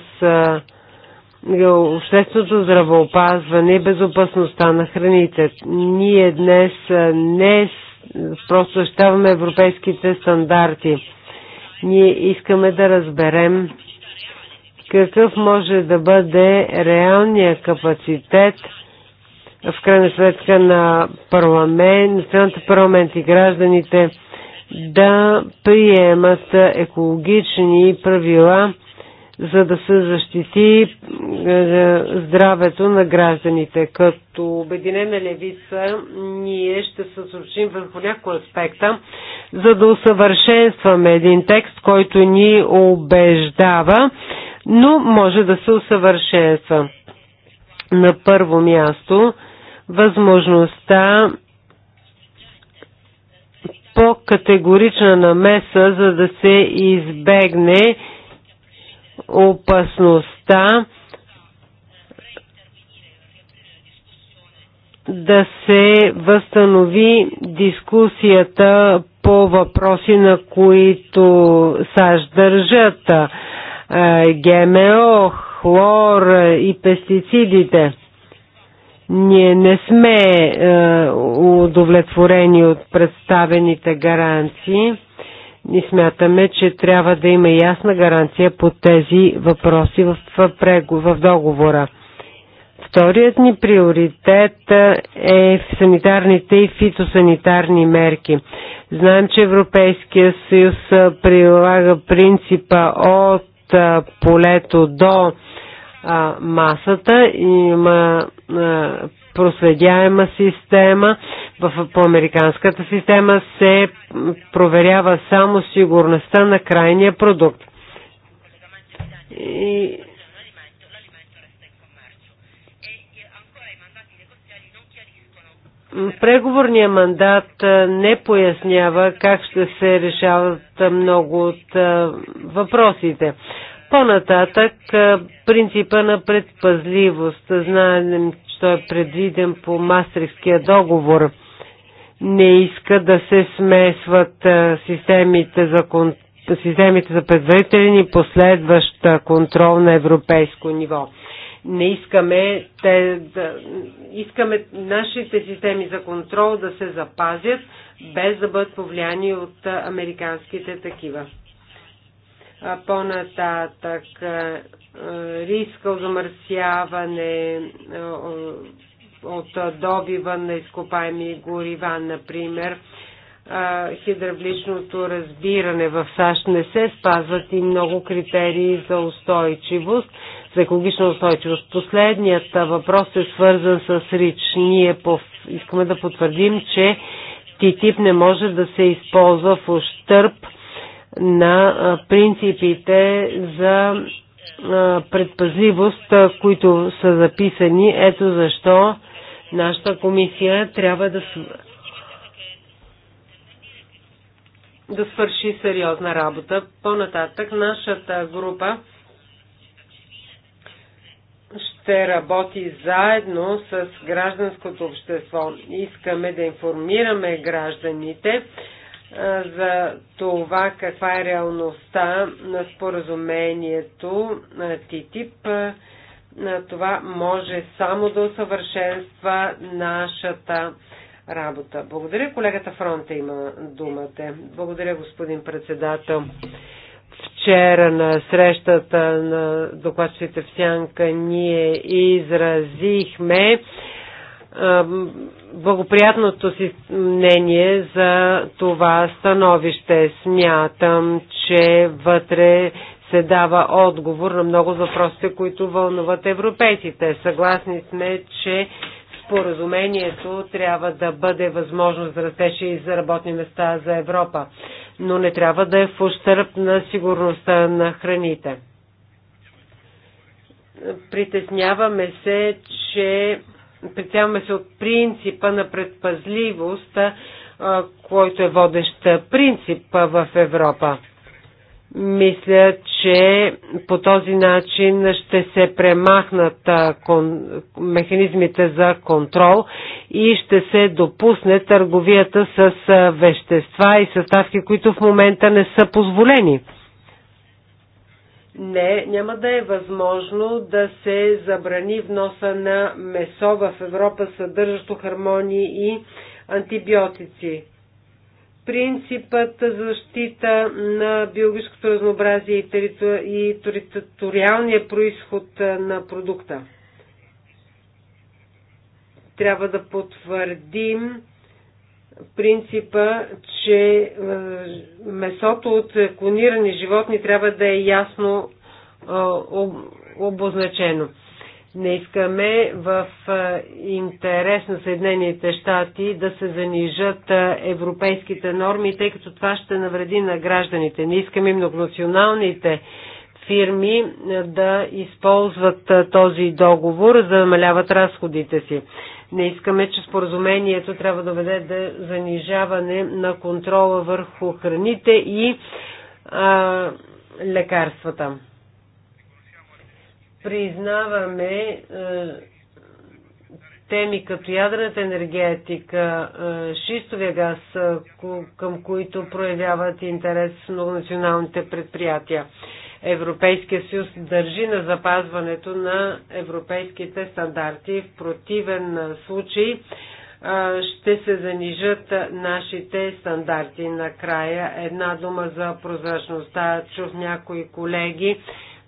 е, общественото здравеопазване и безопасността на храните. Ние днес не просто защитаваме европейските стандарти. Ние искаме да разберем какъв може да бъде реалният капацитет в крайна сметка на парламент, националните парламент и гражданите да приемат екологични правила, за да се защити е, здравето на гражданите. Като Обединена левица, ние ще се съобщим върху някои аспекта, за да усъвършенстваме един текст, който ни убеждава но може да се усъвършенства. На първо място, възможността по-категорична намеса, за да се избегне опасността да се възстанови дискусията по въпроси, на които САЩ държат е, ГМО, хлор е, и пестицидите. Ние не сме е, удовлетворени от представените гаранции и смятаме, че трябва да има ясна гаранция по тези въпроси в, в договора. Вторият ни приоритет е в санитарните и фитосанитарни мерки. Знаем, че Европейския съюз прилага принципа от полето до а, масата. Има а, проследяема система. В, по американската система се проверява само сигурността на крайния продукт. И Преговорният мандат не пояснява как ще се решават много от въпросите. По-нататък принципа на предпазливост. Знаем, че той е предвиден по Мастрихския договор. Не иска да се смесват системите за, кон... системите за предварителен и последващ контрол на европейско ниво. Не искаме, те, да, искаме нашите системи за контрол да се запазят, без да бъдат повлияни от американските такива. По-нататък риска от замърсяване от добива на изкопаеми горива, например, хидравличното разбиране в САЩ не се спазват и много критерии за устойчивост за екологична устойчивост. Последният въпрос е свързан с РИЧ. Ние искаме да потвърдим, че ТИТИП не може да се използва в ущърп на принципите за предпазливост, които са записани. Ето защо нашата комисия трябва да, да свърши сериозна работа. По-нататък нашата група ще работи заедно с гражданското общество. Искаме да информираме гражданите за това каква е реалността на споразумението ТИТИП. Това може само да усъвършенства нашата работа. Благодаря. Колегата Фронта има думата. Благодаря, господин председател. Вчера на срещата на докладчите в Сянка ние изразихме благоприятното си мнение за това становище. Смятам, че вътре се дава отговор на много въпросите, които вълнуват европейците. Съгласни сме, че споразумението трябва да бъде възможност за растеж и за работни места за Европа, но не трябва да е в ущърп на сигурността на храните. Притесняваме се, че притесняваме се от принципа на предпазливост, който е водещ принцип в Европа. Мисля, че по този начин ще се премахнат механизмите за контрол и ще се допусне търговията с вещества и съставки, които в момента не са позволени. Не, няма да е възможно да се забрани вноса на месо в Европа, съдържащо хармони и антибиотици принципът защита на биологическото разнообразие и, и териториалния происход на продукта. Трябва да потвърдим принципа, че месото от клонирани животни трябва да е ясно обозначено. Не искаме в интерес на Съединените щати да се занижат европейските норми, тъй като това ще навреди на гражданите. Не искаме многонационалните фирми да използват този договор, за да намаляват разходите си. Не искаме, че споразумението трябва да веде до занижаване на контрола върху храните и а, лекарствата признаваме е, теми като ядрената енергетика, е, шистовия газ, е, към които проявяват интерес многонационалните предприятия. Европейския съюз държи на запазването на европейските стандарти. В противен случай ще се занижат нашите стандарти. Накрая една дума за прозрачността. Чух някои колеги,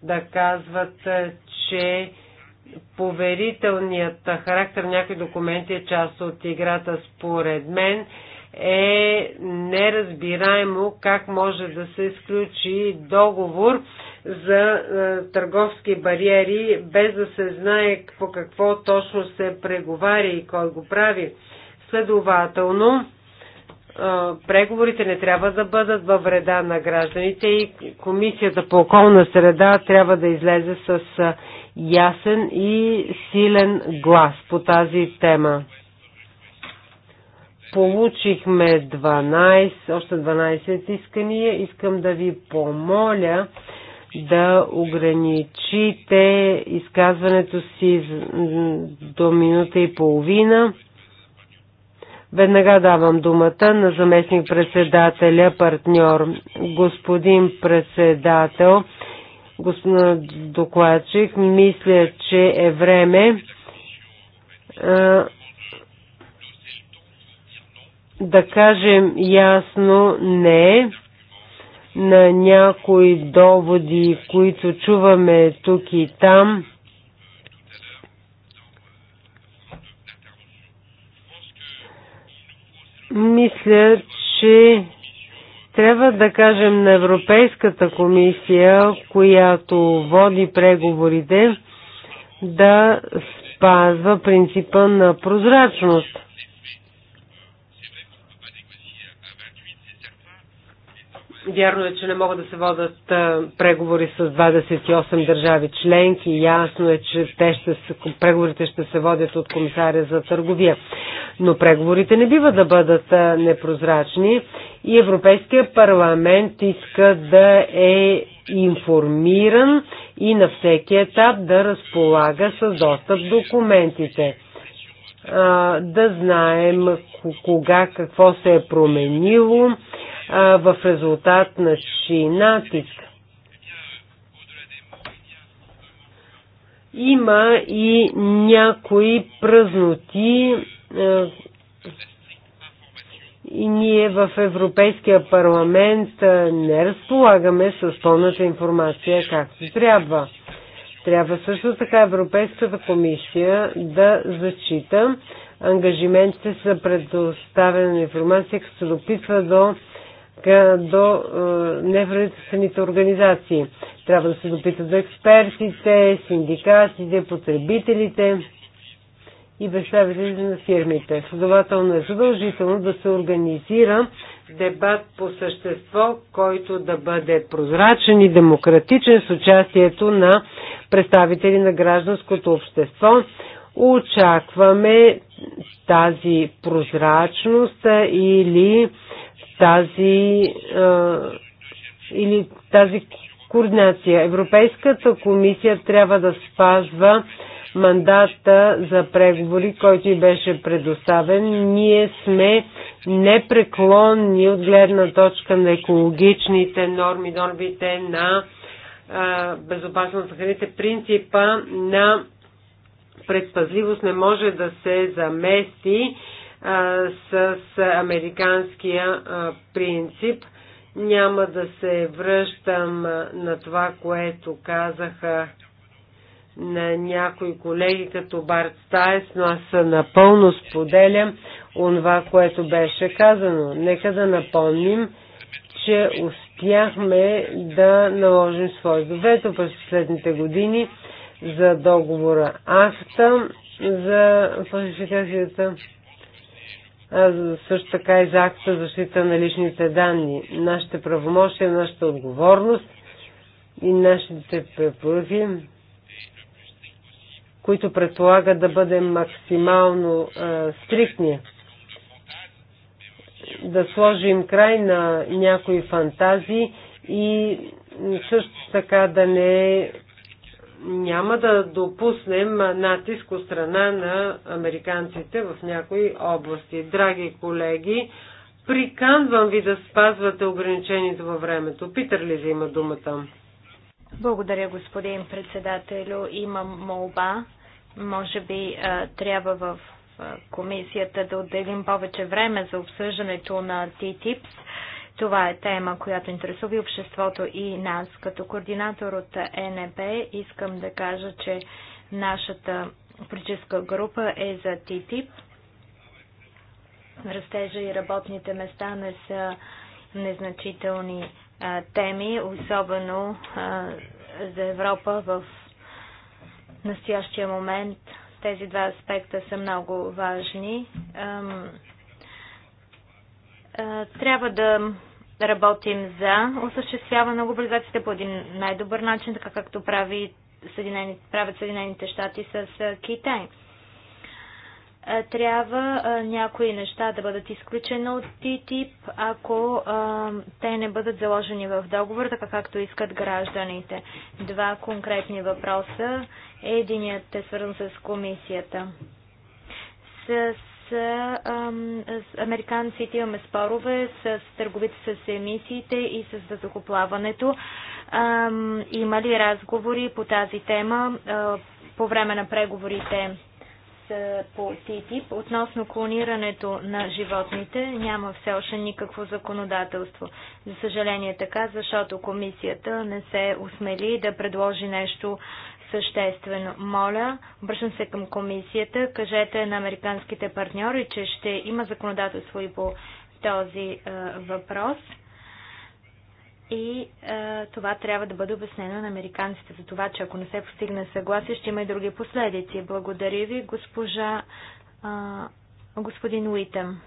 да казват, че поверителният характер на някои документи е част от играта. Според мен е неразбираемо как може да се изключи договор за е, търговски бариери, без да се знае по какво точно се преговаря и кой го прави. Следователно, преговорите не трябва да бъдат във вреда на гражданите и Комисията по околна среда трябва да излезе с ясен и силен глас по тази тема. Получихме 12, още 12 искания. Искам да ви помоля да ограничите изказването си до минута и половина. Веднага давам думата на заместник-председателя, партньор. Господин председател, господин докладчик, мисля, че е време а, да кажем ясно не на някои доводи, които чуваме тук и там Мисля, че трябва да кажем на Европейската комисия, която води преговорите, да спазва принципа на прозрачност. Вярно е, че не могат да се водат преговори с 28 държави членки. Ясно е, че те ще се, преговорите ще се водят от комисаря за търговия но преговорите не бива да бъдат непрозрачни и Европейския парламент иска да е информиран и на всеки етап да разполага с достъп документите. Да знаем кога какво се е променило в резултат на чий натиск. Има и някои празноти е, и ние в Европейския парламент е, не разполагаме с пълната информация както трябва. Трябва също така Европейската комисия да зачита ангажиментите за предоставяне на информация, като се допитва до, до е, неправителствените организации. Трябва да се допитат до експертите, синдикатите, потребителите и представители на фирмите. Следователно е задължително да се организира дебат по същество, който да бъде прозрачен и демократичен с участието на представители на гражданското общество. Очакваме тази прозрачност или тази, или тази координация. Европейската комисия трябва да спазва мандата за преговори, който и беше предоставен. Ние сме непреклонни от гледна точка на екологичните норми, нормите на безопасност на храните. Принципа на предпазливост не може да се замести а, с, с американския а, принцип. Няма да се връщам на това, което казаха на някои колеги като Барт Стаес, но аз напълно споделям онова, което беше казано. Нека да напомним, че успяхме да наложим своето вето през последните години за договора АФТА за фалшификацията, а също така и за акта защита на личните данни. Нашите правомощия, нашата отговорност и нашите препоръки които предполагат да бъдем максимално а, е, стриктни, да сложим край на някои фантазии и също така да не няма да допуснем натиск от страна на американците в някои области. Драги колеги, приканвам ви да спазвате ограничението във времето. Питър ли има думата? Благодаря, господин председателю. Имам молба. Може би трябва в комисията да отделим повече време за обсъждането на ТТИПС. Това е тема, която интересува и обществото и нас. Като координатор от ЕНП искам да кажа, че нашата политическа група е за ТТИП. Растежа и работните места не са незначителни теми, особено за Европа в настоящия момент. Тези два аспекта са много важни. Трябва да работим за осъществяване на глобализацията по един най-добър начин, така както прави правят Съединените щати с Китай. Е, трябва е, някои неща да бъдат изключени от ТИТИП, ако е, те не бъдат заложени в договор, така както искат гражданите. Два конкретни въпроса. Единият е свързан с комисията. С с американците имаме спорове с търговите с емисиите и с въздухоплаването. Има ли разговори по тази тема по време на преговорите е, по ТИТИП относно клонирането на животните няма все още никакво законодателство. За съжаление е така, защото комисията не се осмели да предложи нещо съществено. Моля, обръщам се към комисията, кажете на американските партньори, че ще има законодателство и по този е, въпрос. И е, това трябва да бъде обяснено на американците за това, че ако не се постигне съгласие, ще има и други последици. Благодаря ви, госпожа, е, господин Уитъм.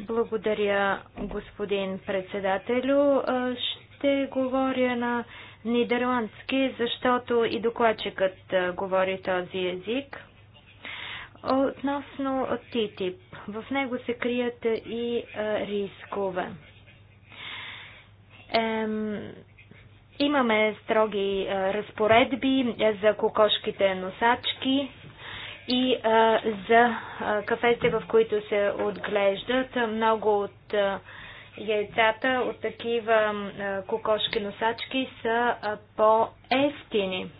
Благодаря, господин председателю. Е, ще говоря на нидерландски, защото и докладчикът говори този език. Относно ТИТИП, в него се крият и рискове. Имаме строги е, разпоредби е, за кокошките носачки и е, за е, кафете, в които се отглеждат. Много от е, яйцата от такива е, кокошки носачки са е, по-ефтини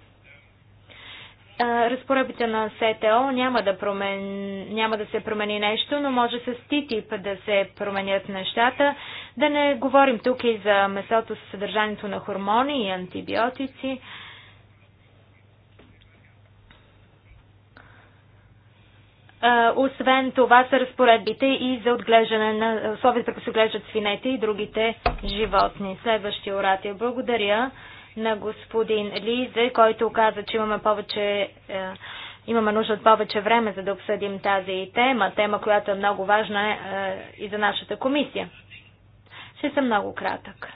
разпоредбите на СТО няма да, промен... няма да се промени нещо, но може с ТИТИП да се променят нещата. Да не говорим тук и за месото с съдържанието на хормони и антибиотици. Освен това са разпоредбите и за отглеждане на условията, като се отглеждат свинете и другите животни. Следващия оратия. Благодаря на господин Лизе, който каза, че имаме повече е, имаме нужда от повече време, за да обсъдим тази тема, тема, която е много важна е, и за нашата комисия. Ще съм много кратък.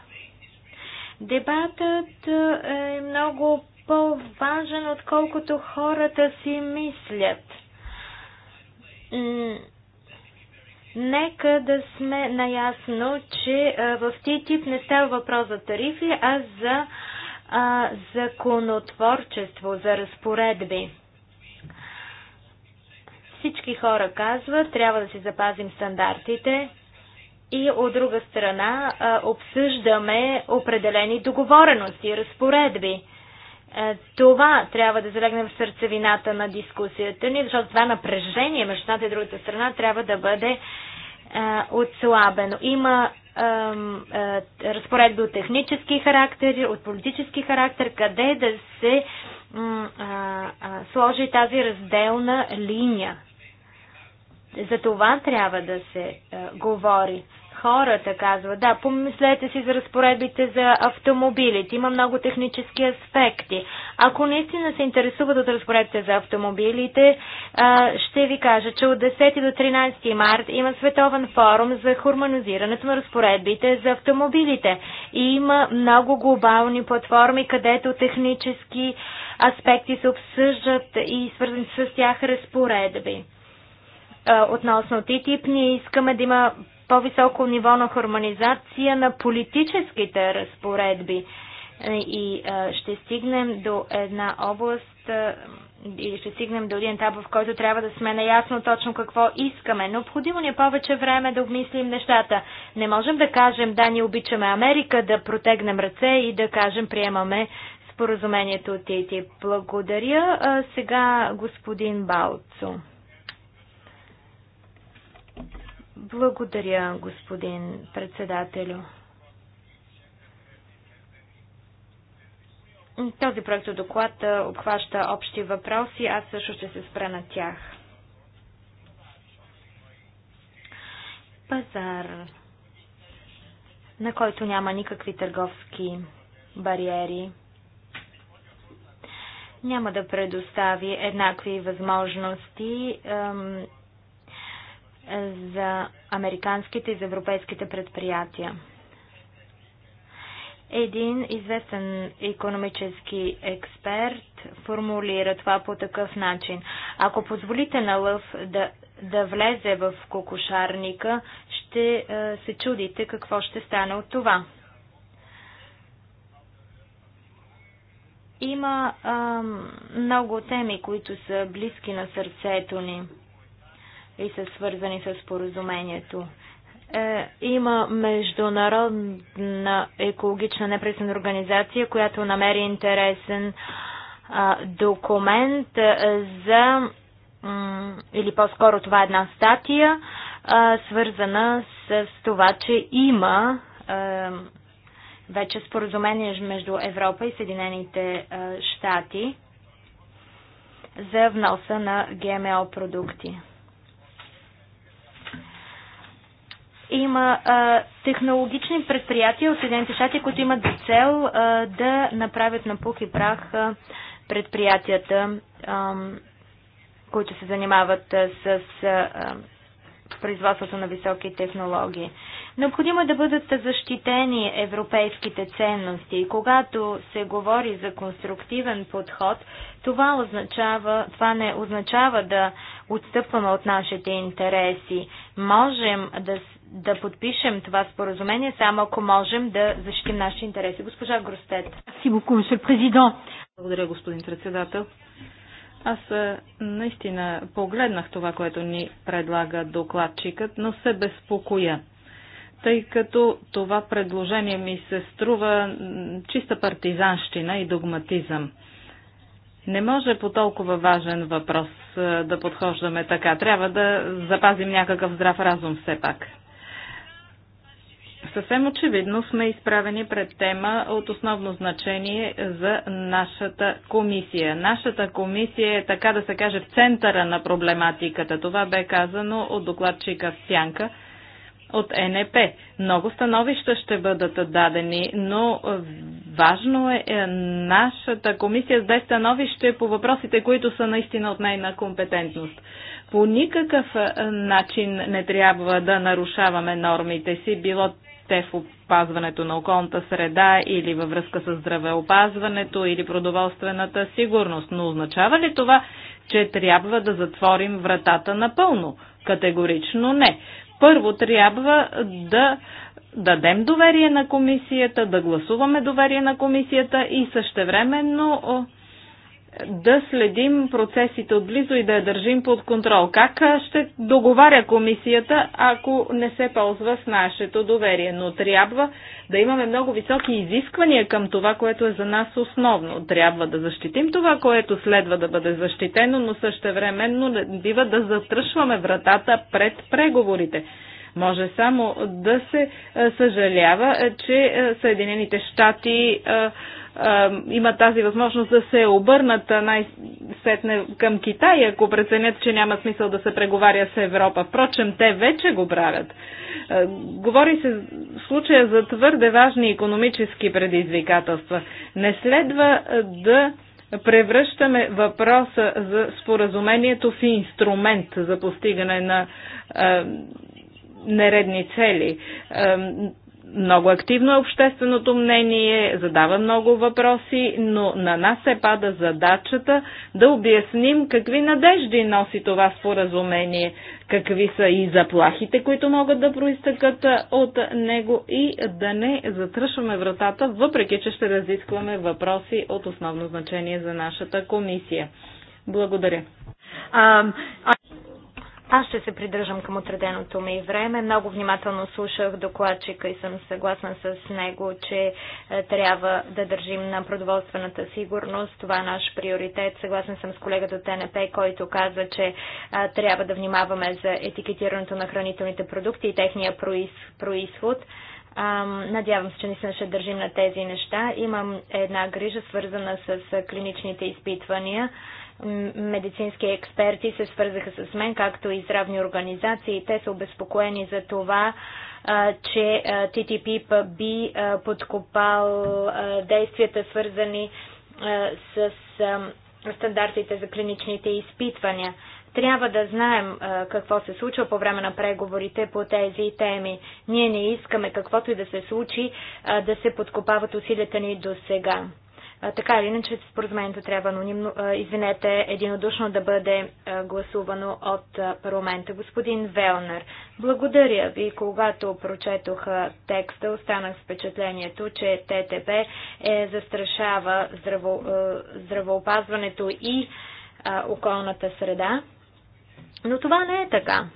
Дебатът е, е много по-важен, отколкото хората си мислят. Нека да сме наясно, че е, в ТИТИП не става въпрос за тарифи, а за а, законотворчество, за разпоредби. Всички хора казват, трябва да си запазим стандартите и от друга страна а, обсъждаме определени договорености, разпоредби. Е, това трябва да залегне в сърцевината на дискусията ни, защото това напрежение между едната и другата страна трябва да бъде е, отслабено. Има разпоредби от технически характер, от политически характер, къде да се сложи тази разделна линия. За това трябва да се говори хората казва. да, помислете си за разпоредбите за автомобилите. Има много технически аспекти. Ако наистина се интересуват от разпоредбите за автомобилите, ще ви кажа, че от 10 до 13 март има световен форум за хормонизирането на разпоредбите за автомобилите. И има много глобални платформи, където технически аспекти се обсъждат и свързани с тях разпоредби относно ТТИП, ние искаме да има по-високо ниво на хармонизация на политическите разпоредби и ще стигнем до една област или ще стигнем до един етап, в който трябва да сме наясно точно какво искаме. Необходимо ни е повече време да обмислим нещата. Не можем да кажем да ни обичаме Америка, да протегнем ръце и да кажем приемаме споразумението от ТТИП. Благодаря. Сега господин Балцо. Благодаря, господин председателю. Този проект доклад обхваща общи въпроси, аз също ще се спра на тях. Пазар, на който няма никакви търговски бариери, няма да предостави еднакви възможности за американските и за европейските предприятия. Един известен економически експерт формулира това по такъв начин. Ако позволите на лъв да, да влезе в кокошарника, ще е, се чудите какво ще стане от това. Има е, много теми, които са близки на сърцето ни и са свързани с споразумението. Е, има международна екологична непресна организация, която намери интересен а, документ а, е, за, или по-скоро това е една статия, а, свързана с, с това, че има а, е, вече споразумение между Европа и Съединените а, е, щати за вноса на ГМО продукти. Има а, технологични предприятия от Съединените щати, които имат за цел а, да направят на пух и прах а, предприятията, а, които се занимават а, с а, производството на високи технологии. Необходимо е да бъдат защитени европейските ценности и когато се говори за конструктивен подход, това, означава, това не означава да отстъпваме от нашите интереси. Можем да да подпишем това споразумение, само ако можем да защитим нашите интереси. Госпожа Гростет. Благодаря, господин председател. Аз е, наистина погледнах това, което ни предлага докладчикът, но се безпокоя тъй като това предложение ми се струва чиста партизанщина и догматизъм. Не може по толкова важен въпрос е, да подхождаме така. Трябва да запазим някакъв здрав разум все пак. Съвсем очевидно сме изправени пред тема от основно значение за нашата комисия. Нашата комисия е, така да се каже, в центъра на проблематиката. Това бе казано от докладчика в Сянка от НП. Много становища ще бъдат дадени, но важно е, е нашата комисия да даде становище по въпросите, които са наистина от нейна компетентност. По никакъв е, начин не трябва да нарушаваме нормите си, било ще е в опазването на околната среда или във връзка с здравеопазването или продоволствената сигурност. Но означава ли това, че трябва да затворим вратата напълно? Категорично не. Първо трябва да дадем доверие на комисията, да гласуваме доверие на комисията и същевременно да следим процесите отблизо и да я държим под контрол. Как ще договаря комисията, ако не се ползва с нашето доверие? Но трябва да имаме много високи изисквания към това, което е за нас основно. Трябва да защитим това, което следва да бъде защитено, но същевременно не бива да затръшваме вратата пред преговорите. Може само да се съжалява, че Съединените щати имат тази възможност да се обърнат най-сетне към Китай, ако преценят, че няма смисъл да се преговаря с Европа. Впрочем, те вече го правят. Говори се в случая за твърде важни економически предизвикателства. Не следва да превръщаме въпроса за споразумението в инструмент за постигане на е, нередни цели. Е, много активно е общественото мнение, задава много въпроси, но на нас се пада задачата да обясним какви надежди носи това споразумение, какви са и заплахите, които могат да проистъкат от него и да не затръшваме вратата, въпреки че ще разискваме въпроси от основно значение за нашата комисия. Благодаря. Um, I... Аз ще се придържам към отреденото ми време. Много внимателно слушах докладчика и съм съгласна с него, че е, трябва да държим на продоволствената сигурност. Това е наш приоритет. Съгласна съм с колегата от ТНП, който каза, че е, трябва да внимаваме за етикетирането на хранителните продукти и техния происход. Надявам се, че не ще държим на тези неща. Имам една грижа, свързана с е, клиничните изпитвания медицински експерти се свързаха с мен, както и здравни организации. Те са обезпокоени за това, че ТТП би подкопал действията, свързани с стандартите за клиничните изпитвания. Трябва да знаем какво се случва по време на преговорите по тези теми. Ние не искаме каквото и да се случи да се подкопават усилията ни до сега. Така или иначе, споразумението трябва анонимно, извинете, единодушно да бъде гласувано от парламента. Господин Велнер, благодаря ви, когато прочетох текста, останах с впечатлението, че ТТП е застрашава здраво, здравоопазването и околната среда. Но това не е така.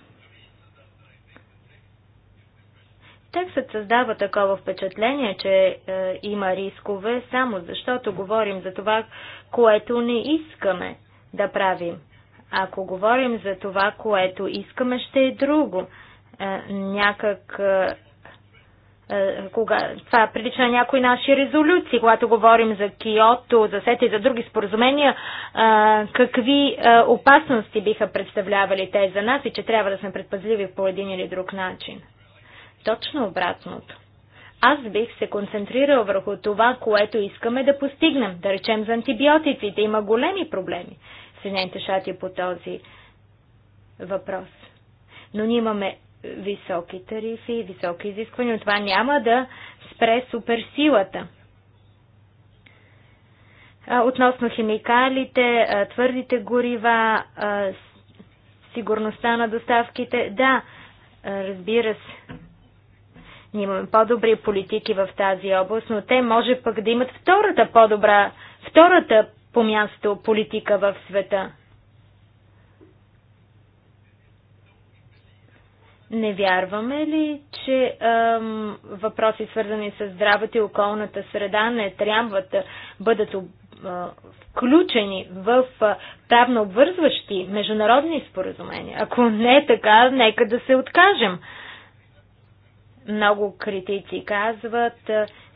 Текстът създава такова впечатление, че е, има рискове, само защото говорим за това, което не искаме да правим. Ако говорим за това, което искаме, ще е друго. Е, някак. Е, е кога, това е прилича на някои наши резолюции, когато говорим за Киото, за сета и за други споразумения, а, е, какви а, опасности биха представлявали те за нас и че трябва да сме предпазливи по един или друг начин. Точно обратното. Аз бих се концентрирал върху това, което искаме да постигнем. Да речем за антибиотиците. Има големи проблеми в Съединените щати по този въпрос. Но ние имаме високи тарифи, високи изисквания. Но това няма да спре суперсилата. Относно химикалите, твърдите горива, сигурността на доставките, да, разбира се, ние имаме по-добри политики в тази област, но те може пък да имат втората по-добра, втората по място политика в света. Не вярваме ли, че ам, въпроси свързани с здравето и околната среда не трябва да бъдат а, включени в правно обвързващи международни споразумения? Ако не е така, нека да се откажем. Много критици казват,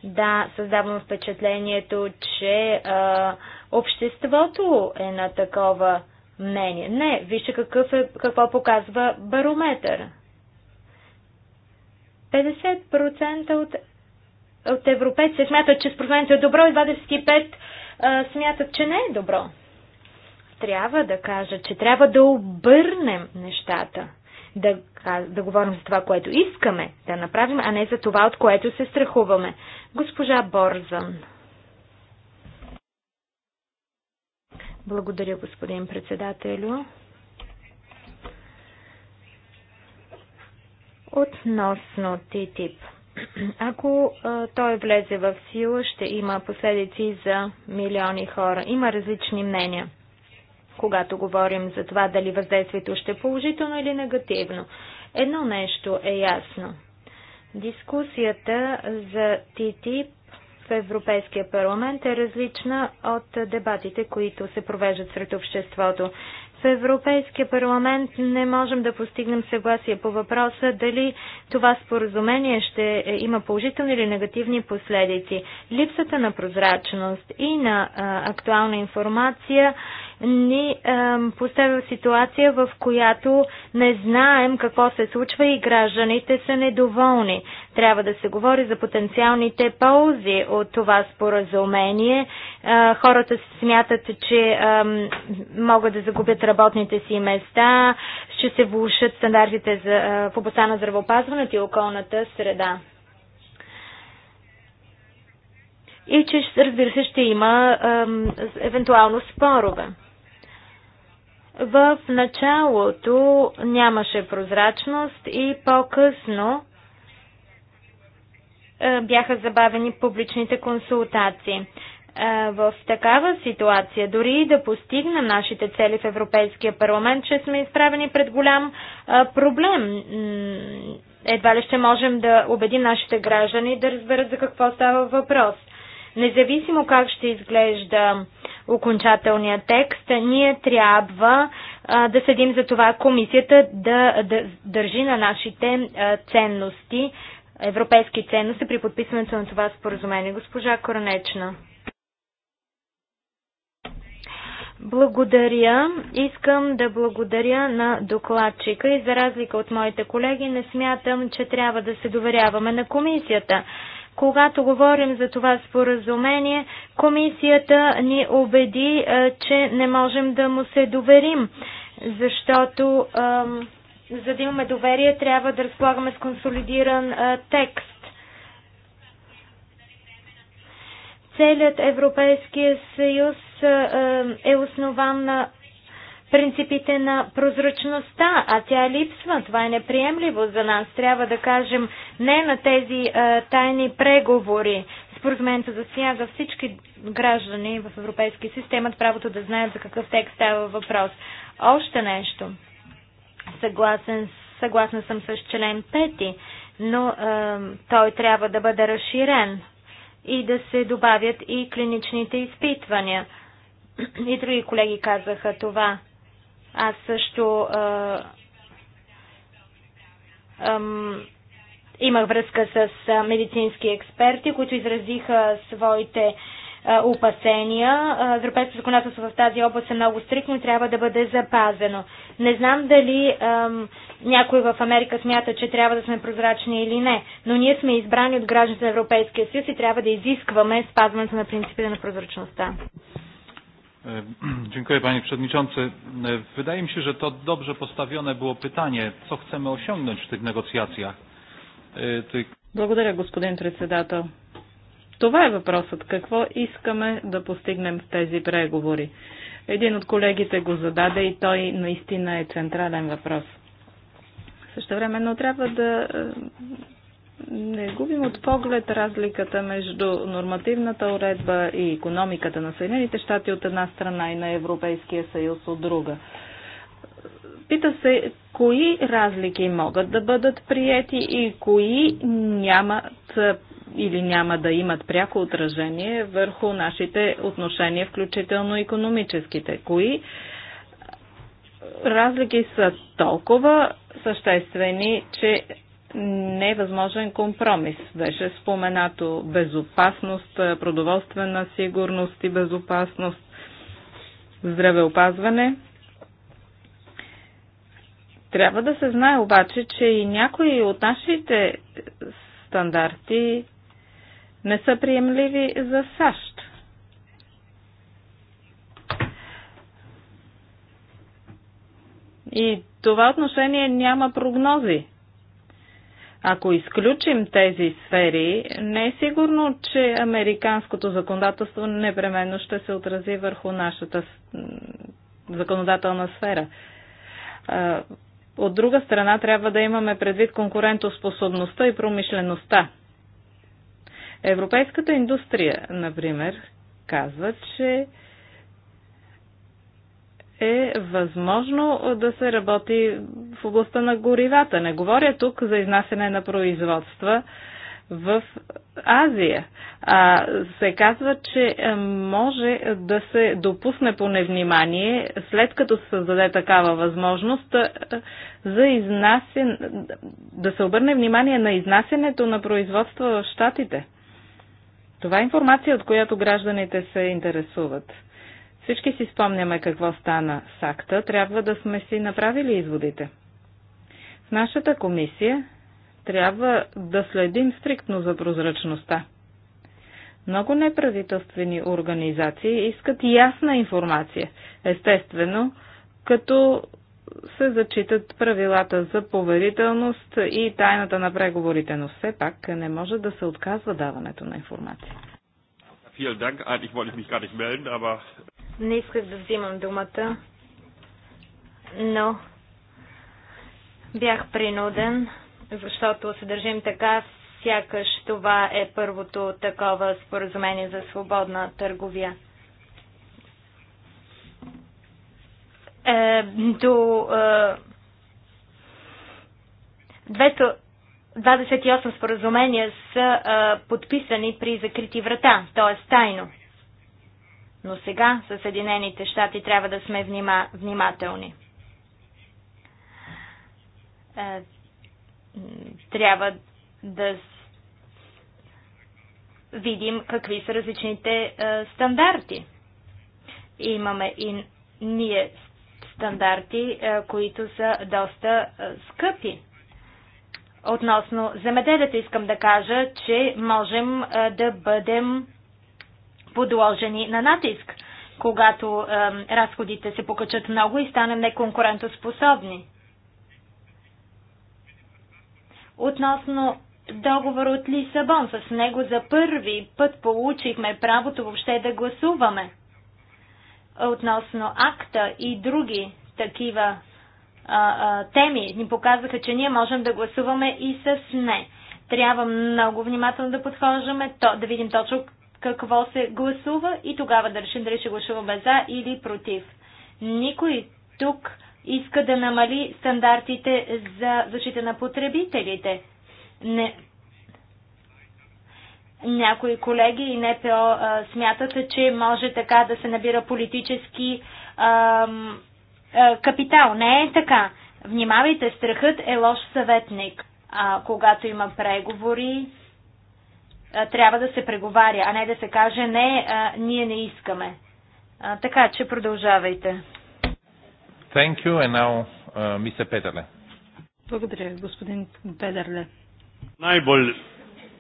да, създавам впечатлението, че а, обществото е на такова мнение. Не, вижте какъв е, какво показва барометър. 50% от, от европейци смятат, че споразумението е добро и 25% а, смятат, че не е добро. Трябва да кажа, че трябва да обърнем нещата да, да говорим за това, което искаме да направим, а не за това, от което се страхуваме. Госпожа Борзан. Благодаря, господин председателю. Относно ТТИП. [clears throat] Ако а, той влезе в сила, ще има последици за милиони хора. Има различни мнения когато говорим за това дали въздействието ще е положително или негативно. Едно нещо е ясно. Дискусията за ТТИП в Европейския парламент е различна от дебатите, които се провеждат сред обществото. В Европейския парламент не можем да постигнем съгласие по въпроса дали това споразумение ще има положителни или негативни последици. Липсата на прозрачност и на а, актуална информация ни поставя в ситуация, в която не знаем какво се случва и гражданите са недоволни. Трябва да се говори за потенциалните ползи от това споразумение. Хората смятат, че могат да загубят работните си места, ще се влушат стандартите в областта на здравеопазването и околната среда и че, разбира се, ще има ем, евентуално спорове. В началото нямаше прозрачност и по-късно е, бяха забавени публичните консултации. Е, в такава ситуация, дори и да постигнем нашите цели в Европейския парламент, че сме изправени пред голям е, проблем. Едва ли ще можем да убедим нашите граждани да разберат за какво става въпрос. Независимо как ще изглежда окончателния текст. Ние трябва да следим за това комисията да, да държи на нашите ценности, европейски ценности при подписването на това споразумение. Госпожа Коронечна. Благодаря. Искам да благодаря на докладчика и за разлика от моите колеги не смятам, че трябва да се доверяваме на комисията. Когато говорим за това споразумение, комисията ни убеди, че не можем да му се доверим, защото за да имаме доверие трябва да разполагаме с консолидиран текст. целият Европейския съюз е основан на принципите на прозрачността, а тя липсва. Това е неприемливо за нас. Трябва да кажем не на тези а, е, тайни преговори. Споразумението засяга всички граждани в европейски система, имат правото да знаят за какъв текст става въпрос. Още нещо. Съгласен, съгласна съм с член 5, но а, е, той трябва да бъде разширен и да се добавят и клиничните изпитвания. И други колеги казаха това. Аз също а, имах връзка с медицински експерти, които изразиха своите опасения. Европейското законодателство в тази област е много стрикно и трябва да бъде запазено. Не знам дали ам, някой в Америка смята, че трябва да сме прозрачни или не, но ние сме избрани от гражданите на Европейския съюз и трябва да изискваме спазването на принципите на прозрачността. E, [clears throat] dziękuję panie przewodniczący. E, wydaje mi się, że to dobrze postawione było pytanie, co chcemy osiągnąć w tych negocjacjach. E, Благодаря, господин председател. Това е въпросът. Какво искаме да постигнем в тези преговори? Един от колегите го зададе и той наистина е централен въпрос. но трябва да е, не губим от поглед разликата между нормативната уредба и економиката на Съединените щати от една страна и на Европейския съюз от друга. Пита се, кои разлики могат да бъдат приети и кои нямат или няма да имат пряко отражение върху нашите отношения, включително економическите. Кои разлики са толкова съществени, че невъзможен компромис. Беше споменато безопасност, продоволствена сигурност и безопасност, здравеопазване. Трябва да се знае обаче, че и някои от нашите стандарти не са приемливи за САЩ. И това отношение няма прогнози ако изключим тези сфери, не е сигурно, че американското законодателство непременно ще се отрази върху нашата законодателна сфера. От друга страна, трябва да имаме предвид конкурентоспособността и промишлеността. Европейската индустрия, например, казва, че е възможно да се работи в областта на горивата. Не говоря тук за изнасяне на производства в Азия. А, се казва, че е, може да се допусне по невнимание, след като се създаде такава възможност, е, за изнасен... да се обърне внимание на изнасянето на производства в Штатите. Това е информация, от която гражданите се интересуват. Всички си спомняме какво стана с акта, трябва да сме си направили изводите. В нашата комисия трябва да следим стриктно за прозрачността. Много неправителствени организации искат ясна информация, естествено, като се зачитат правилата за поверителност и тайната на преговорите, но все пак не може да се отказва даването на информация. Не исках да взимам думата, но бях принуден, защото се държим така, сякаш това е първото такова споразумение за свободна търговия. Е, до е, 28 споразумения са е, подписани при закрити врата, т.е. тайно. Но сега с Съединените щати трябва да сме внима, внимателни. Е, трябва да видим какви са различните е, стандарти. Имаме и ние стандарти, е, които са доста скъпи. Относно земеделието искам да кажа, че можем да бъдем подложени на натиск, когато е, разходите се покачат много и станем неконкурентоспособни. Относно договор от Лисабон, с него за първи път получихме правото въобще да гласуваме относно акта и други такива а, а, теми ни показаха, че ние можем да гласуваме и с не. Трябва много внимателно да подхождаме, то, да видим точно какво се гласува и тогава да решим дали ще гласуваме за или против. Никой тук иска да намали стандартите за защита на потребителите. Не. Някои колеги и НПО смятат, че може така да се набира политически а, а, капитал. Не е така. Внимавайте, страхът е лош съветник. А, когато има преговори, трябва да се преговаря, а не да се каже не, ние не искаме. Така че продължавайте. Thank you and now, uh, Mr. Благодаря, господин Педерле. най бол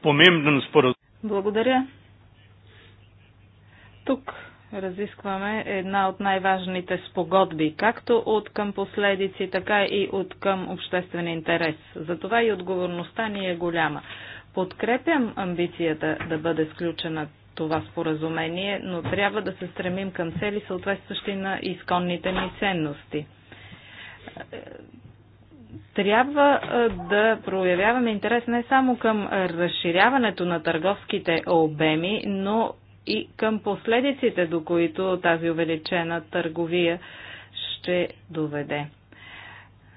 помемден споразум. Благодаря. Тук разискваме една от най-важните спогодби, както от към последици, така и от към обществен интерес. Затова и отговорността ни е голяма. Подкрепям амбицията да бъде сключена това споразумение, но трябва да се стремим към цели, съответстващи на изконните ни ценности. Трябва да проявяваме интерес не само към разширяването на търговските обеми, но и към последиците, до които тази увеличена търговия ще доведе.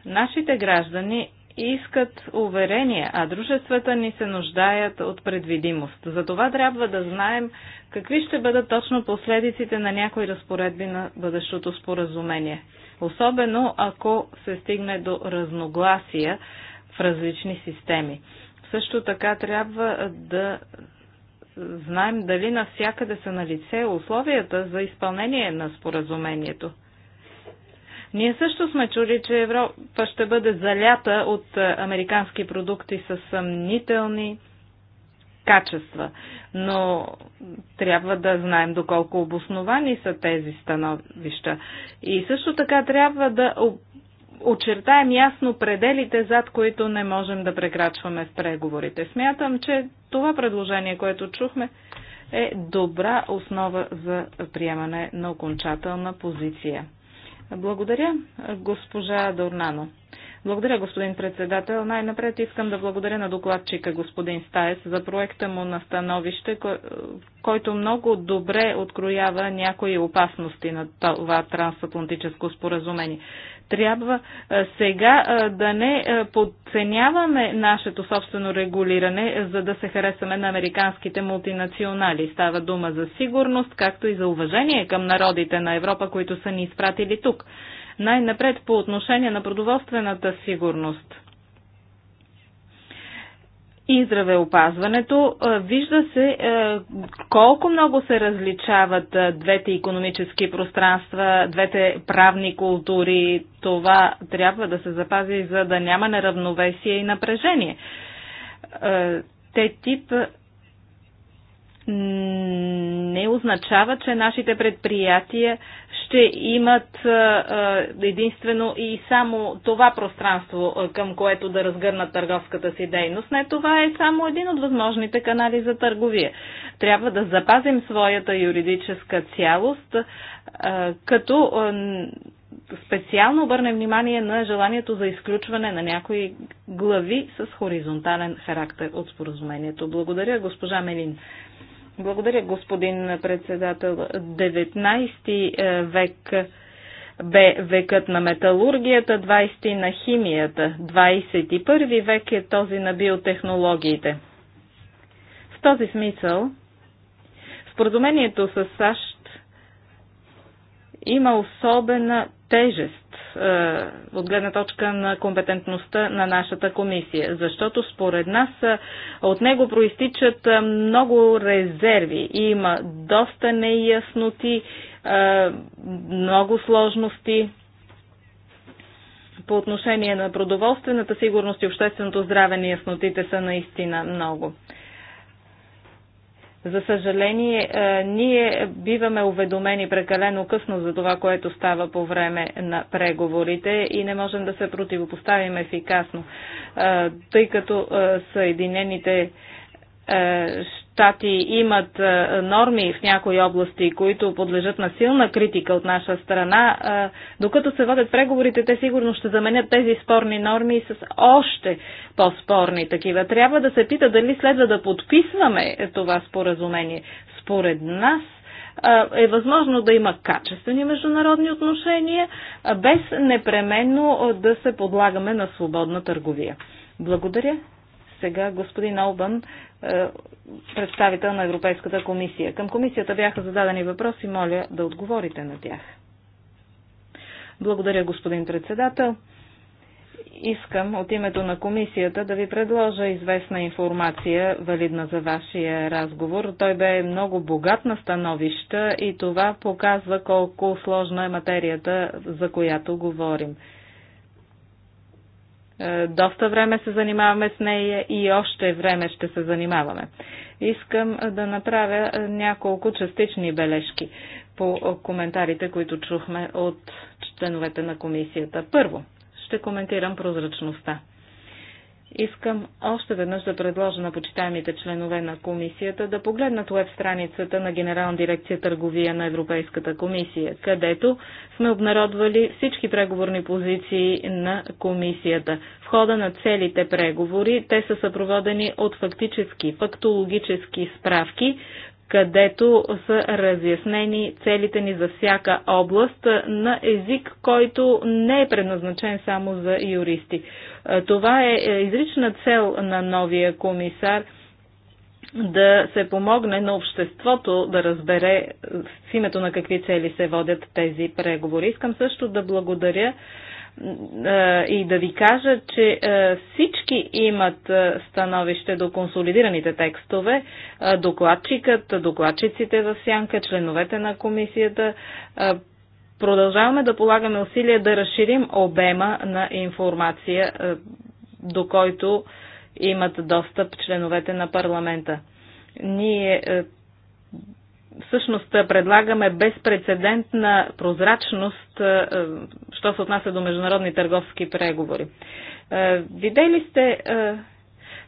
Нашите граждани искат уверения, а дружествата ни се нуждаят от предвидимост. Затова трябва да знаем какви ще бъдат точно последиците на някои разпоредби на бъдещото споразумение. Особено ако се стигне до разногласия в различни системи. Също така трябва да знаем дали навсякъде са на лице условията за изпълнение на споразумението. Ние също сме чули, че Европа ще бъде залята от е, американски продукти с съмнителни качества. Но трябва да знаем доколко обосновани са тези становища. И също така трябва да очертаем ясно пределите, зад които не можем да прекрачваме в преговорите. Смятам, че това предложение, което чухме, е добра основа за приемане на окончателна позиция. Благодаря, госпожа Дорнано. Благодаря, господин председател. Най-напред искам да благодаря на докладчика господин Стаес за проекта му на становище, който много добре откроява някои опасности на това трансатлантическо споразумение. Трябва сега да не подценяваме нашето собствено регулиране, за да се харесаме на американските мултинационали. Става дума за сигурност, както и за уважение към народите на Европа, които са ни изпратили тук. Най-напред по отношение на продоволствената сигурност – и здравеопазването, вижда се колко много се различават двете економически пространства, двете правни култури. Това трябва да се запази, за да няма неравновесие и напрежение. Те тип не означава, че нашите предприятия ще имат единствено и само това пространство, към което да разгърнат търговската си дейност. Не, това е само един от възможните канали за търговия. Трябва да запазим своята юридическа цялост, като специално обърнем внимание на желанието за изключване на някои глави с хоризонтален характер от споразумението. Благодаря, госпожа Мелин. Благодаря, господин председател. 19 е, век бе векът на металургията, 20 на химията, 21 век е този на биотехнологиите. В този смисъл, споразумението с САЩ има особена тежест е, от гледна точка на компетентността на нашата комисия, защото според нас е, от него проистичат е, много резерви и има доста неясноти, много сложности по отношение на продоволствената сигурност и общественото здраве неяснотите са наистина много. За съжаление, е, ние биваме уведомени прекалено късно за това, което става по време на преговорите и не можем да се противопоставим ефикасно, е, тъй като е, Съединените щати имат е, норми в някои области, които подлежат на силна критика от наша страна, е, докато се водят преговорите, те сигурно ще заменят тези спорни норми с още по-спорни такива. Трябва да се пита дали следва да подписваме това споразумение. Според нас е, е възможно да има качествени международни отношения, без непременно да се подлагаме на свободна търговия. Благодаря сега господин Олбан, е, представител на Европейската комисия. Към комисията бяха зададени въпроси, моля да отговорите на тях. Благодаря, господин председател. Искам от името на комисията да ви предложа известна информация, валидна за вашия разговор. Той бе много богат на становища и това показва колко сложна е материята, за която говорим. Е, доста време се занимаваме с нея и още време ще се занимаваме. Искам да направя няколко частични бележки по коментарите, които чухме от членовете на комисията. Първо, ще коментирам прозрачността. Искам още веднъж да предложа на почитаемите членове на комисията да погледнат веб страницата на Генерална дирекция търговия на Европейската комисия, където сме обнародвали всички преговорни позиции на комисията. В хода на целите преговори те са съпроводени от фактически, фактологически справки, където са разяснени целите ни за всяка област на език, който не е предназначен само за юристи. Е, това е, е изрична цел на новия комисар да се помогне на обществото да разбере е, в името на какви цели се водят тези преговори. Искам също да благодаря и да ви кажа, че всички имат становище до консолидираните текстове. Докладчикът, докладчиците в сянка, членовете на комисията, Продължаваме да полагаме усилия да разширим обема на информация, е, до който имат достъп членовете на парламента. Ние е, всъщност предлагаме безпредседентна прозрачност, е, що се отнася до международни търговски преговори. Видели сте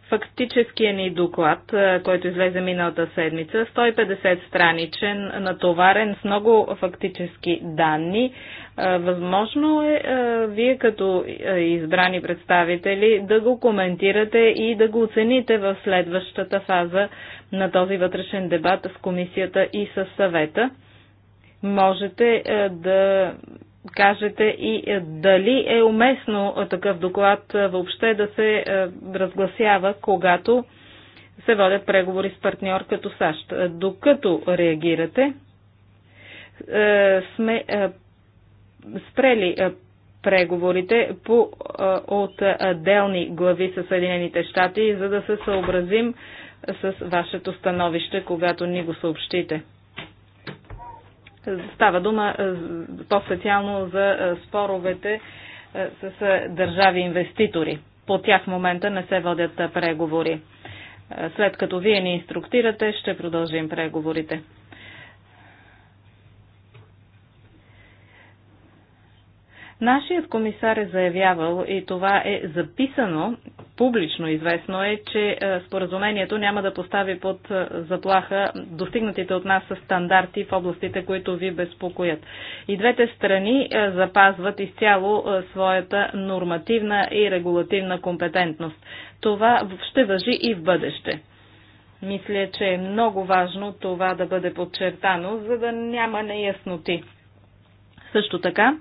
фактическия ни доклад, който излезе миналата седмица, 150 страничен, натоварен с много фактически данни. Възможно е вие като избрани представители да го коментирате и да го оцените в следващата фаза на този вътрешен дебат с комисията и с съвета можете да кажете и е, дали е уместно е, такъв доклад е, въобще да се разгласява, когато се водят преговори с партньор като САЩ. Докато реагирате, сме спрели преговорите по, от отделни глави със Съединените щати, за да се съобразим с вашето становище, когато ни го съобщите. Става дума по-специално за споровете с държави инвеститори. По тях в момента не се водят преговори. След като вие ни инструктирате, ще продължим преговорите. Нашият комисар е заявявал, и това е записано публично известно е, че е, споразумението няма да постави под е, заплаха достигнатите от нас стандарти в областите, които ви безпокоят. И двете страни е, запазват изцяло своята нормативна и регулативна компетентност. Това ще въжи и в бъдеще. Мисля, че е много важно това да бъде подчертано, за да няма неясноти. Също така,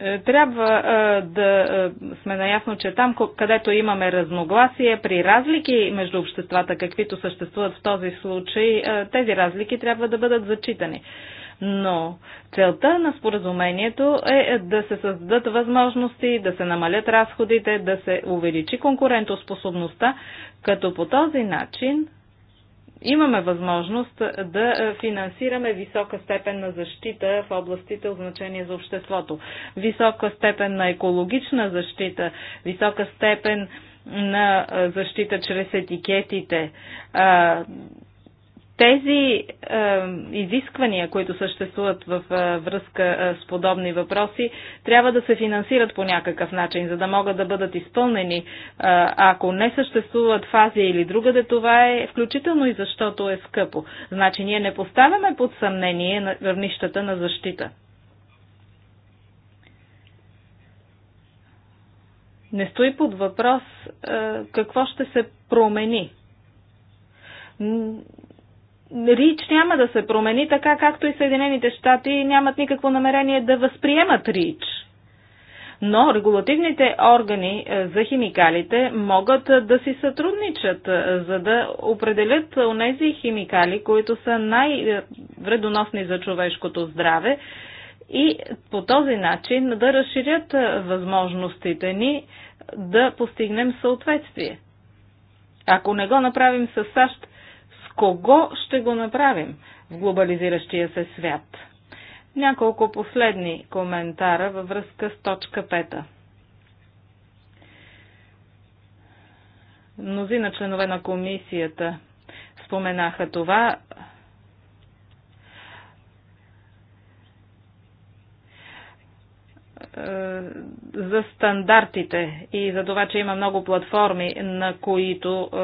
Е, трябва е, да е, сме наясно, че там, където имаме разногласие при разлики между обществата, каквито съществуват в този случай, тези разлики трябва да бъдат зачитани. Но целта на споразумението е да се създадат възможности, да се намалят разходите, да се увеличи конкурентоспособността, като по този начин имаме възможност да финансираме висока степен на защита в областите от значение за обществото. Висока степен на екологична защита, висока степен на защита чрез етикетите, тези е, изисквания, които съществуват в е, връзка е, с подобни въпроси, трябва да се финансират по някакъв начин, за да могат да бъдат изпълнени. Е, ако не съществуват фази или друга, де това е включително и защото е скъпо. Значи ние не поставяме под съмнение на равнищата на защита. Не стои под въпрос е, какво ще се промени Рич няма да се промени, така както и Съединените щати нямат никакво намерение да възприемат Рич. Но регулативните органи е, за химикалите могат е, да си сътрудничат, е, за да определят онези химикали, които са най-вредоносни за човешкото здраве и по този начин да разширят възможностите ни да постигнем съответствие. Ако не го направим с САЩ, кого ще го направим в глобализиращия се свят? Няколко последни коментара във връзка с точка 5. Мнозина членове на комисията споменаха това. Е, за стандартите и за това, че има много платформи, на които е,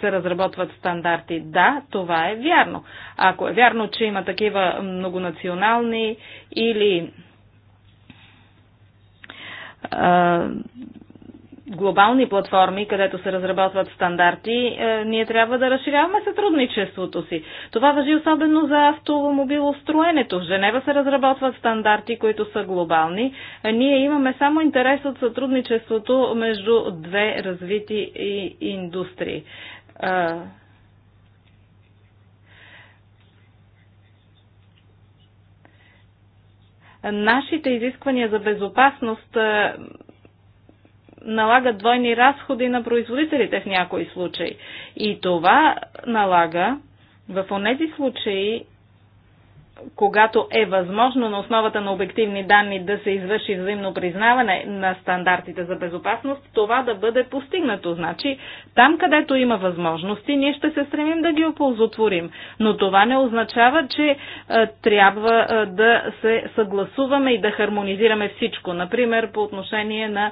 се разработват стандарти. Да, това е вярно. Ако е вярно, че има такива многонационални или е, глобални платформи, където се разработват стандарти, е, ние трябва да разширяваме сътрудничеството си. Това въжи особено за автомобилостроенето. В Женева се разработват стандарти, които са глобални. Е, ние имаме само интерес от сътрудничеството между две развити индустрии. Е, нашите изисквания за безопасност налагат двойни разходи на производителите в някои случаи. И това налага в онези случаи, когато е възможно на основата на обективни данни да се извърши взаимно признаване на стандартите за безопасност, това да бъде постигнато. Значи, там където има възможности, ние ще се стремим да ги оползотворим. Но това не означава, че е, трябва е, да се съгласуваме и да хармонизираме всичко. Например, по отношение на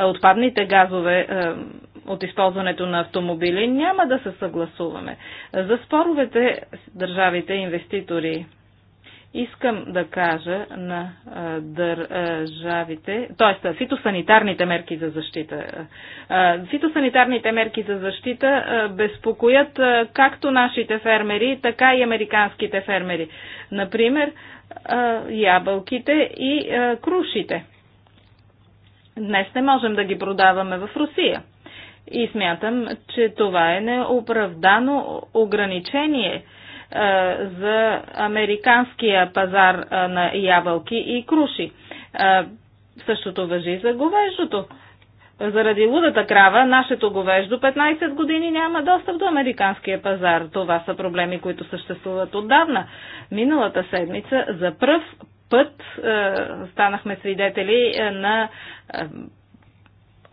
е, отпадните газове е, от използването на автомобили, няма да се съгласуваме. За споровете държавите инвеститори Искам да кажа на държавите, т.е. фитосанитарните мерки за защита. Фитосанитарните мерки за защита безпокоят както нашите фермери, така и американските фермери. Например, ябълките и крушите. Днес не можем да ги продаваме в Русия. И смятам, че това е неоправдано ограничение – за американския пазар на ябълки и круши. Същото въжи за говеждото. Заради лудата крава, нашето говеждо 15 години няма достъп до американския пазар. Това са проблеми, които съществуват отдавна. Миналата седмица за пръв път е, станахме свидетели на е,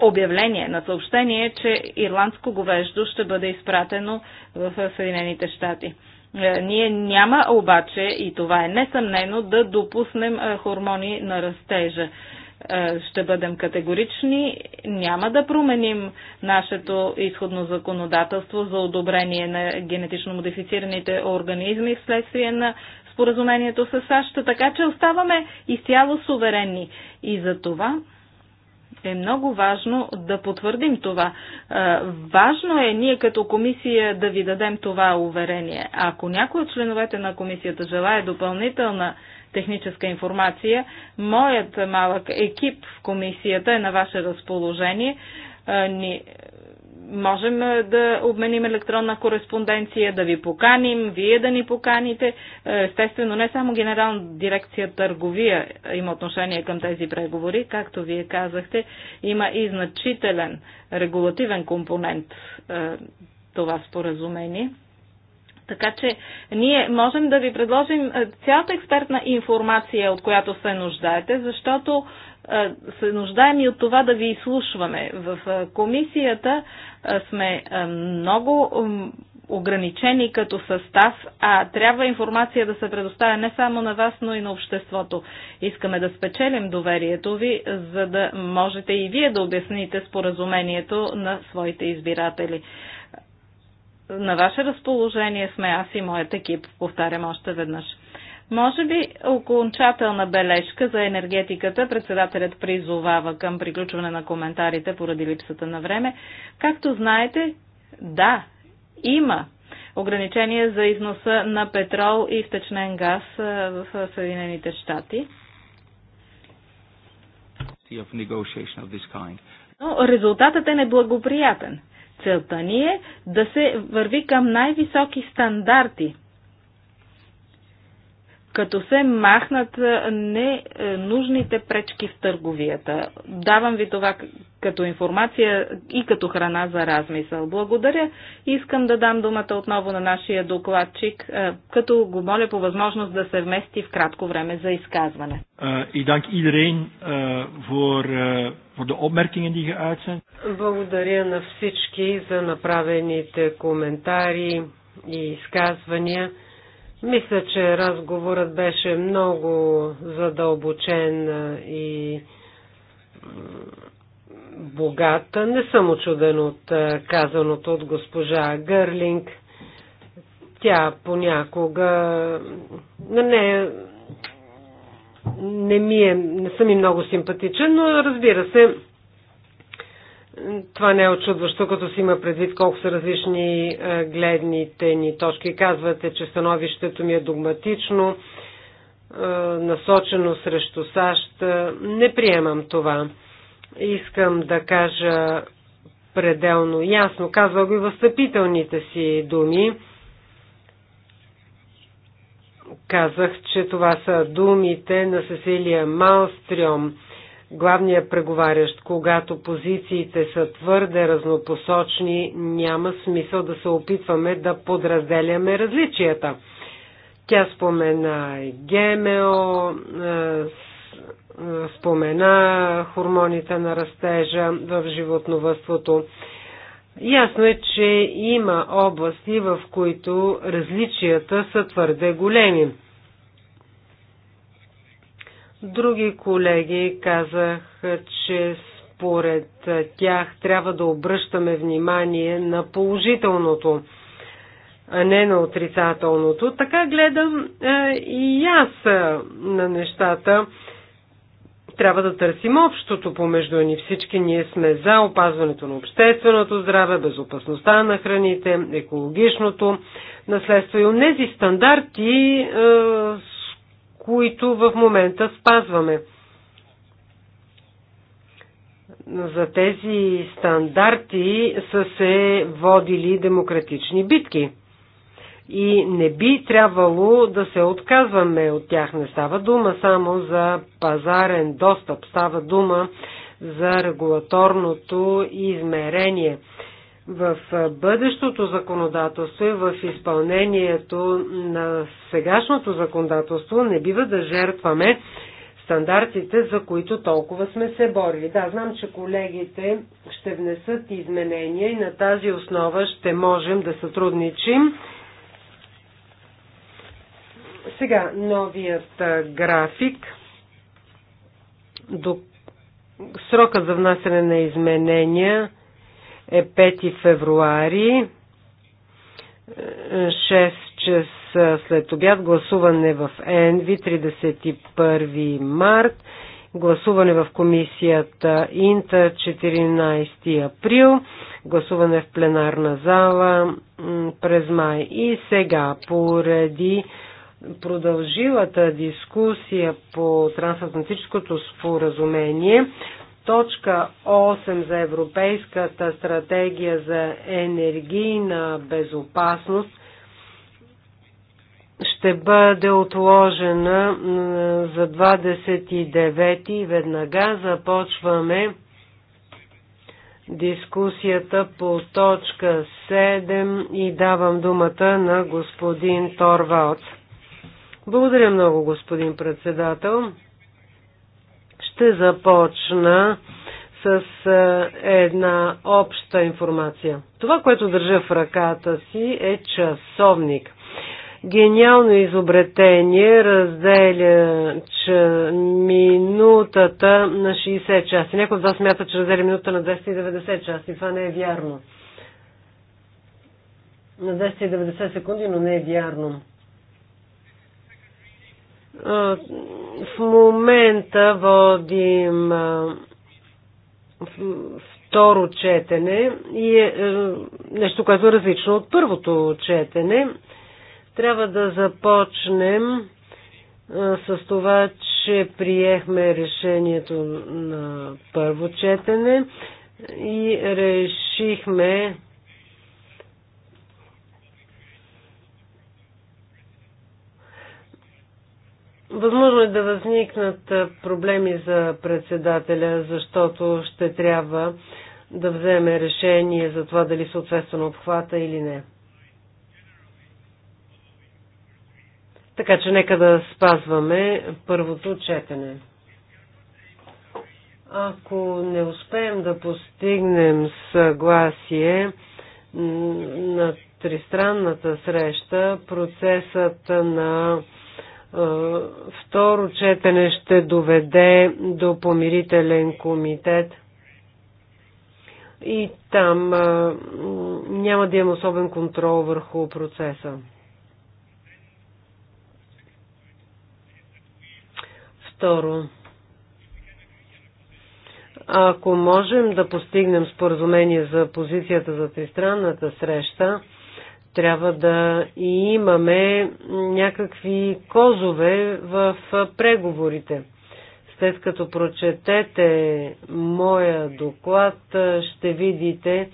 обявление, на съобщение, че ирландско говеждо ще бъде изпратено в Съединените щати. Е, ние няма обаче, и това е несъмнено, да допуснем е, хормони на растежа. Е, ще бъдем категорични, няма да променим нашето изходно законодателство за одобрение на генетично модифицираните организми вследствие на споразумението с САЩ, така че оставаме изцяло суверенни. И за това е много важно да потвърдим това. Е, важно е ние като комисия да ви дадем това уверение. Ако някой от членовете на комисията желая допълнителна техническа информация, моят малък екип в комисията е на ваше разположение. Е, можем да обменим електронна кореспонденция, да ви поканим, вие да ни поканите. Е, естествено, не само Генерална дирекция търговия има отношение към тези преговори, както вие казахте, има и значителен регулативен компонент е, това споразумение. Така че ние можем да ви предложим е, цялата експертна информация, от която се нуждаете, защото се нуждаем и от това да ви изслушваме. В комисията сме много ограничени като състав, а трябва информация да се предоставя не само на вас, но и на обществото. Искаме да спечелим доверието ви, за да можете и вие да обясните споразумението на своите избиратели. На ваше разположение сме аз и моят екип, повтарям още веднъж. Може би окончателна бележка за енергетиката. Председателят призовава към приключване на коментарите поради липсата на време. Както знаете, да, има ограничения за износа на петрол и втечнен газ в Съединените щати. Но резултатът е неблагоприятен. Целта ни е да се върви към най-високи стандарти като се махнат ненужните е, пречки в търговията. Давам ви това като информация и като храна за размисъл. Благодаря. Искам да дам думата отново на нашия докладчик, е, като го моля по възможност да се вмести в кратко време за изказване. И iedereen voor, de opmerkingen die Благодаря на всички за направените коментари и изказвания. Мисля, че разговорът беше много задълбочен и богат. Не съм очуден от казаното от госпожа Гърлинг. Тя понякога на не, не ми е, не съм и много симпатичен, но разбира се, това не е очудващо, като си има предвид колко са различни е, гледните ни точки. Казвате, че становището ми е догматично, е, насочено срещу САЩ. Не приемам това. Искам да кажа пределно ясно. казвам го и възстъпителните си думи. Казах, че това са думите на Сесилия Малстрюм Главният преговарящ, когато позициите са твърде разнопосочни, няма смисъл да се опитваме да подразделяме различията. Тя спомена ГМО, е, е, спомена хормоните на растежа в животновътството. Ясно е, че има области, в които различията са твърде големи. Други колеги казах, че според тях трябва да обръщаме внимание на положителното, а не на отрицателното. Така гледам е, и аз е, на нещата. Трябва да търсим общото помежду ни. Всички ние сме за опазването на общественото здраве, безопасността на храните, екологичното наследство и тези стандарти, е, които в момента спазваме. За тези стандарти са се водили демократични битки. И не би трябвало да се отказваме от тях. Не става дума само за пазарен достъп, става дума за регулаторното измерение в бъдещото законодателство и в изпълнението на сегашното законодателство не бива да жертваме стандартите, за които толкова сме се борили. Да, знам, че колегите ще внесат изменения и на тази основа ще можем да сътрудничим. Сега, новият график. До срока за внасяне на изменения е 5 февруари, 6 е, часа след обяд, гласуване в ЕНВИ 31 март, гласуване в комисията Инта 14 април, гласуване в пленарна зала през май. И сега, поради продължилата дискусия по трансатлантическото споразумение, Точка 8 за Европейската стратегия за енергийна безопасност ще бъде отложена за 29 веднага започваме дискусията по точка 7 и давам думата на господин Торвалц. Благодаря много, господин председател. Ще започна с е, една обща информация. Това, което държа в ръката си е часовник. Гениално изобретение разделя че минутата на 60 часа. Някой от вас смята, че разделя минута на 290 часа и това не е вярно. На 290 секунди, но не е вярно. В момента водим второ четене и е, е, нещо, което е различно от първото четене. Трябва да започнем с това, че приехме решението на първо четене и решихме Възможно е да възникнат проблеми за председателя, защото ще трябва да вземе решение за това дали съответства на обхвата или не. Така че нека да спазваме първото четене. Ако не успеем да постигнем съгласие на тристранната среща, процесът на е, второ четене ще доведе до помирителен комитет и там е, няма да има особен контрол върху процеса. Второ, ако можем да постигнем споразумение за позицията за тристранната среща, трябва да и имаме някакви козове в преговорите. След като прочетете моя доклад, ще видите,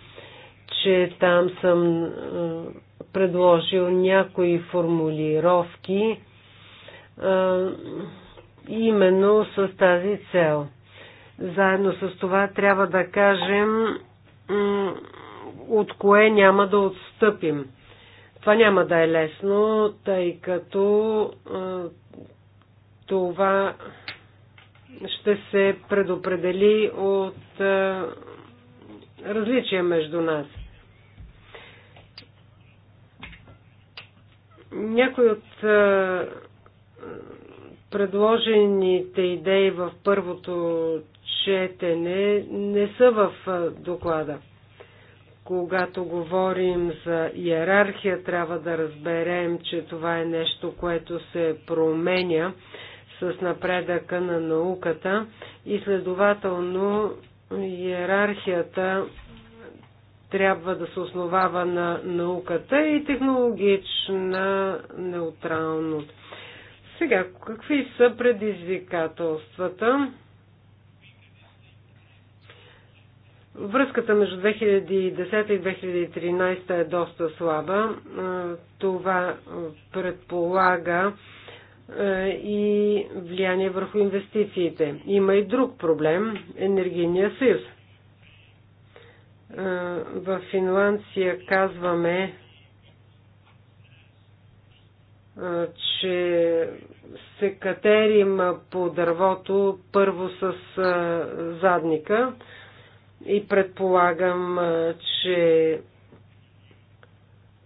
че там съм е, предложил някои формулировки е, именно с тази цел. Заедно с това трябва да кажем от кое няма да отстъпим. Това няма да е лесно, тъй като това ще се предопредели от различия между нас. Някои от предложените идеи в първото четене не са в доклада когато говорим за иерархия, трябва да разберем, че това е нещо, което се променя с напредъка на науката и следователно иерархията трябва да се основава на науката и технологична неутралност. Сега, какви са предизвикателствата? Връзката между 2010 и 2013 е доста слаба. Това предполага и влияние върху инвестициите. Има и друг проблем – енергийния съюз. В Финландия казваме, че се катерим по дървото първо с задника – и предполагам, че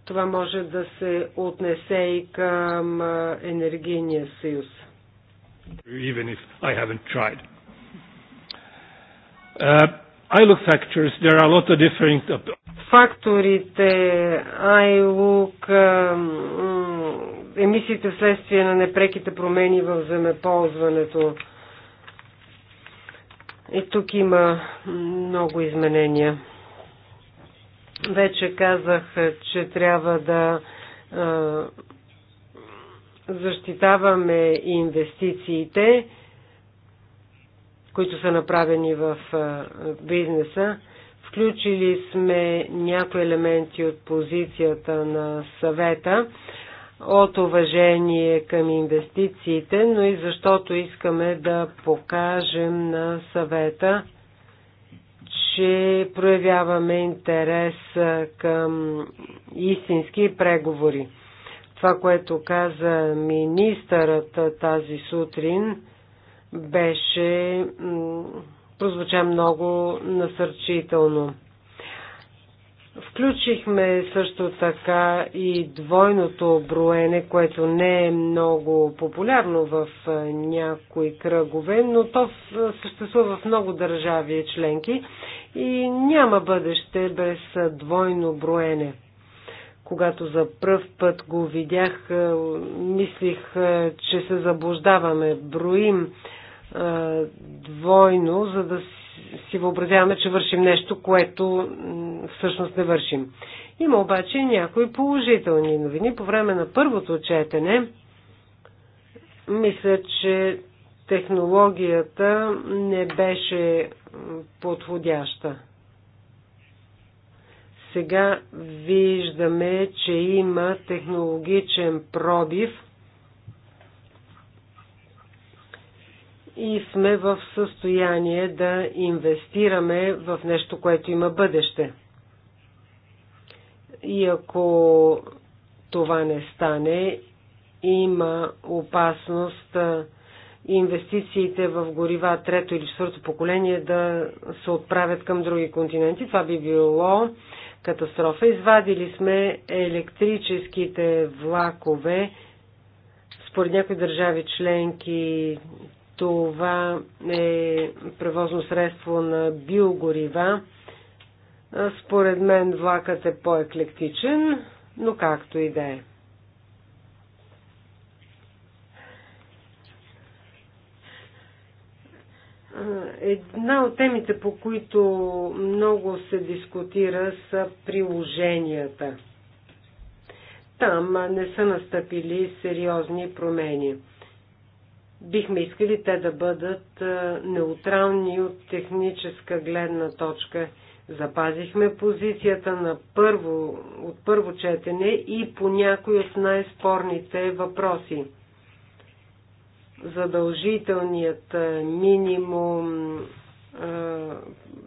това може да се отнесе и към енергийния съюз. Even if I haven't tried. Uh, factors, there are a lot of different... Факторите, ILOC, емисиите вследствие на непреките промени в земеползването, и тук има много изменения. Вече казах, че трябва да защитаваме инвестициите, които са направени в бизнеса. Включили сме някои елементи от позицията на съвета от уважение към инвестициите, но и защото искаме да покажем на съвета, че проявяваме интерес към истински преговори. Това, което каза министърът тази сутрин, беше прозвуча много насърчително. Включихме също така и двойното броене, което не е много популярно в някои кръгове, но то съществува в много държави и членки и няма бъдеще без двойно броене. Когато за пръв път го видях, мислих, че се заблуждаваме. Броим двойно, за да си въобразяваме, че вършим нещо, което всъщност не вършим. Има обаче и някои положителни новини. По време на първото четене, мисля, че технологията не беше подходяща. Сега виждаме, че има технологичен пробив – и сме в състояние да инвестираме в нещо, което има бъдеще. И ако това не стане, има опасност инвестициите в горива трето или четвърто поколение да се отправят към други континенти. Това би било катастрофа. Извадили сме електрическите влакове. Според някои държави членки това е превозно средство на биогорива. Според мен влакът е по-еклектичен, но както и да е. Една от темите, по които много се дискутира, са приложенията. Там не са настъпили сериозни промени. Бихме искали те да бъдат неутрални от техническа гледна точка. Запазихме позицията на първо, от първо четене и по някои от най-спорните въпроси. Задължителният минимум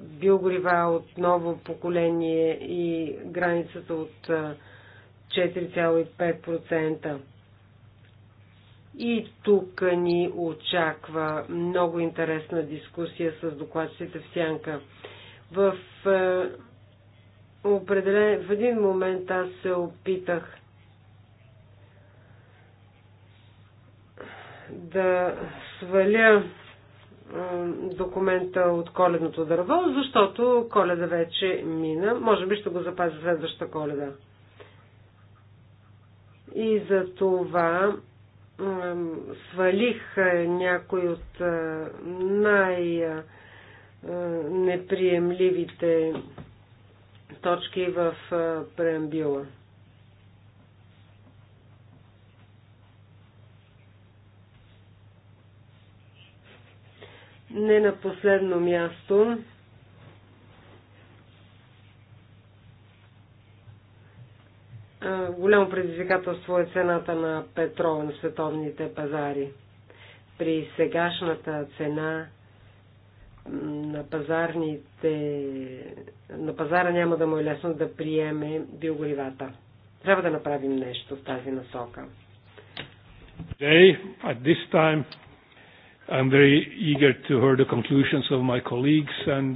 биогорива от ново поколение и границата от 4,5%. И тук ни очаква много интересна дискусия с докладчите в Сянка. В, е, определен, в един момент аз се опитах да сваля е, документа от коледното дърво, защото коледа вече мина. Може би ще го запазя следващата коледа. И за това свалих е, някой от е, най-неприемливите е, точки в преамбила. Не на последно място, Голямо предизвикателство е цената на петрол на световните пазари. При сегашната цена на пазарните на пазара няма да му е лесно да приеме биогоривата. Трябва да направим нещо в тази насока. Today, at this time, I'm very eager to hear the conclusions of my colleagues and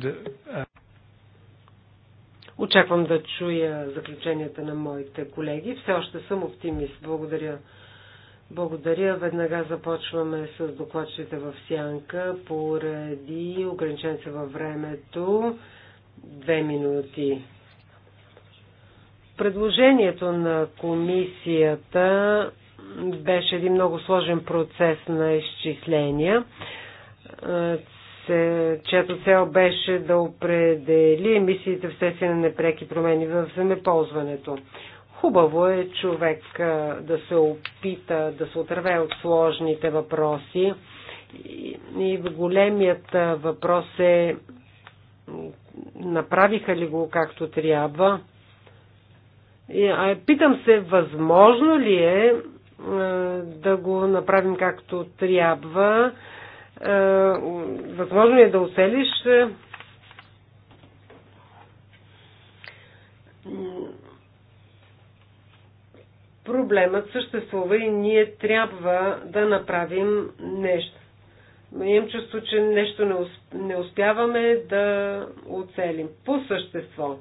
Очаквам да чуя заключенията на моите колеги. Все още съм оптимист. Благодаря. Благодаря. Веднага започваме с докладчите в сянка поради ограничен се във времето. Две минути. Предложението на комисията беше един много сложен процес на изчисления се, чиято цел беше да определи емисиите вследствие на непреки промени в земеползването. Хубаво е човек да се опита да се отърве от сложните въпроси. И големият въпрос е направиха ли го както трябва. Питам се, възможно ли е да го направим както трябва е, възможно е да оселиш е. Проблемът съществува и ние трябва да направим нещо. Имам чувство, че нещо не успяваме да оцелим. По същество.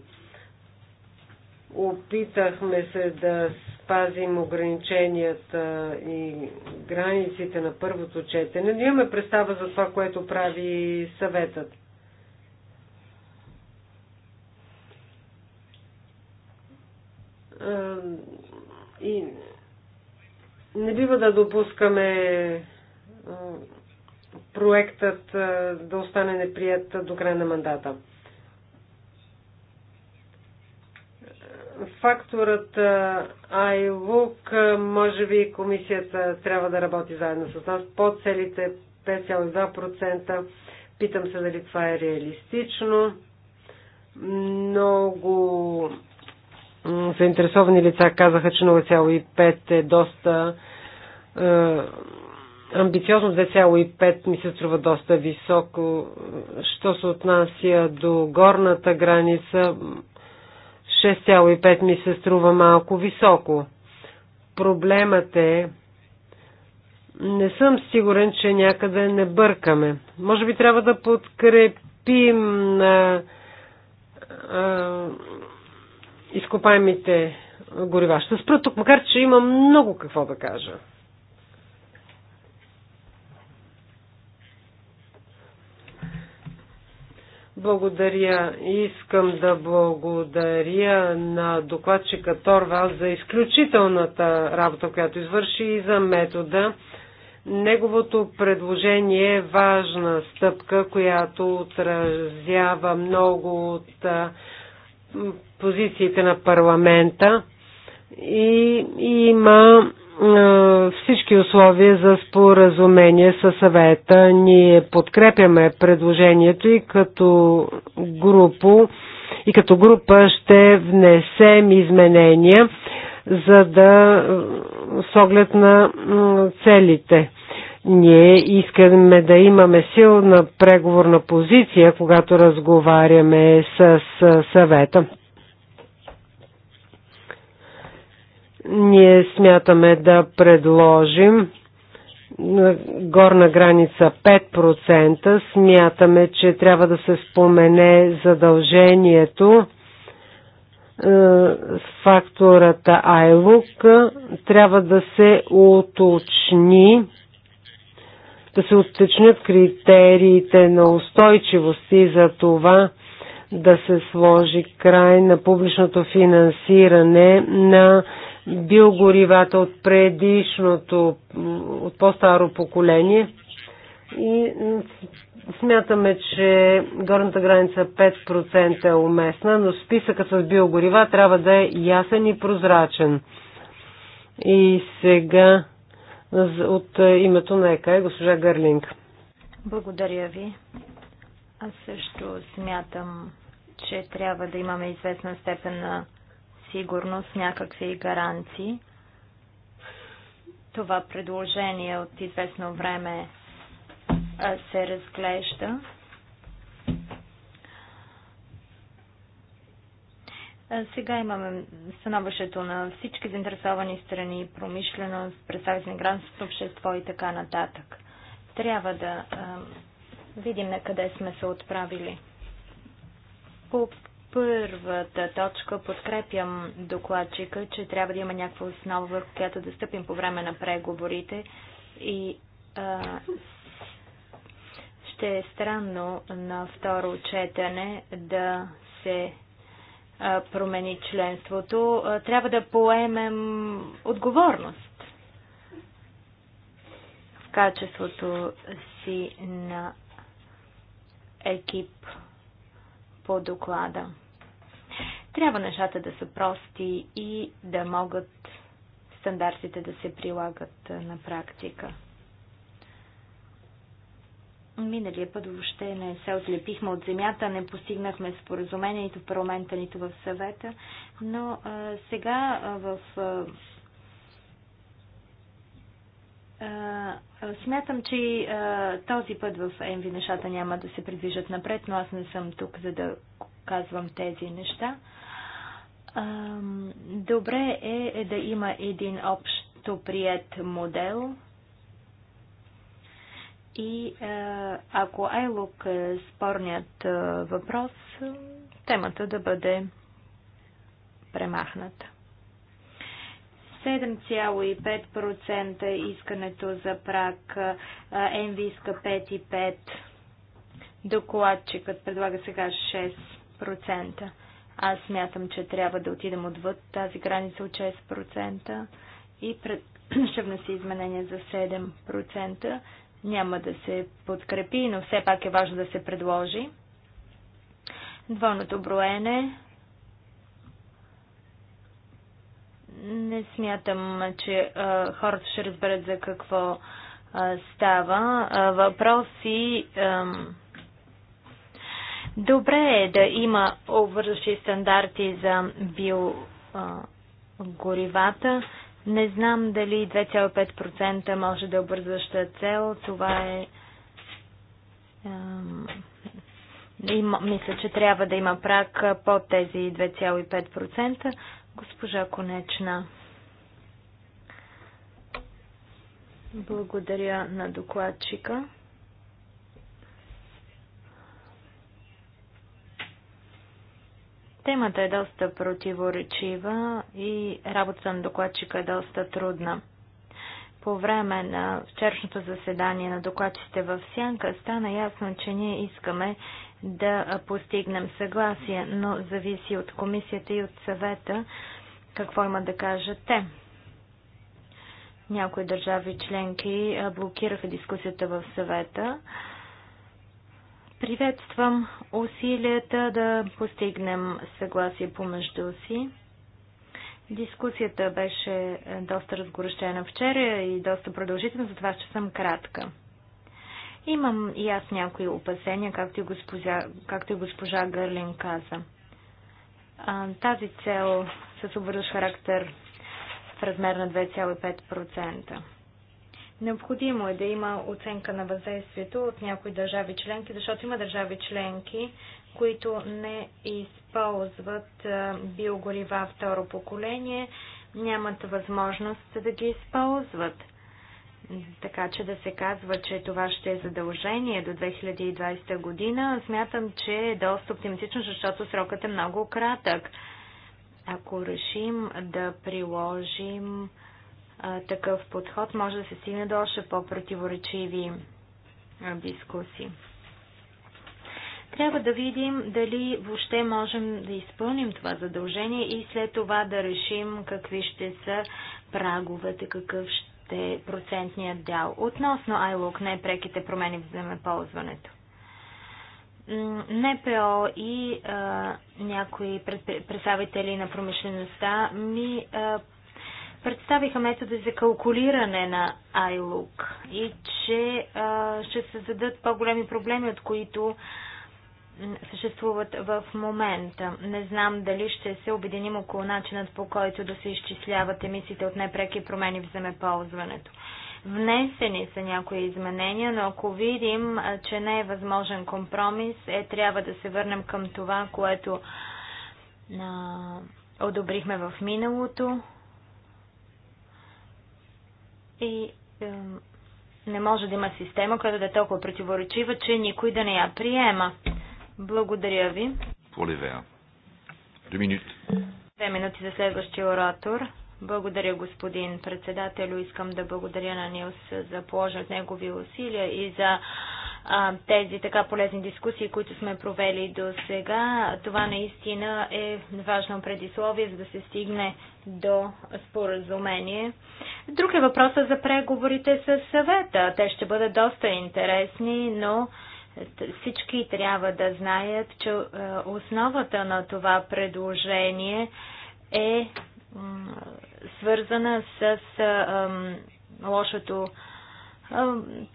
Опитахме се да спазим ограниченията и границите на първото четене, но имаме представа за това, което прави съветът. И не бива да допускаме проектът да остане неприят до края на мандата. факторът iLook, може би комисията трябва да работи заедно с нас по целите 5,2%. Питам се дали това е реалистично. Много заинтересовани лица казаха, че 0,5 е доста е, амбициозно, 2,5 ми се струва доста високо. Що се отнася до горната граница, 6,5 ми се струва малко високо. Проблемът е, не съм сигурен, че някъде не бъркаме. Може би трябва да подкрепим на изкопаемите горива. Ще спра тук, макар че има много какво да кажа. Благодаря. Искам да благодаря на докладчика Торвал за изключителната работа, която извърши и за метода. Неговото предложение е важна стъпка, която отразява много от позициите на парламента и има е, всички условия за споразумение със съвета. Ние подкрепяме предложението и като група, и като група ще внесем изменения за да е, с оглед на целите. Ние искаме да имаме силна преговорна позиция, когато разговаряме с съвета. Ние смятаме да предложим горна граница 5%. Смятаме, че трябва да се спомене задължението е, фактората ILUC трябва да се уточни да се уточнят критериите на устойчивост и за това да се сложи край на публичното финансиране на биогоривата от предишното, от по-старо поколение. И смятаме, че горната граница 5% е уместна, но списъкът с биогорива трябва да е ясен и прозрачен. И сега от името на ЕКА е госпожа Гърлинг. Благодаря ви. Аз също смятам, че трябва да имаме известна степен на сигурност, някакви гаранции. Това предложение от известно време се разглежда. Сега имаме становището на всички заинтересовани страни, промишленост, представители на гражданското общество и така нататък. Трябва да а, видим на къде сме се отправили. По първата точка подкрепям докладчика, че трябва да има някаква основа, върху която да стъпим по време на преговорите и а, ще е странно на второ четене да се а, промени членството. А, трябва да поемем отговорност в качеството си на екип по доклада. Трябва нещата да са прости и да могат стандартите да се прилагат на практика. Миналия път въобще не се отлепихме от земята, не постигнахме споразумение нито в парламента, нито в съвета, но а, сега а, в а, Смятам, че този път в Енви нещата няма да се придвижат напред, но аз не съм тук, за да казвам тези неща. Добре е, е да има един общо прият модел и ако Айлук е спорният въпрос, темата да бъде премахната. 7,5% искането за прак, МВ иска 5,5%, докладчикът предлага сега 6%. Аз смятам, че трябва да отидем отвъд тази граница от 6% и пред... [clears throat] ще внеси изменение за 7%. Няма да се подкрепи, но все пак е важно да се предложи. Двойното броене Не смятам, че а, хората ще разберат за какво а, става. А, въпроси. Ам... добре е да има обвързващи стандарти за биогоривата. Не знам дали 2,5% може да е обвързваща цел. Това е. Ам... има, мисля, че трябва да има прак под тези 2,5%. Госпожа Конечна. Благодаря на докладчика. Темата е доста противоречива и работата на докладчика е доста трудна. По време на вчерашното заседание на докладчите в Сянка стана ясно, че ние искаме да постигнем съгласие, но зависи от комисията и от съвета какво има да кажат те. Някои държави членки блокираха дискусията в съвета. Приветствам усилията да постигнем съгласие помежду си. Дискусията беше доста разгорещена вчера и доста продължителна, затова ще съм кратка. Имам и аз някои опасения, както и госпожа, както и госпожа Гърлин каза. Тази цел с обвързващ характер в размер на 2,5%. Необходимо е да има оценка на въздействието от някои държави членки, защото има държави членки, които не използват биогорива второ поколение, нямат възможност да ги използват така че да се казва, че това ще е задължение до 2020 година, смятам, че е доста оптимистично, защото срокът е много кратък. Ако решим да приложим а, такъв подход, може да се стигне до още по-противоречиви дискусии. Трябва да видим дали въобще можем да изпълним това задължение и след това да решим какви ще са праговете, какъв ще е процентният дял. Относно най преките промени в земеползването. НПО и а, някои представители на промишлеността ми а, представиха методи за калкулиране на ILOC и че а, ще създадат по-големи проблеми, от които а, съществуват в момента. Не знам дали ще се обединим около начинът по който да се изчисляват емисиите от непреки промени в земеползването. Внесени са някои изменения, но ако видим, че не е възможен компромис, е трябва да се върнем към това, което а, одобрихме в миналото. И е, не може да има система, която да е толкова противоречива, че никой да не я приема. Благодаря ви. Поливея. Две минути. Две минути за следващия оратор. Благодаря, господин председателю. Искам да благодаря на Нилс за положен от негови усилия и за а, тези така полезни дискусии, които сме провели до сега. Това наистина е важно предисловие, за да се стигне до споразумение. Друг е въпросът за преговорите с съвета. Те ще бъдат доста интересни, но всички трябва да знаят, че е, основата на това предложение е свързана с е, лошото е,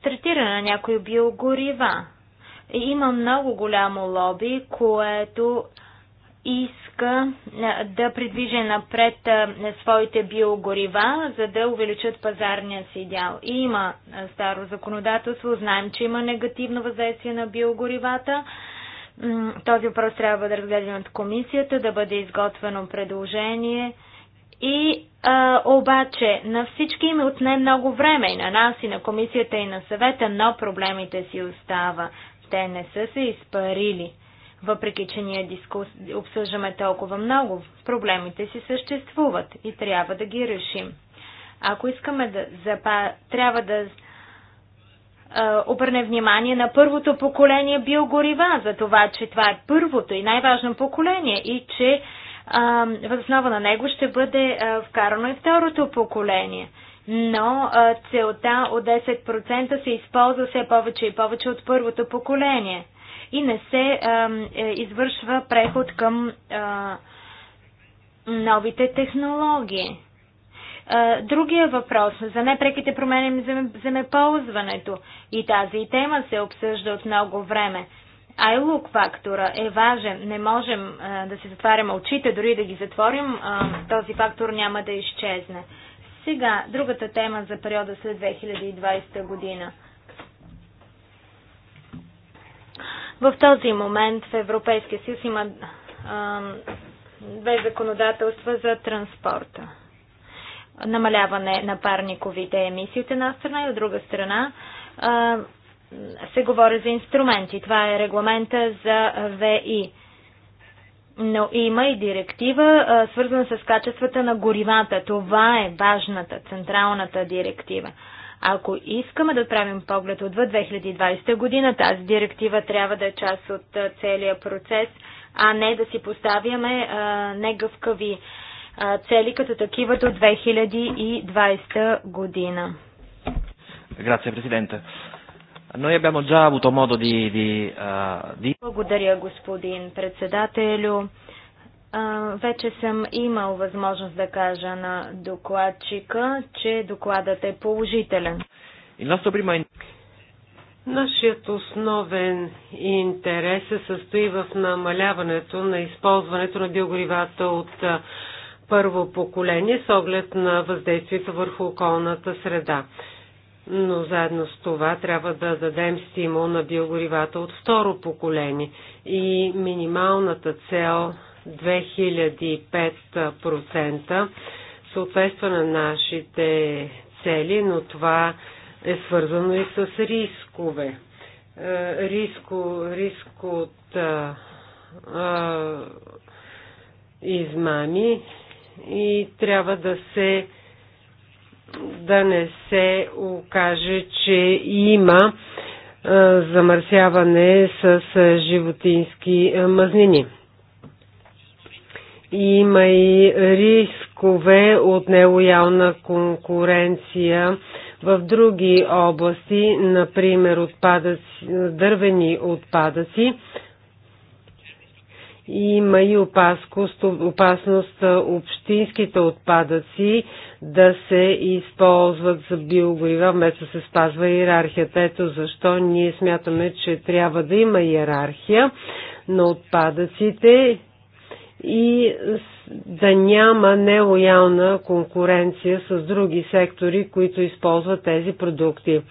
третиране на някои биогорива. Има много голямо лоби, което иска да придвижи напред своите биогорива, за да увеличат пазарния си дял. И има старо законодателство, знаем, че има негативно въздействие на биогоривата. Този въпрос трябва да разгледан от комисията, да бъде изготвено предложение. И а, обаче на всички им е отне много време, и на нас, и на комисията, и на съвета, но проблемите си остава. Те не са се изпарили. Въпреки, че ние дискус... обсъждаме толкова много, проблемите си съществуват и трябва да ги решим. Ако искаме да запа... трябва да обърне внимание на първото поколение биогорива, за това, че това е първото и най-важно поколение и че възнова на него ще бъде е, вкарано и второто поколение. Но е, целта от 10% се използва все повече и повече от първото поколение и не се е, извършва преход към новите технологии. Другия въпрос за непреките промени в земеползването и тази тема се обсъжда от много време. Айлук фактора е важен. Не можем а, да се затваряме очите, дори да ги затворим, а, този фактор няма да изчезне. Сега, другата тема за периода след 2020 година. В този момент в Европейския съюз има две законодателства за транспорта. Намаляване на парниковите емисии от една страна и от друга страна се говори за инструменти. Това е регламента за ВИ. Но има и директива, свързана с качествата на горивата. Това е важната, централната директива. Ако искаме да отправим поглед отвъд 2020 година, тази директива трябва да е част от целия процес, а не да си поставяме негъвкави цели като такива до 2020 година. Grazie Presidente. Noi abbiamo già avuto modo di... di, uh, di... Благодаря, господин председателю. Вече съм имал възможност да кажа на докладчика, че докладът е положителен. Нашият основен интерес се състои в намаляването на използването на биогоривата от първо поколение с оглед на въздействието върху околната среда. Но заедно с това трябва да дадем стимул на биогоривата от второ поколение и минималната цел 2005% съответства на нашите цели, но това е свързано и с рискове. Е, риско, риск от а, е, а, е, измами и трябва да се да не се окаже, че има замърсяване с животински мазнини. Има и рискове от нелоялна конкуренция в други области, например отпадъци, дървени отпадъци. Има и опаскост, опасност общинските отпадъци да се използват за биогорива, вместо се спазва иерархията. Ето защо ние смятаме, че трябва да има иерархия на отпадъците и да няма нелоялна конкуренция с други сектори, които използват тези продукти.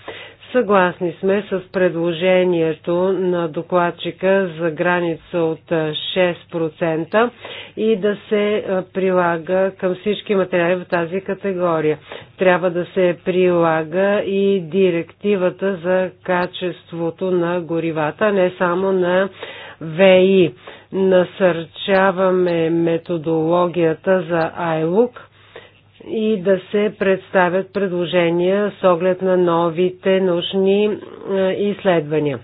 Съгласни сме с предложението на докладчика за граница от 6% и да се е, прилага към всички материали в тази категория. Трябва да се прилага и директивата за качеството на горивата, не само на ВИ насърчаваме методологията за iLook и да се представят предложения с оглед на новите научни изследвания.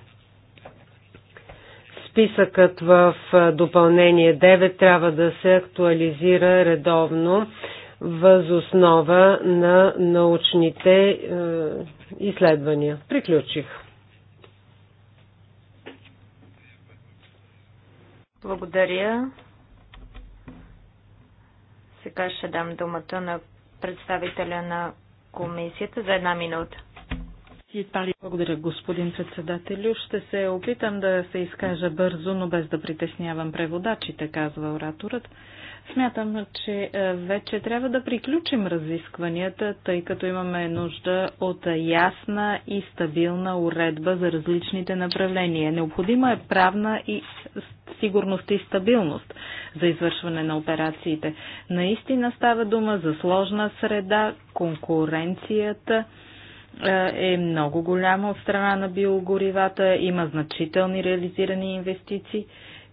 Списъкът в допълнение 9 трябва да се актуализира редовно възоснова на научните изследвания. Приключих. Благодаря. Сега ще дам думата на представителя на комисията за една минута. Благодаря, господин председателю. Ще се опитам да се изкажа бързо, но без да притеснявам преводачите, казва ораторът. Смятам, че е, вече трябва да приключим разискванията, тъй като имаме нужда от ясна и стабилна уредба за различните направления. Необходима е правна и сигурност и стабилност за извършване на операциите. Наистина става дума за сложна среда, конкуренцията, е, е много голяма от страна на биогоривата, има значителни реализирани инвестиции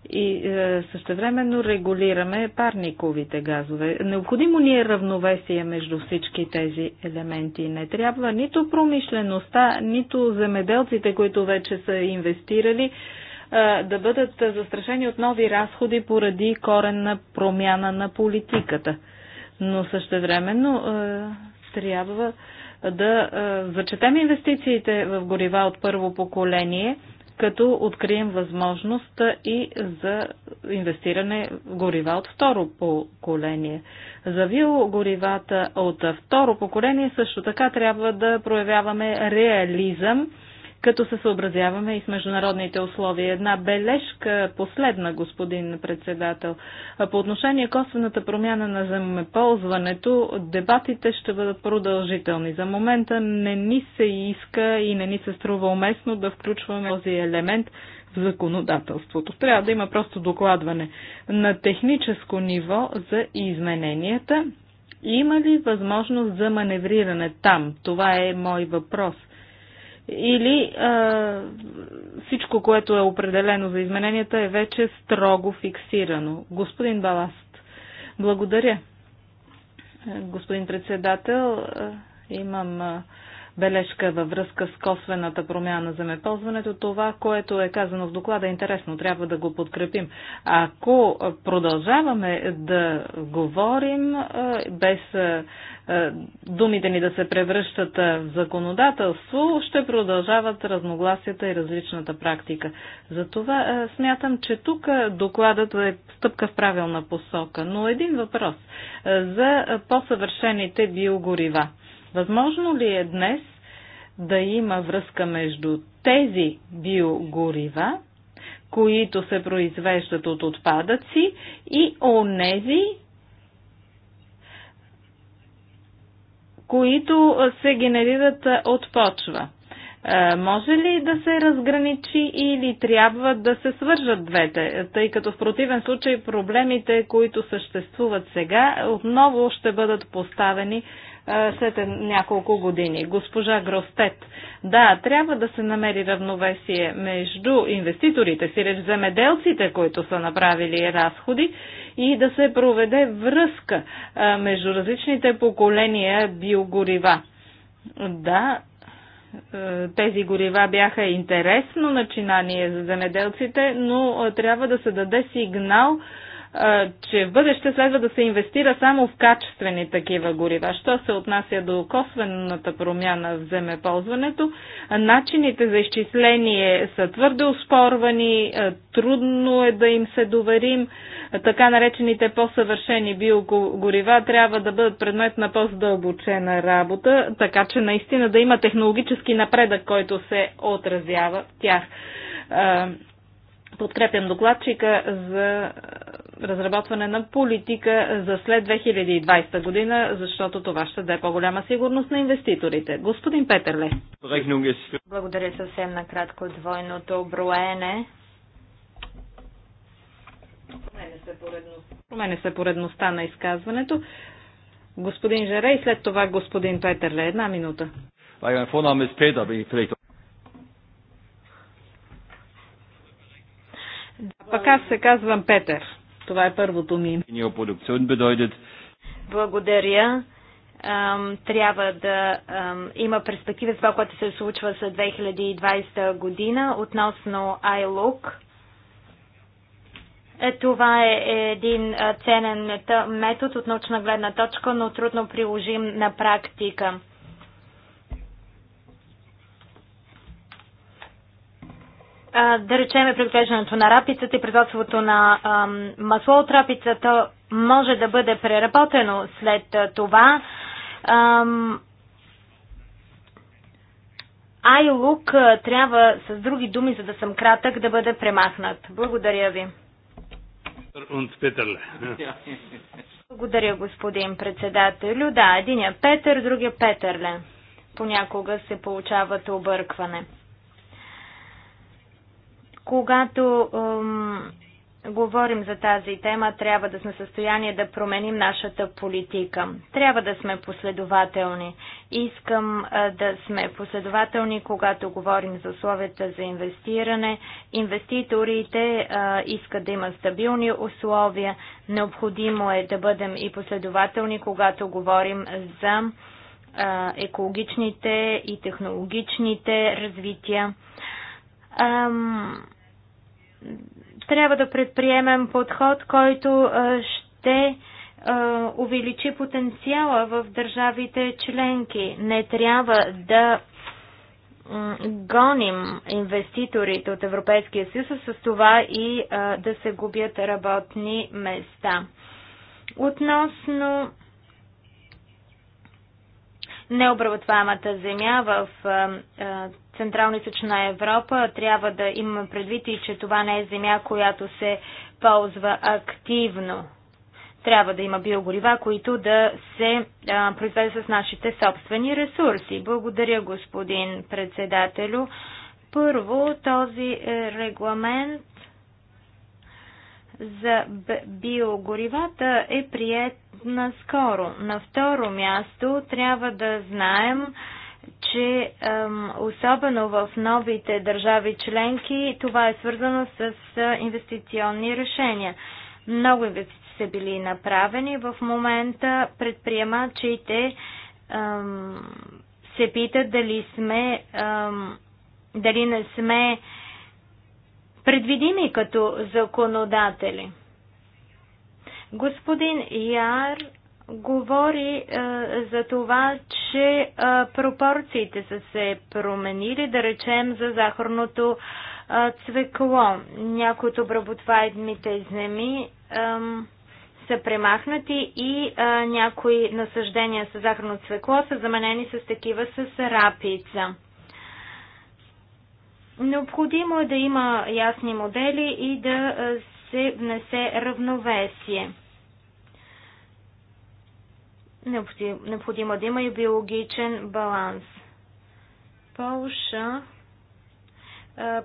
и е, същевременно регулираме парниковите газове. Необходимо ни е равновесие между всички тези елементи. Не трябва нито промишлеността, нито земеделците, които вече са инвестирали, е, да бъдат застрашени от нови разходи поради коренна промяна на политиката. Но същевременно трябва да зачетем инвестициите в горива от първо поколение, като открием възможност и за инвестиране в горива от второ поколение. За биогоривата от второ поколение също така трябва да проявяваме реализъм като се съобразяваме и с международните условия. Една бележка последна, господин председател. По отношение косвената промяна на земеползването, дебатите ще бъдат продължителни. За момента не ни се иска и не ни се струва уместно да включваме този елемент в законодателството. Трябва да има просто докладване на техническо ниво за измененията. Има ли възможност за маневриране там? Това е мой въпрос – или а, всичко, което е определено за измененията, е вече строго фиксирано. Господин Баласт, благодаря. Господин председател, имам бележка във връзка с косвената промяна на земеползването. Това, което е казано в доклада, е интересно. Трябва да го подкрепим. Ако продължаваме да говорим е, без е, е, думите ни да се превръщат в законодателство, ще продължават разногласията и различната практика. Затова смятам, че тук докладът е стъпка в правилна посока. Но един въпрос за по-съвършените биогорива. Възможно ли е днес да има връзка между тези биогорива, които се произвеждат от отпадъци и онези, които се генерират от почва. Е, може ли да се разграничи или трябва да се свържат двете, тъй като в противен случай проблемите, които съществуват сега, отново ще бъдат поставени след няколко години. Госпожа Гростет, да, трябва да се намери равновесие между инвеститорите си, реч земеделците, които са направили разходи и да се проведе връзка между различните поколения биогорива. Да, тези горива бяха интересно начинание за земеделците, но трябва да се даде сигнал че в бъдеще следва да се инвестира само в качествени такива горива. Що се отнася до косвената промяна в земеползването, начините за изчисление са твърде успорвани, трудно е да им се доверим. Така наречените по-съвършени биогорива трябва да бъдат предмет на по-задълбочена работа, така че наистина да има технологически напредък, който се отразява в тях. Подкрепям докладчика за разработване на политика за след 2020 година, защото това ще даде по-голяма сигурност на инвеститорите. Господин Петърле. Благодаря съвсем накратко двойното броене. Променя се поредността на изказването. Господин Жере и след това господин Петърле. Една минута. Пък аз се казвам Петър. Това е първото ми. Благодаря. Трябва да има перспектива с това, което се случва след 2020 година относно iLook. Е, това е един ценен метод от научна гледна точка, но трудно приложим на практика. да речеме преглеждането на рапицата и производството на масло от рапицата може да бъде преработено след това. Айлук трябва с други думи, за да съм кратък, да бъде премахнат. Благодаря ви. Благодаря, господин председател. Да, единия Петър, другия Петърле. Понякога се получават объркване. Когато говорим за тази тема, трябва да сме в състояние да променим нашата политика. Трябва да сме последователни. Искам да сме последователни, когато говорим за условията за инвестиране. Инвеститорите а, искат да има стабилни условия. Необходимо е да бъдем и последователни, когато говорим за а, екологичните и технологичните развития. Um трябва да предприемем подход, който ще увеличи потенциала в държавите членки. Не трябва да гоним инвеститорите от Европейския съюз, с това и да се губят работни места. Относно необработваемата земя в Централна и Сочна Европа. Трябва да имаме предвид и, че това не е земя, която се ползва активно. Трябва да има биогорива, които да се произведат с нашите собствени ресурси. Благодаря, господин председателю. Първо, този е, регламент за биогоривата е прият наскоро. На второ място трябва да знаем, че особено в новите държави членки това е свързано с инвестиционни решения. Много инвестиции са били направени. В момента предприемачите се питат дали сме, дали не сме предвидими като законодатели. Господин Яр говори а, е, за това, че а, е, пропорциите са се променили, да речем за захарното а, е, цвекло. Някои от обработваемите земи а, са премахнати и а, някои насъждения с захарно цвекло са заменени с такива с рапица. Необходимо е да има ясни модели и да се внесе равновесие. Необходимо да има и биологичен баланс. Полша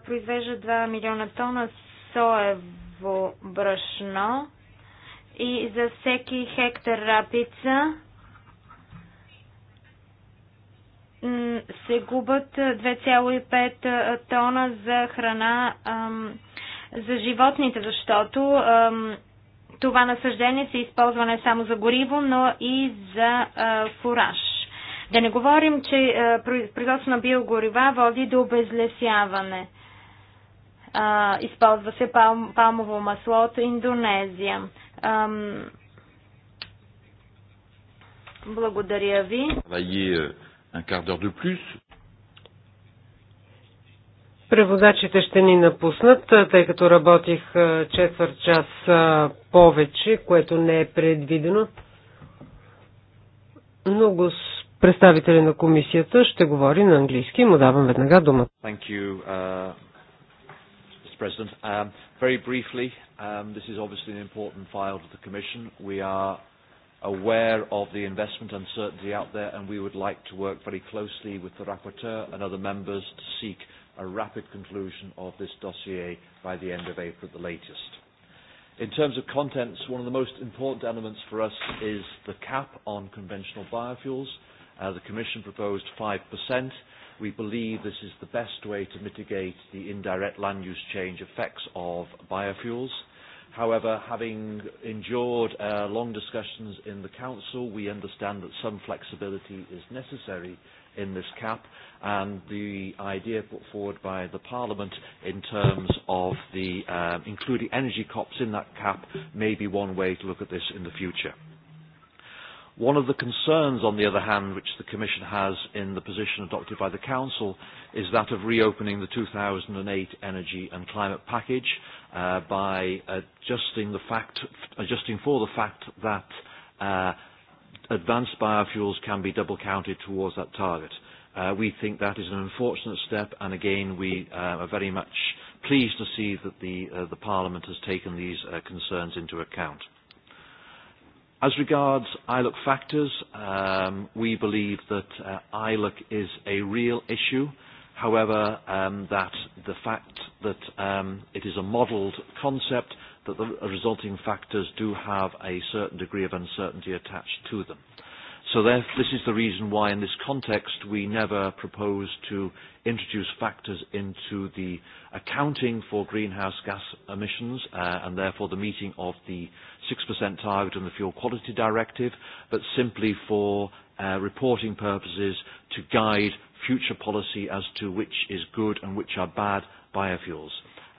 произвежда 2 милиона тона соево брашно и за всеки хектар рапица се губят 2,5 тона за храна за животните, защото това насъждение се използва не само за гориво, но и за фураж. Да не говорим, че производство на биогорива води до обезлесяване. Използва се палмово масло от Индонезия. Благодаря ви. Преводачите ще ни напуснат, тъй като работих четвърт час повече, което не е предвидено. Но го представителя на комисията ще говори на английски. Му давам веднага думата. President. Um, very briefly, um, this is obviously an important file to the Commission. We are aware of the investment uncertainty out there, and we would like to work very closely with the rapporteur and other members to seek a rapid conclusion of this dossier by the end of April at the latest. In terms of contents, one of the most important elements for us is the cap on conventional biofuels. Uh, the Commission proposed 5%. We believe this is the best way to mitigate the indirect land use change effects of biofuels. However, having endured uh, long discussions in the Council, we understand that some flexibility is necessary in this cap, and the idea put forward by the Parliament in terms of the uh, including energy COPs in that cap may be one way to look at this in the future. One of the concerns, on the other hand, which the Commission has in the position adopted by the Council is that of reopening the 2008 Energy and Climate Package uh, by adjusting, the fact, adjusting for the fact that uh, advanced biofuels can be double counted towards that target. Uh, Uh, we think that is an unfortunate step, and again, we uh, are very much pleased to see that the, uh, the Parliament has taken these uh, concerns into account. As regards ILUC factors, um, we believe that uh, ILUC is a real issue. However, um, that the fact that um, it is a modelled concept, that the resulting factors do have a certain degree of uncertainty attached to them. So there, this is the reason why in this context we never propose to introduce factors into the accounting for greenhouse gas emissions uh, and therefore the meeting of the 6% target and the Fuel Quality Directive, but simply for uh, reporting purposes to guide future policy as to which is good and which are bad biofuels.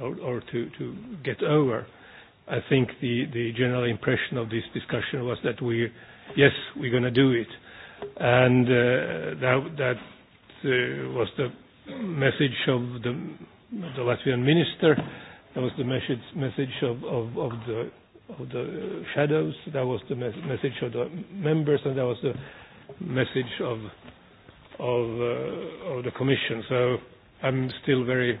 or, or to, to get over. I think the, the general impression of this discussion was that we, yes, we're going to do it. And uh, that, that uh, was the message of the, the Latvian minister. That was the message, message of, of, of the of the shadows. That was the mes- message of the members, and that was the message of of uh, of the commission. So I'm still very